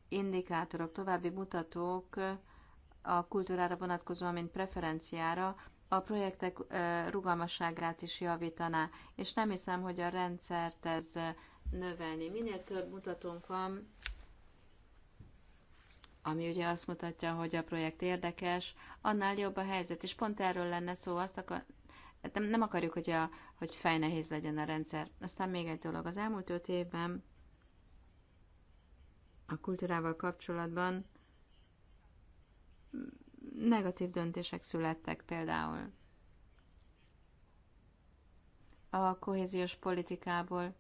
indikátorok, további mutatók a kultúrára vonatkozóan, mint preferenciára, a projektek rugalmasságát is javítaná, és nem hiszem, hogy a rendszert ez növelni. Minél több mutatónk van, ami ugye azt mutatja, hogy a projekt érdekes, annál jobb a helyzet, és pont erről lenne szó, azt akar, hát nem, nem akarjuk, hogy, a, hogy fejnehéz legyen a rendszer. Aztán még egy dolog, az elmúlt öt évben a kultúrával kapcsolatban negatív döntések születtek például. A kohéziós politikából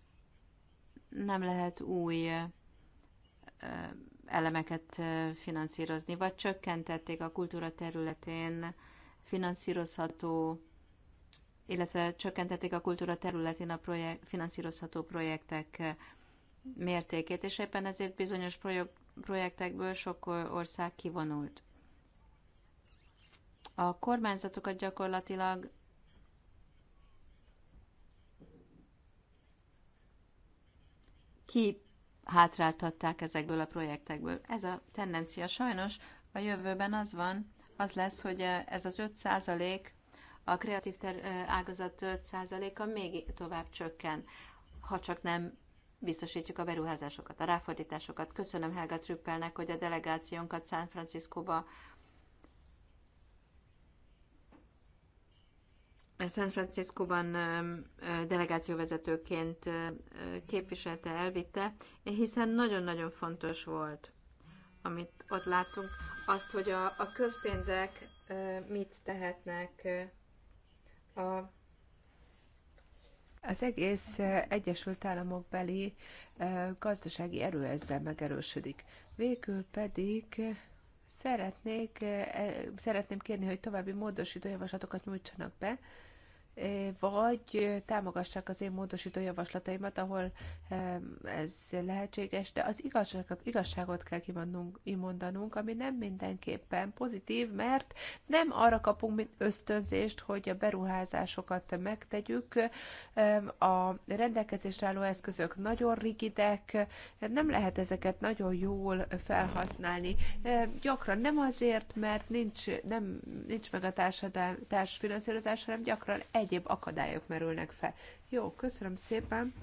nem lehet új elemeket finanszírozni, vagy csökkentették a kultúra területén finanszírozható, illetve csökkentették a kultúra területén a projek finanszírozható projektek mértékét, és éppen ezért bizonyos projektekből sok ország kivonult. A kormányzatokat gyakorlatilag ki hátráltatták ezekből a projektekből. Ez a tendencia sajnos a jövőben az van, az lesz, hogy eh, ez az 5 százalék, a kreatív ter- eh, ágazat 5 százaléka még tovább csökken, ha csak nem biztosítjuk a beruházásokat, a ráfordításokat. Köszönöm Helga Trüppelnek, hogy a delegációnkat San Franciscóba San Francisco-ban delegációvezetőként képviselte, elvitte, hiszen nagyon-nagyon fontos volt, amit ott láttunk, azt, hogy a, a közpénzek mit tehetnek a az egész Egyesült Államok beli gazdasági erő ezzel megerősödik. Végül pedig Szeretnék, eh, eh, szeretném kérni, hogy további módosító javaslatokat nyújtsanak be, vagy támogassák az én módosító javaslataimat, ahol ez lehetséges, de az igazságot, igazságot kell kimondanunk, ami nem mindenképpen pozitív, mert nem arra kapunk ösztönzést, hogy a beruházásokat megtegyük. A rendelkezésre álló eszközök nagyon rigidek, nem lehet ezeket nagyon jól felhasználni. Gyakran nem azért, mert nincs, nem, nincs meg a társfinanszírozás, hanem gyakran egy egyéb akadályok merülnek fel. Jó, köszönöm szépen.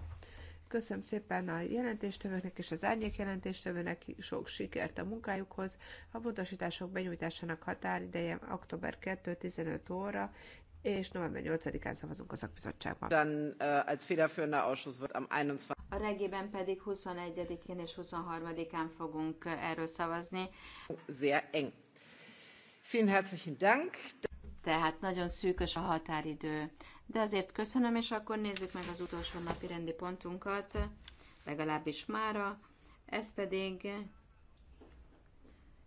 Köszönöm szépen a jelentéstevőnek és az árnyék jelentéstevőnek sok sikert a munkájukhoz. A pontosítások benyújtásának határideje október 2-15 óra, és november 8-án szavazunk a szakbizottságban. Dann, uh, als federführender Ausschuss wird am 21. A regében pedig 21-én és 23-án fogunk äh, erről szavazni. Sehr eng. Vielen herzlichen Dank. Tehát nagyon szűkös a határidő. De azért köszönöm, és akkor nézzük meg az utolsó napi rendi pontunkat, legalábbis mára. Ez pedig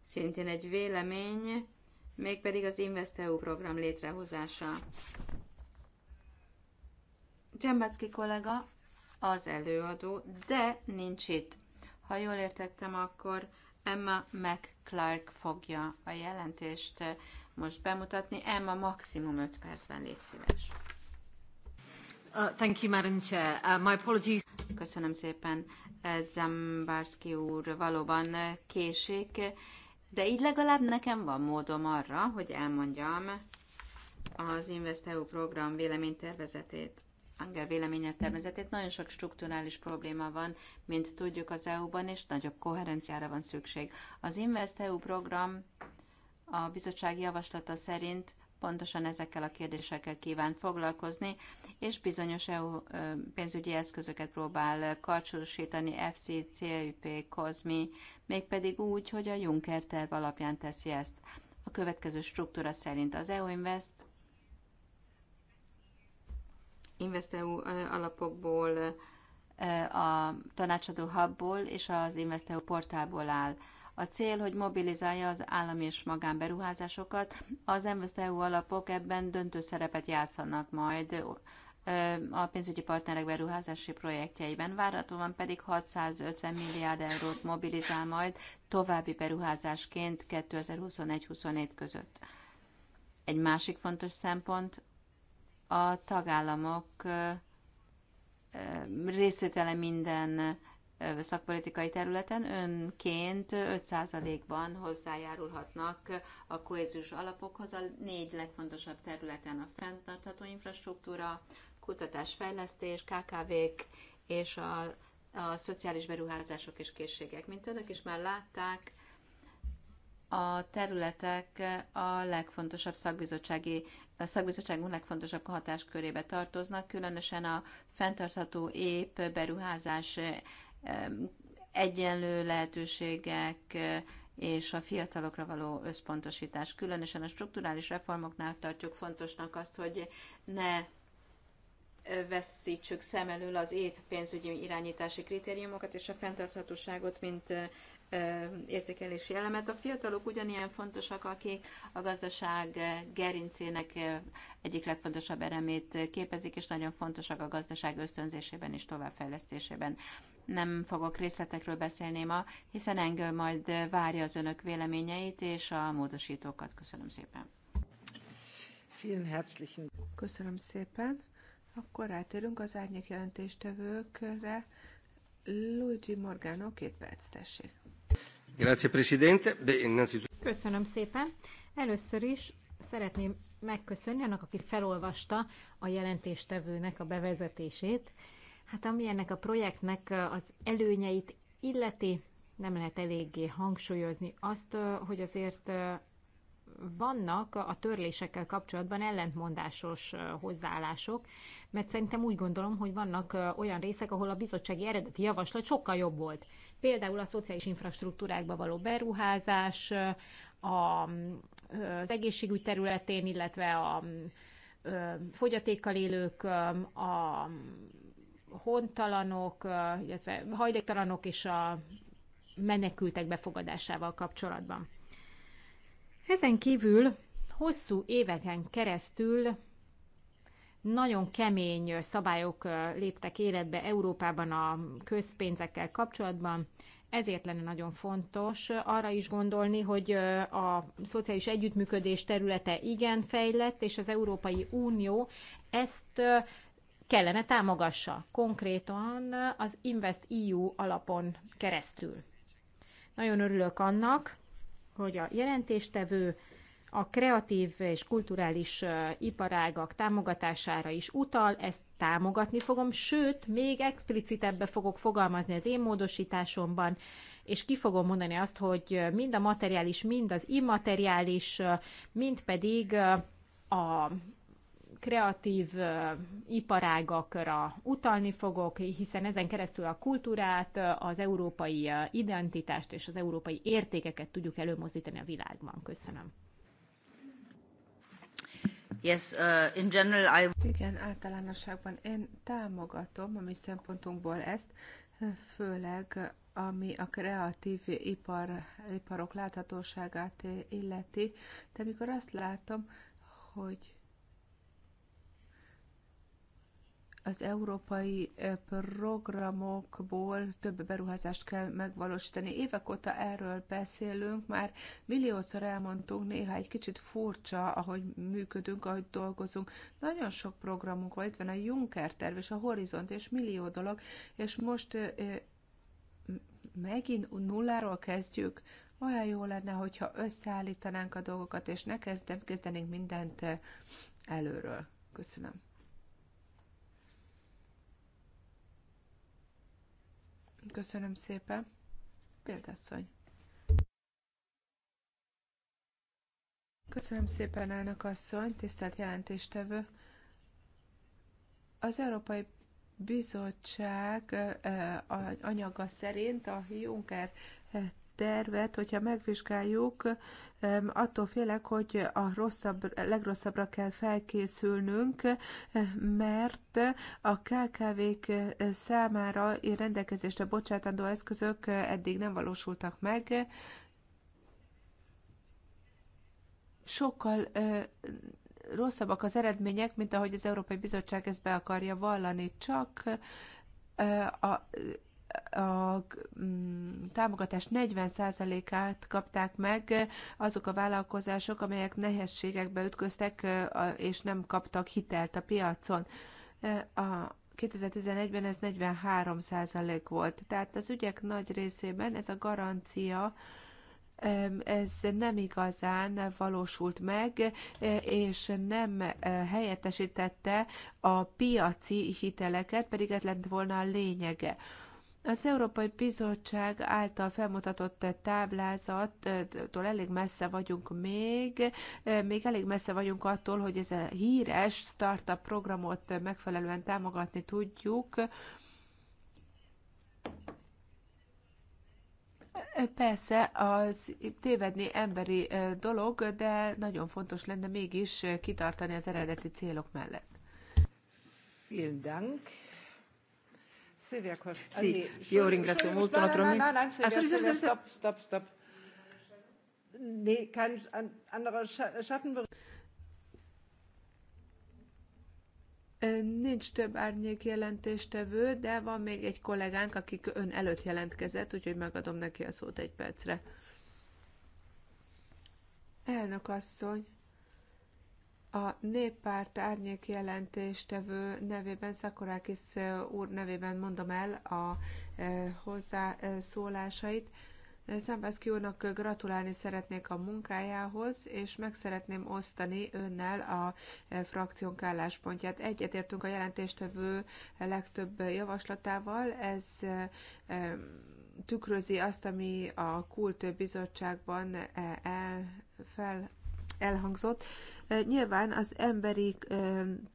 szintén egy vélemény, mégpedig az InvestEU program létrehozása. Dzsembacki kollega az előadó, de nincs itt. Ha jól értettem, akkor Emma McClark fogja a jelentést most bemutatni. Emma, maximum 5 percben légy szíves. Uh, thank you, Madam Chair. Uh, my apologies. Köszönöm szépen, eh, Zambarski úr, valóban eh, késik, de így legalább nekem van módom arra, hogy elmondjam az InvestEU program véleménytervezetét. Angel véleményer tervezetét. Nagyon sok strukturális probléma van, mint tudjuk az EU-ban, és nagyobb koherenciára van szükség. Az InvestEU program a bizottság javaslata szerint pontosan ezekkel a kérdésekkel kíván foglalkozni, és bizonyos EU pénzügyi eszközöket próbál karcsúsítani FC, CLP, COSMI, mégpedig úgy, hogy a Juncker terv alapján teszi ezt. A következő struktúra szerint az EU Invest InvestEU alapokból, a tanácsadó hubból és az InvestEU portálból áll. A cél, hogy mobilizálja az állami és magánberuházásokat. Az EU e alapok ebben döntő szerepet játszanak majd a pénzügyi partnerek beruházási projektjeiben. Várhatóan pedig 650 milliárd eurót mobilizál majd további beruházásként 2021-27 között. Egy másik fontos szempont a tagállamok részvétele minden szakpolitikai területen önként 5%-ban hozzájárulhatnak a kohéziós alapokhoz a négy legfontosabb területen a fenntartható infrastruktúra, kutatásfejlesztés, KKV-k és a, a szociális beruházások és készségek. Mint önök is már látták, a területek a legfontosabb szakbizottsági a szakbizottságunk legfontosabb hatáskörébe tartoznak, különösen a fenntartható ép beruházás egyenlő lehetőségek és a fiatalokra való összpontosítás. Különösen a strukturális reformoknál tartjuk fontosnak azt, hogy ne veszítsük szem elől az épp pénzügyi irányítási kritériumokat és a fenntarthatóságot, mint értékelési elemet. A fiatalok ugyanilyen fontosak, akik a gazdaság gerincének egyik legfontosabb elemét képezik, és nagyon fontosak a gazdaság ösztönzésében és továbbfejlesztésében. Nem fogok részletekről beszélni ma, hiszen Engel majd várja az önök véleményeit és a módosítókat. Köszönöm szépen. Köszönöm szépen. Akkor rátérünk az árnyék jelentéstevőkre. Luigi Morgano, két perc, tessék. Köszönöm szépen. Először is szeretném megköszönni annak, aki felolvasta a jelentéstevőnek a bevezetését. Hát ami ennek a projektnek az előnyeit illeti, nem lehet eléggé hangsúlyozni azt, hogy azért vannak a törlésekkel kapcsolatban ellentmondásos hozzáállások, mert szerintem úgy gondolom, hogy vannak olyan részek, ahol a bizottsági eredeti javaslat sokkal jobb volt. Például a szociális infrastruktúrákba való beruházás, a, az egészségügy területén, illetve a fogyatékkal élők, a hontalanok, illetve hajléktalanok és a menekültek befogadásával kapcsolatban. Ezen kívül hosszú éveken keresztül nagyon kemény szabályok léptek életbe Európában a közpénzekkel kapcsolatban, ezért lenne nagyon fontos arra is gondolni, hogy a szociális együttműködés területe igen fejlett, és az Európai Unió ezt kellene támogassa, konkrétan az Invest EU alapon keresztül. Nagyon örülök annak, hogy a jelentéstevő a kreatív és kulturális iparágak támogatására is utal, ezt támogatni fogom, sőt, még explicitebbe fogok fogalmazni az én módosításomban, és ki fogom mondani azt, hogy mind a materiális, mind az immateriális, mind pedig a kreatív iparágakra utalni fogok, hiszen ezen keresztül a kultúrát, az európai identitást és az európai értékeket tudjuk előmozdítani a világban. Köszönöm. Yes, uh, in general I... Igen, általánosságban én támogatom a mi szempontunkból ezt, főleg ami a kreatív ipar, iparok láthatóságát illeti, de amikor azt látom, hogy az európai programokból több beruházást kell megvalósítani. Évek óta erről beszélünk, már milliószor elmondtunk, néha egy kicsit furcsa, ahogy működünk, ahogy dolgozunk. Nagyon sok programunk van, itt van a Juncker terv és a Horizont és millió dolog, és most megint nulláról kezdjük. Olyan jó lenne, hogyha összeállítanánk a dolgokat, és ne kezdenénk mindent előről. Köszönöm. Köszönöm szépen. Példasszony. Köszönöm szépen, elnök asszony, tisztelt jelentéstevő. Az Európai Bizottság eh, eh, anyaga szerint a Juncker eh, tervet, hogyha megvizsgáljuk, attól félek, hogy a rosszabb, legrosszabbra kell felkészülnünk, mert a KKV-k számára rendelkezésre bocsátandó eszközök eddig nem valósultak meg. Sokkal rosszabbak az eredmények, mint ahogy az Európai Bizottság ezt be akarja vallani. Csak a a mm, támogatás 40%-át kapták meg azok a vállalkozások, amelyek nehézségekbe ütköztek, és nem kaptak hitelt a piacon. A 2011-ben ez 43% volt. Tehát az ügyek nagy részében ez a garancia, ez nem igazán valósult meg, és nem helyettesítette a piaci hiteleket, pedig ez lett volna a lényege. Az Európai Bizottság által felmutatott táblázattól elég messze vagyunk még, még elég messze vagyunk attól, hogy ez a híres startup programot megfelelően támogatni tudjuk. Persze, az tévedni emberi dolog, de nagyon fontos lenne mégis kitartani az eredeti célok mellett. Vielen Dank. Silvia Costa. Sì, io Silvia, ringrazio Silvia, molto naturalmente. No, no, nein, Silvia, ah, sorry, Silvia, sorry, stop, stop, stop. Nee, kein anderer Schattenbericht. Nincs több árnyék jelentéstevő, de van még egy kollégánk, aki ön előtt jelentkezett, úgyhogy megadom neki a szót egy percre. Elnök asszony, a néppárt árnyék jelentéstevő nevében, Szakorákis úr nevében mondom el a hozzászólásait. Szembeszki úrnak gratulálni szeretnék a munkájához, és meg szeretném osztani önnel a frakciónk álláspontját. Egyetértünk a jelentéstevő legtöbb javaslatával, ez tükrözi azt, ami a kultúrbizottságban el fel elhangzott. Nyilván az emberi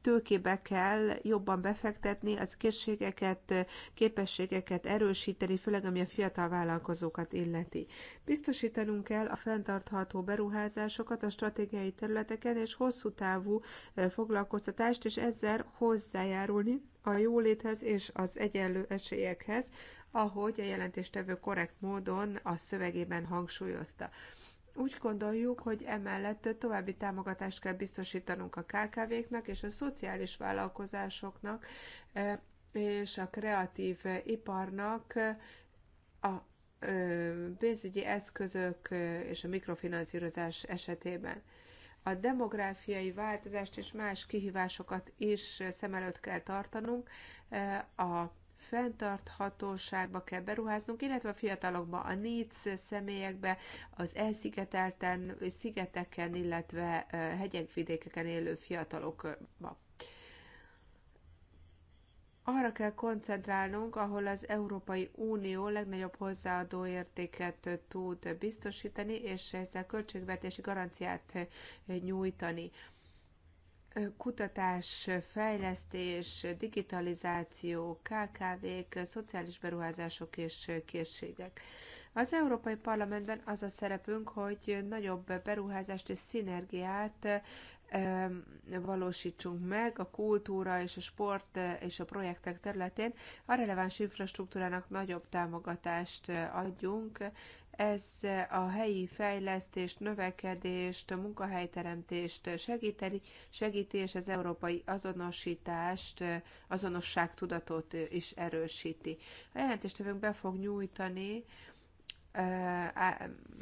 tőkébe kell jobban befektetni, az készségeket, képességeket erősíteni, főleg ami a fiatal vállalkozókat illeti. Biztosítanunk kell a fenntartható beruházásokat a stratégiai területeken és hosszú távú foglalkoztatást, és ezzel hozzájárulni a jóléthez és az egyenlő esélyekhez, ahogy a jelentéstevő korrekt módon a szövegében hangsúlyozta. Úgy gondoljuk, hogy emellett további támogatást kell biztosítanunk a KKV-knak és a szociális vállalkozásoknak és a kreatív iparnak a pénzügyi eszközök és a mikrofinanszírozás esetében. A demográfiai változást és más kihívásokat is szem előtt kell tartanunk. A fenntarthatóságba kell beruháznunk, illetve a fiatalokba, a négy személyekbe, az elszigetelten, szigeteken, illetve hegyekvidékeken élő fiatalokba arra kell koncentrálnunk, ahol az Európai Unió legnagyobb hozzáadó értéket tud biztosítani, és ezzel költségvetési garanciát nyújtani kutatás, fejlesztés, digitalizáció, KKV-k, szociális beruházások és készségek. Az Európai Parlamentben az a szerepünk, hogy nagyobb beruházást és szinergiát valósítsunk meg a kultúra és a sport és a projektek területén, a releváns infrastruktúrának nagyobb támogatást adjunk, ez a helyi fejlesztést, növekedést, munkahelyteremtést segíteni, segíti, és az európai azonosítást, azonosságtudatot is erősíti. A jelentéstevőnk be fog nyújtani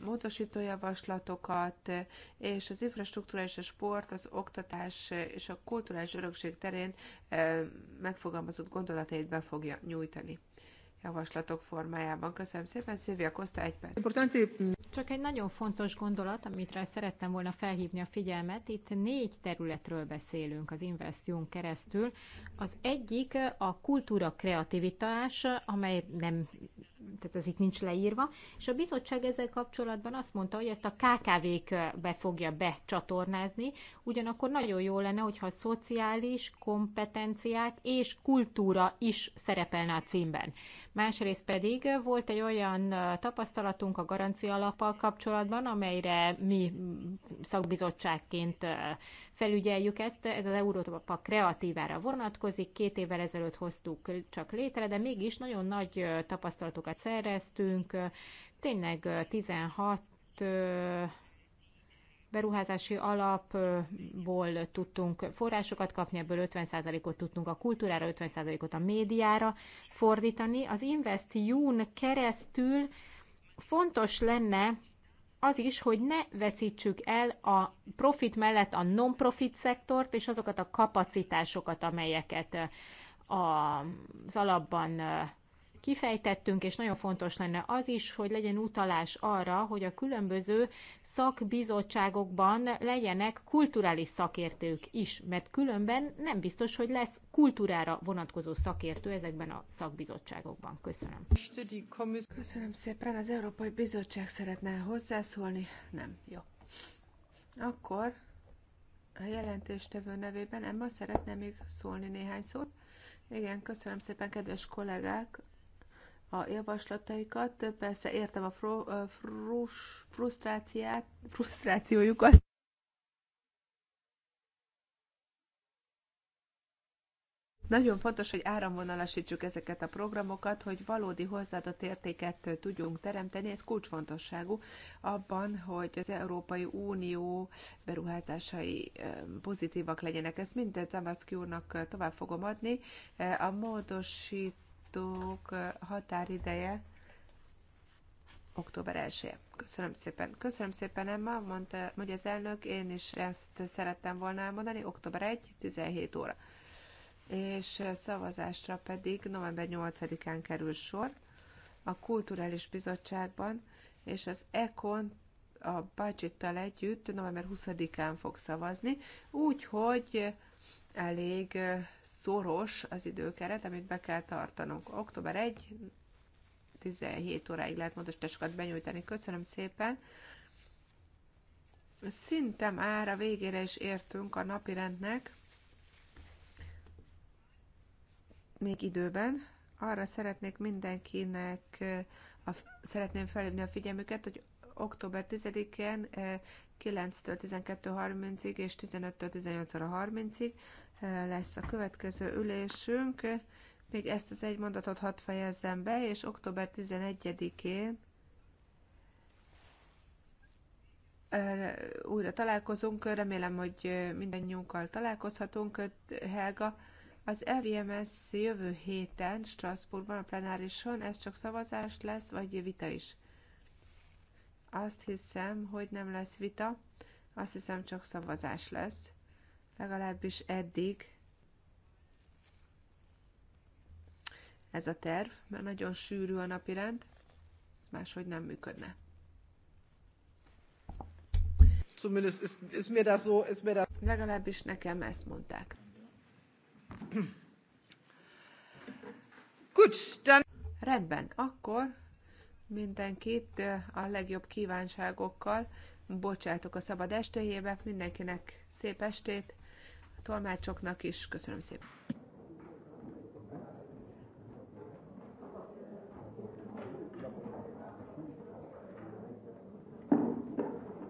módosító javaslatokat, és az infrastruktúra és a sport, az oktatás és a kulturális örökség terén megfogalmazott gondolatait be fogja nyújtani javaslatok formájában. Köszönöm szépen, Szilvia Koszta, egy perc. Csak egy nagyon fontos gondolat, amit rá szerettem volna felhívni a figyelmet. Itt négy területről beszélünk az Investium keresztül. Az egyik a kultúra kreativitás, amely nem tehát ez itt nincs leírva, és a bizottság ezzel kapcsolatban azt mondta, hogy ezt a kkv be fogja becsatornázni, ugyanakkor nagyon jó lenne, hogyha a szociális kompetenciák és kultúra is szerepelne a címben. Másrészt pedig volt egy olyan tapasztalatunk a garancia alappal kapcsolatban, amelyre mi szakbizottságként felügyeljük ezt, ez az Európa kreatívára vonatkozik, két évvel ezelőtt hoztuk csak létre, de mégis nagyon nagy tapasztalatokat sikereket szereztünk, tényleg 16 beruházási alapból tudtunk forrásokat kapni, ebből 50%-ot tudtunk a kultúrára, 50%-ot a médiára fordítani. Az InvestEU-n keresztül fontos lenne az is, hogy ne veszítsük el a profit mellett a non-profit szektort és azokat a kapacitásokat, amelyeket az alapban kifejtettünk, és nagyon fontos lenne az is, hogy legyen utalás arra, hogy a különböző szakbizottságokban legyenek kulturális szakértők is, mert különben nem biztos, hogy lesz kultúrára vonatkozó szakértő ezekben a szakbizottságokban. Köszönöm. Köszönöm szépen. Az Európai Bizottság szeretne hozzászólni? Nem. Jó. Akkor a jelentéstevő nevében Emma szeretne még szólni néhány szót. Igen, köszönöm szépen, kedves kollégák! a javaslataikat. Persze értem a fro, frus, frusztráciát, frusztrációjukat. Nagyon fontos, hogy áramvonalasítsuk ezeket a programokat, hogy valódi hozzáadott értéket tudjunk teremteni. Ez kulcsfontosságú abban, hogy az Európai Unió beruházásai pozitívak legyenek. Ezt mindent Zamaszki úrnak tovább fogom adni. A módosít módosítók határideje október 1 -e. Köszönöm szépen. Köszönöm szépen, Emma, mondta, hogy az elnök, én is ezt szerettem volna elmondani, október 1, 17 óra. És szavazásra pedig november 8-án kerül sor a Kulturális Bizottságban, és az ECON a budgettal együtt november 20-án fog szavazni, úgyhogy elég szoros az időkeret, amit be kell tartanunk. Október 1, 17 óráig lehet módosításokat benyújtani. Köszönöm szépen! Szinte már a végére is értünk a napirendnek. Még időben. Arra szeretnék mindenkinek, a, szeretném felhívni a figyelmüket, hogy október 10-én 9-től 12.30-ig és 15-től 1830 ig lesz a következő ülésünk. Még ezt az egy mondatot hadd fejezzem be, és október 11-én újra találkozunk, remélem, hogy mindannyiunkkal találkozhatunk. Helga, az LVMS jövő héten Strasbourgban a plenárison, ez csak szavazás lesz, vagy vita is? Azt hiszem, hogy nem lesz vita, azt hiszem csak szavazás lesz, legalábbis eddig ez a terv, mert nagyon sűrű a napirend, máshogy nem működne. Zumindest ist, ist mir das so, ist mir das... Legalábbis nekem ezt mondták. Gut, dann... Rendben, akkor mindenkit eh, a legjobb kívánságokkal. Bocsátok a szabad estéjébe, mindenkinek szép estét, a tolmácsoknak is. Köszönöm szépen!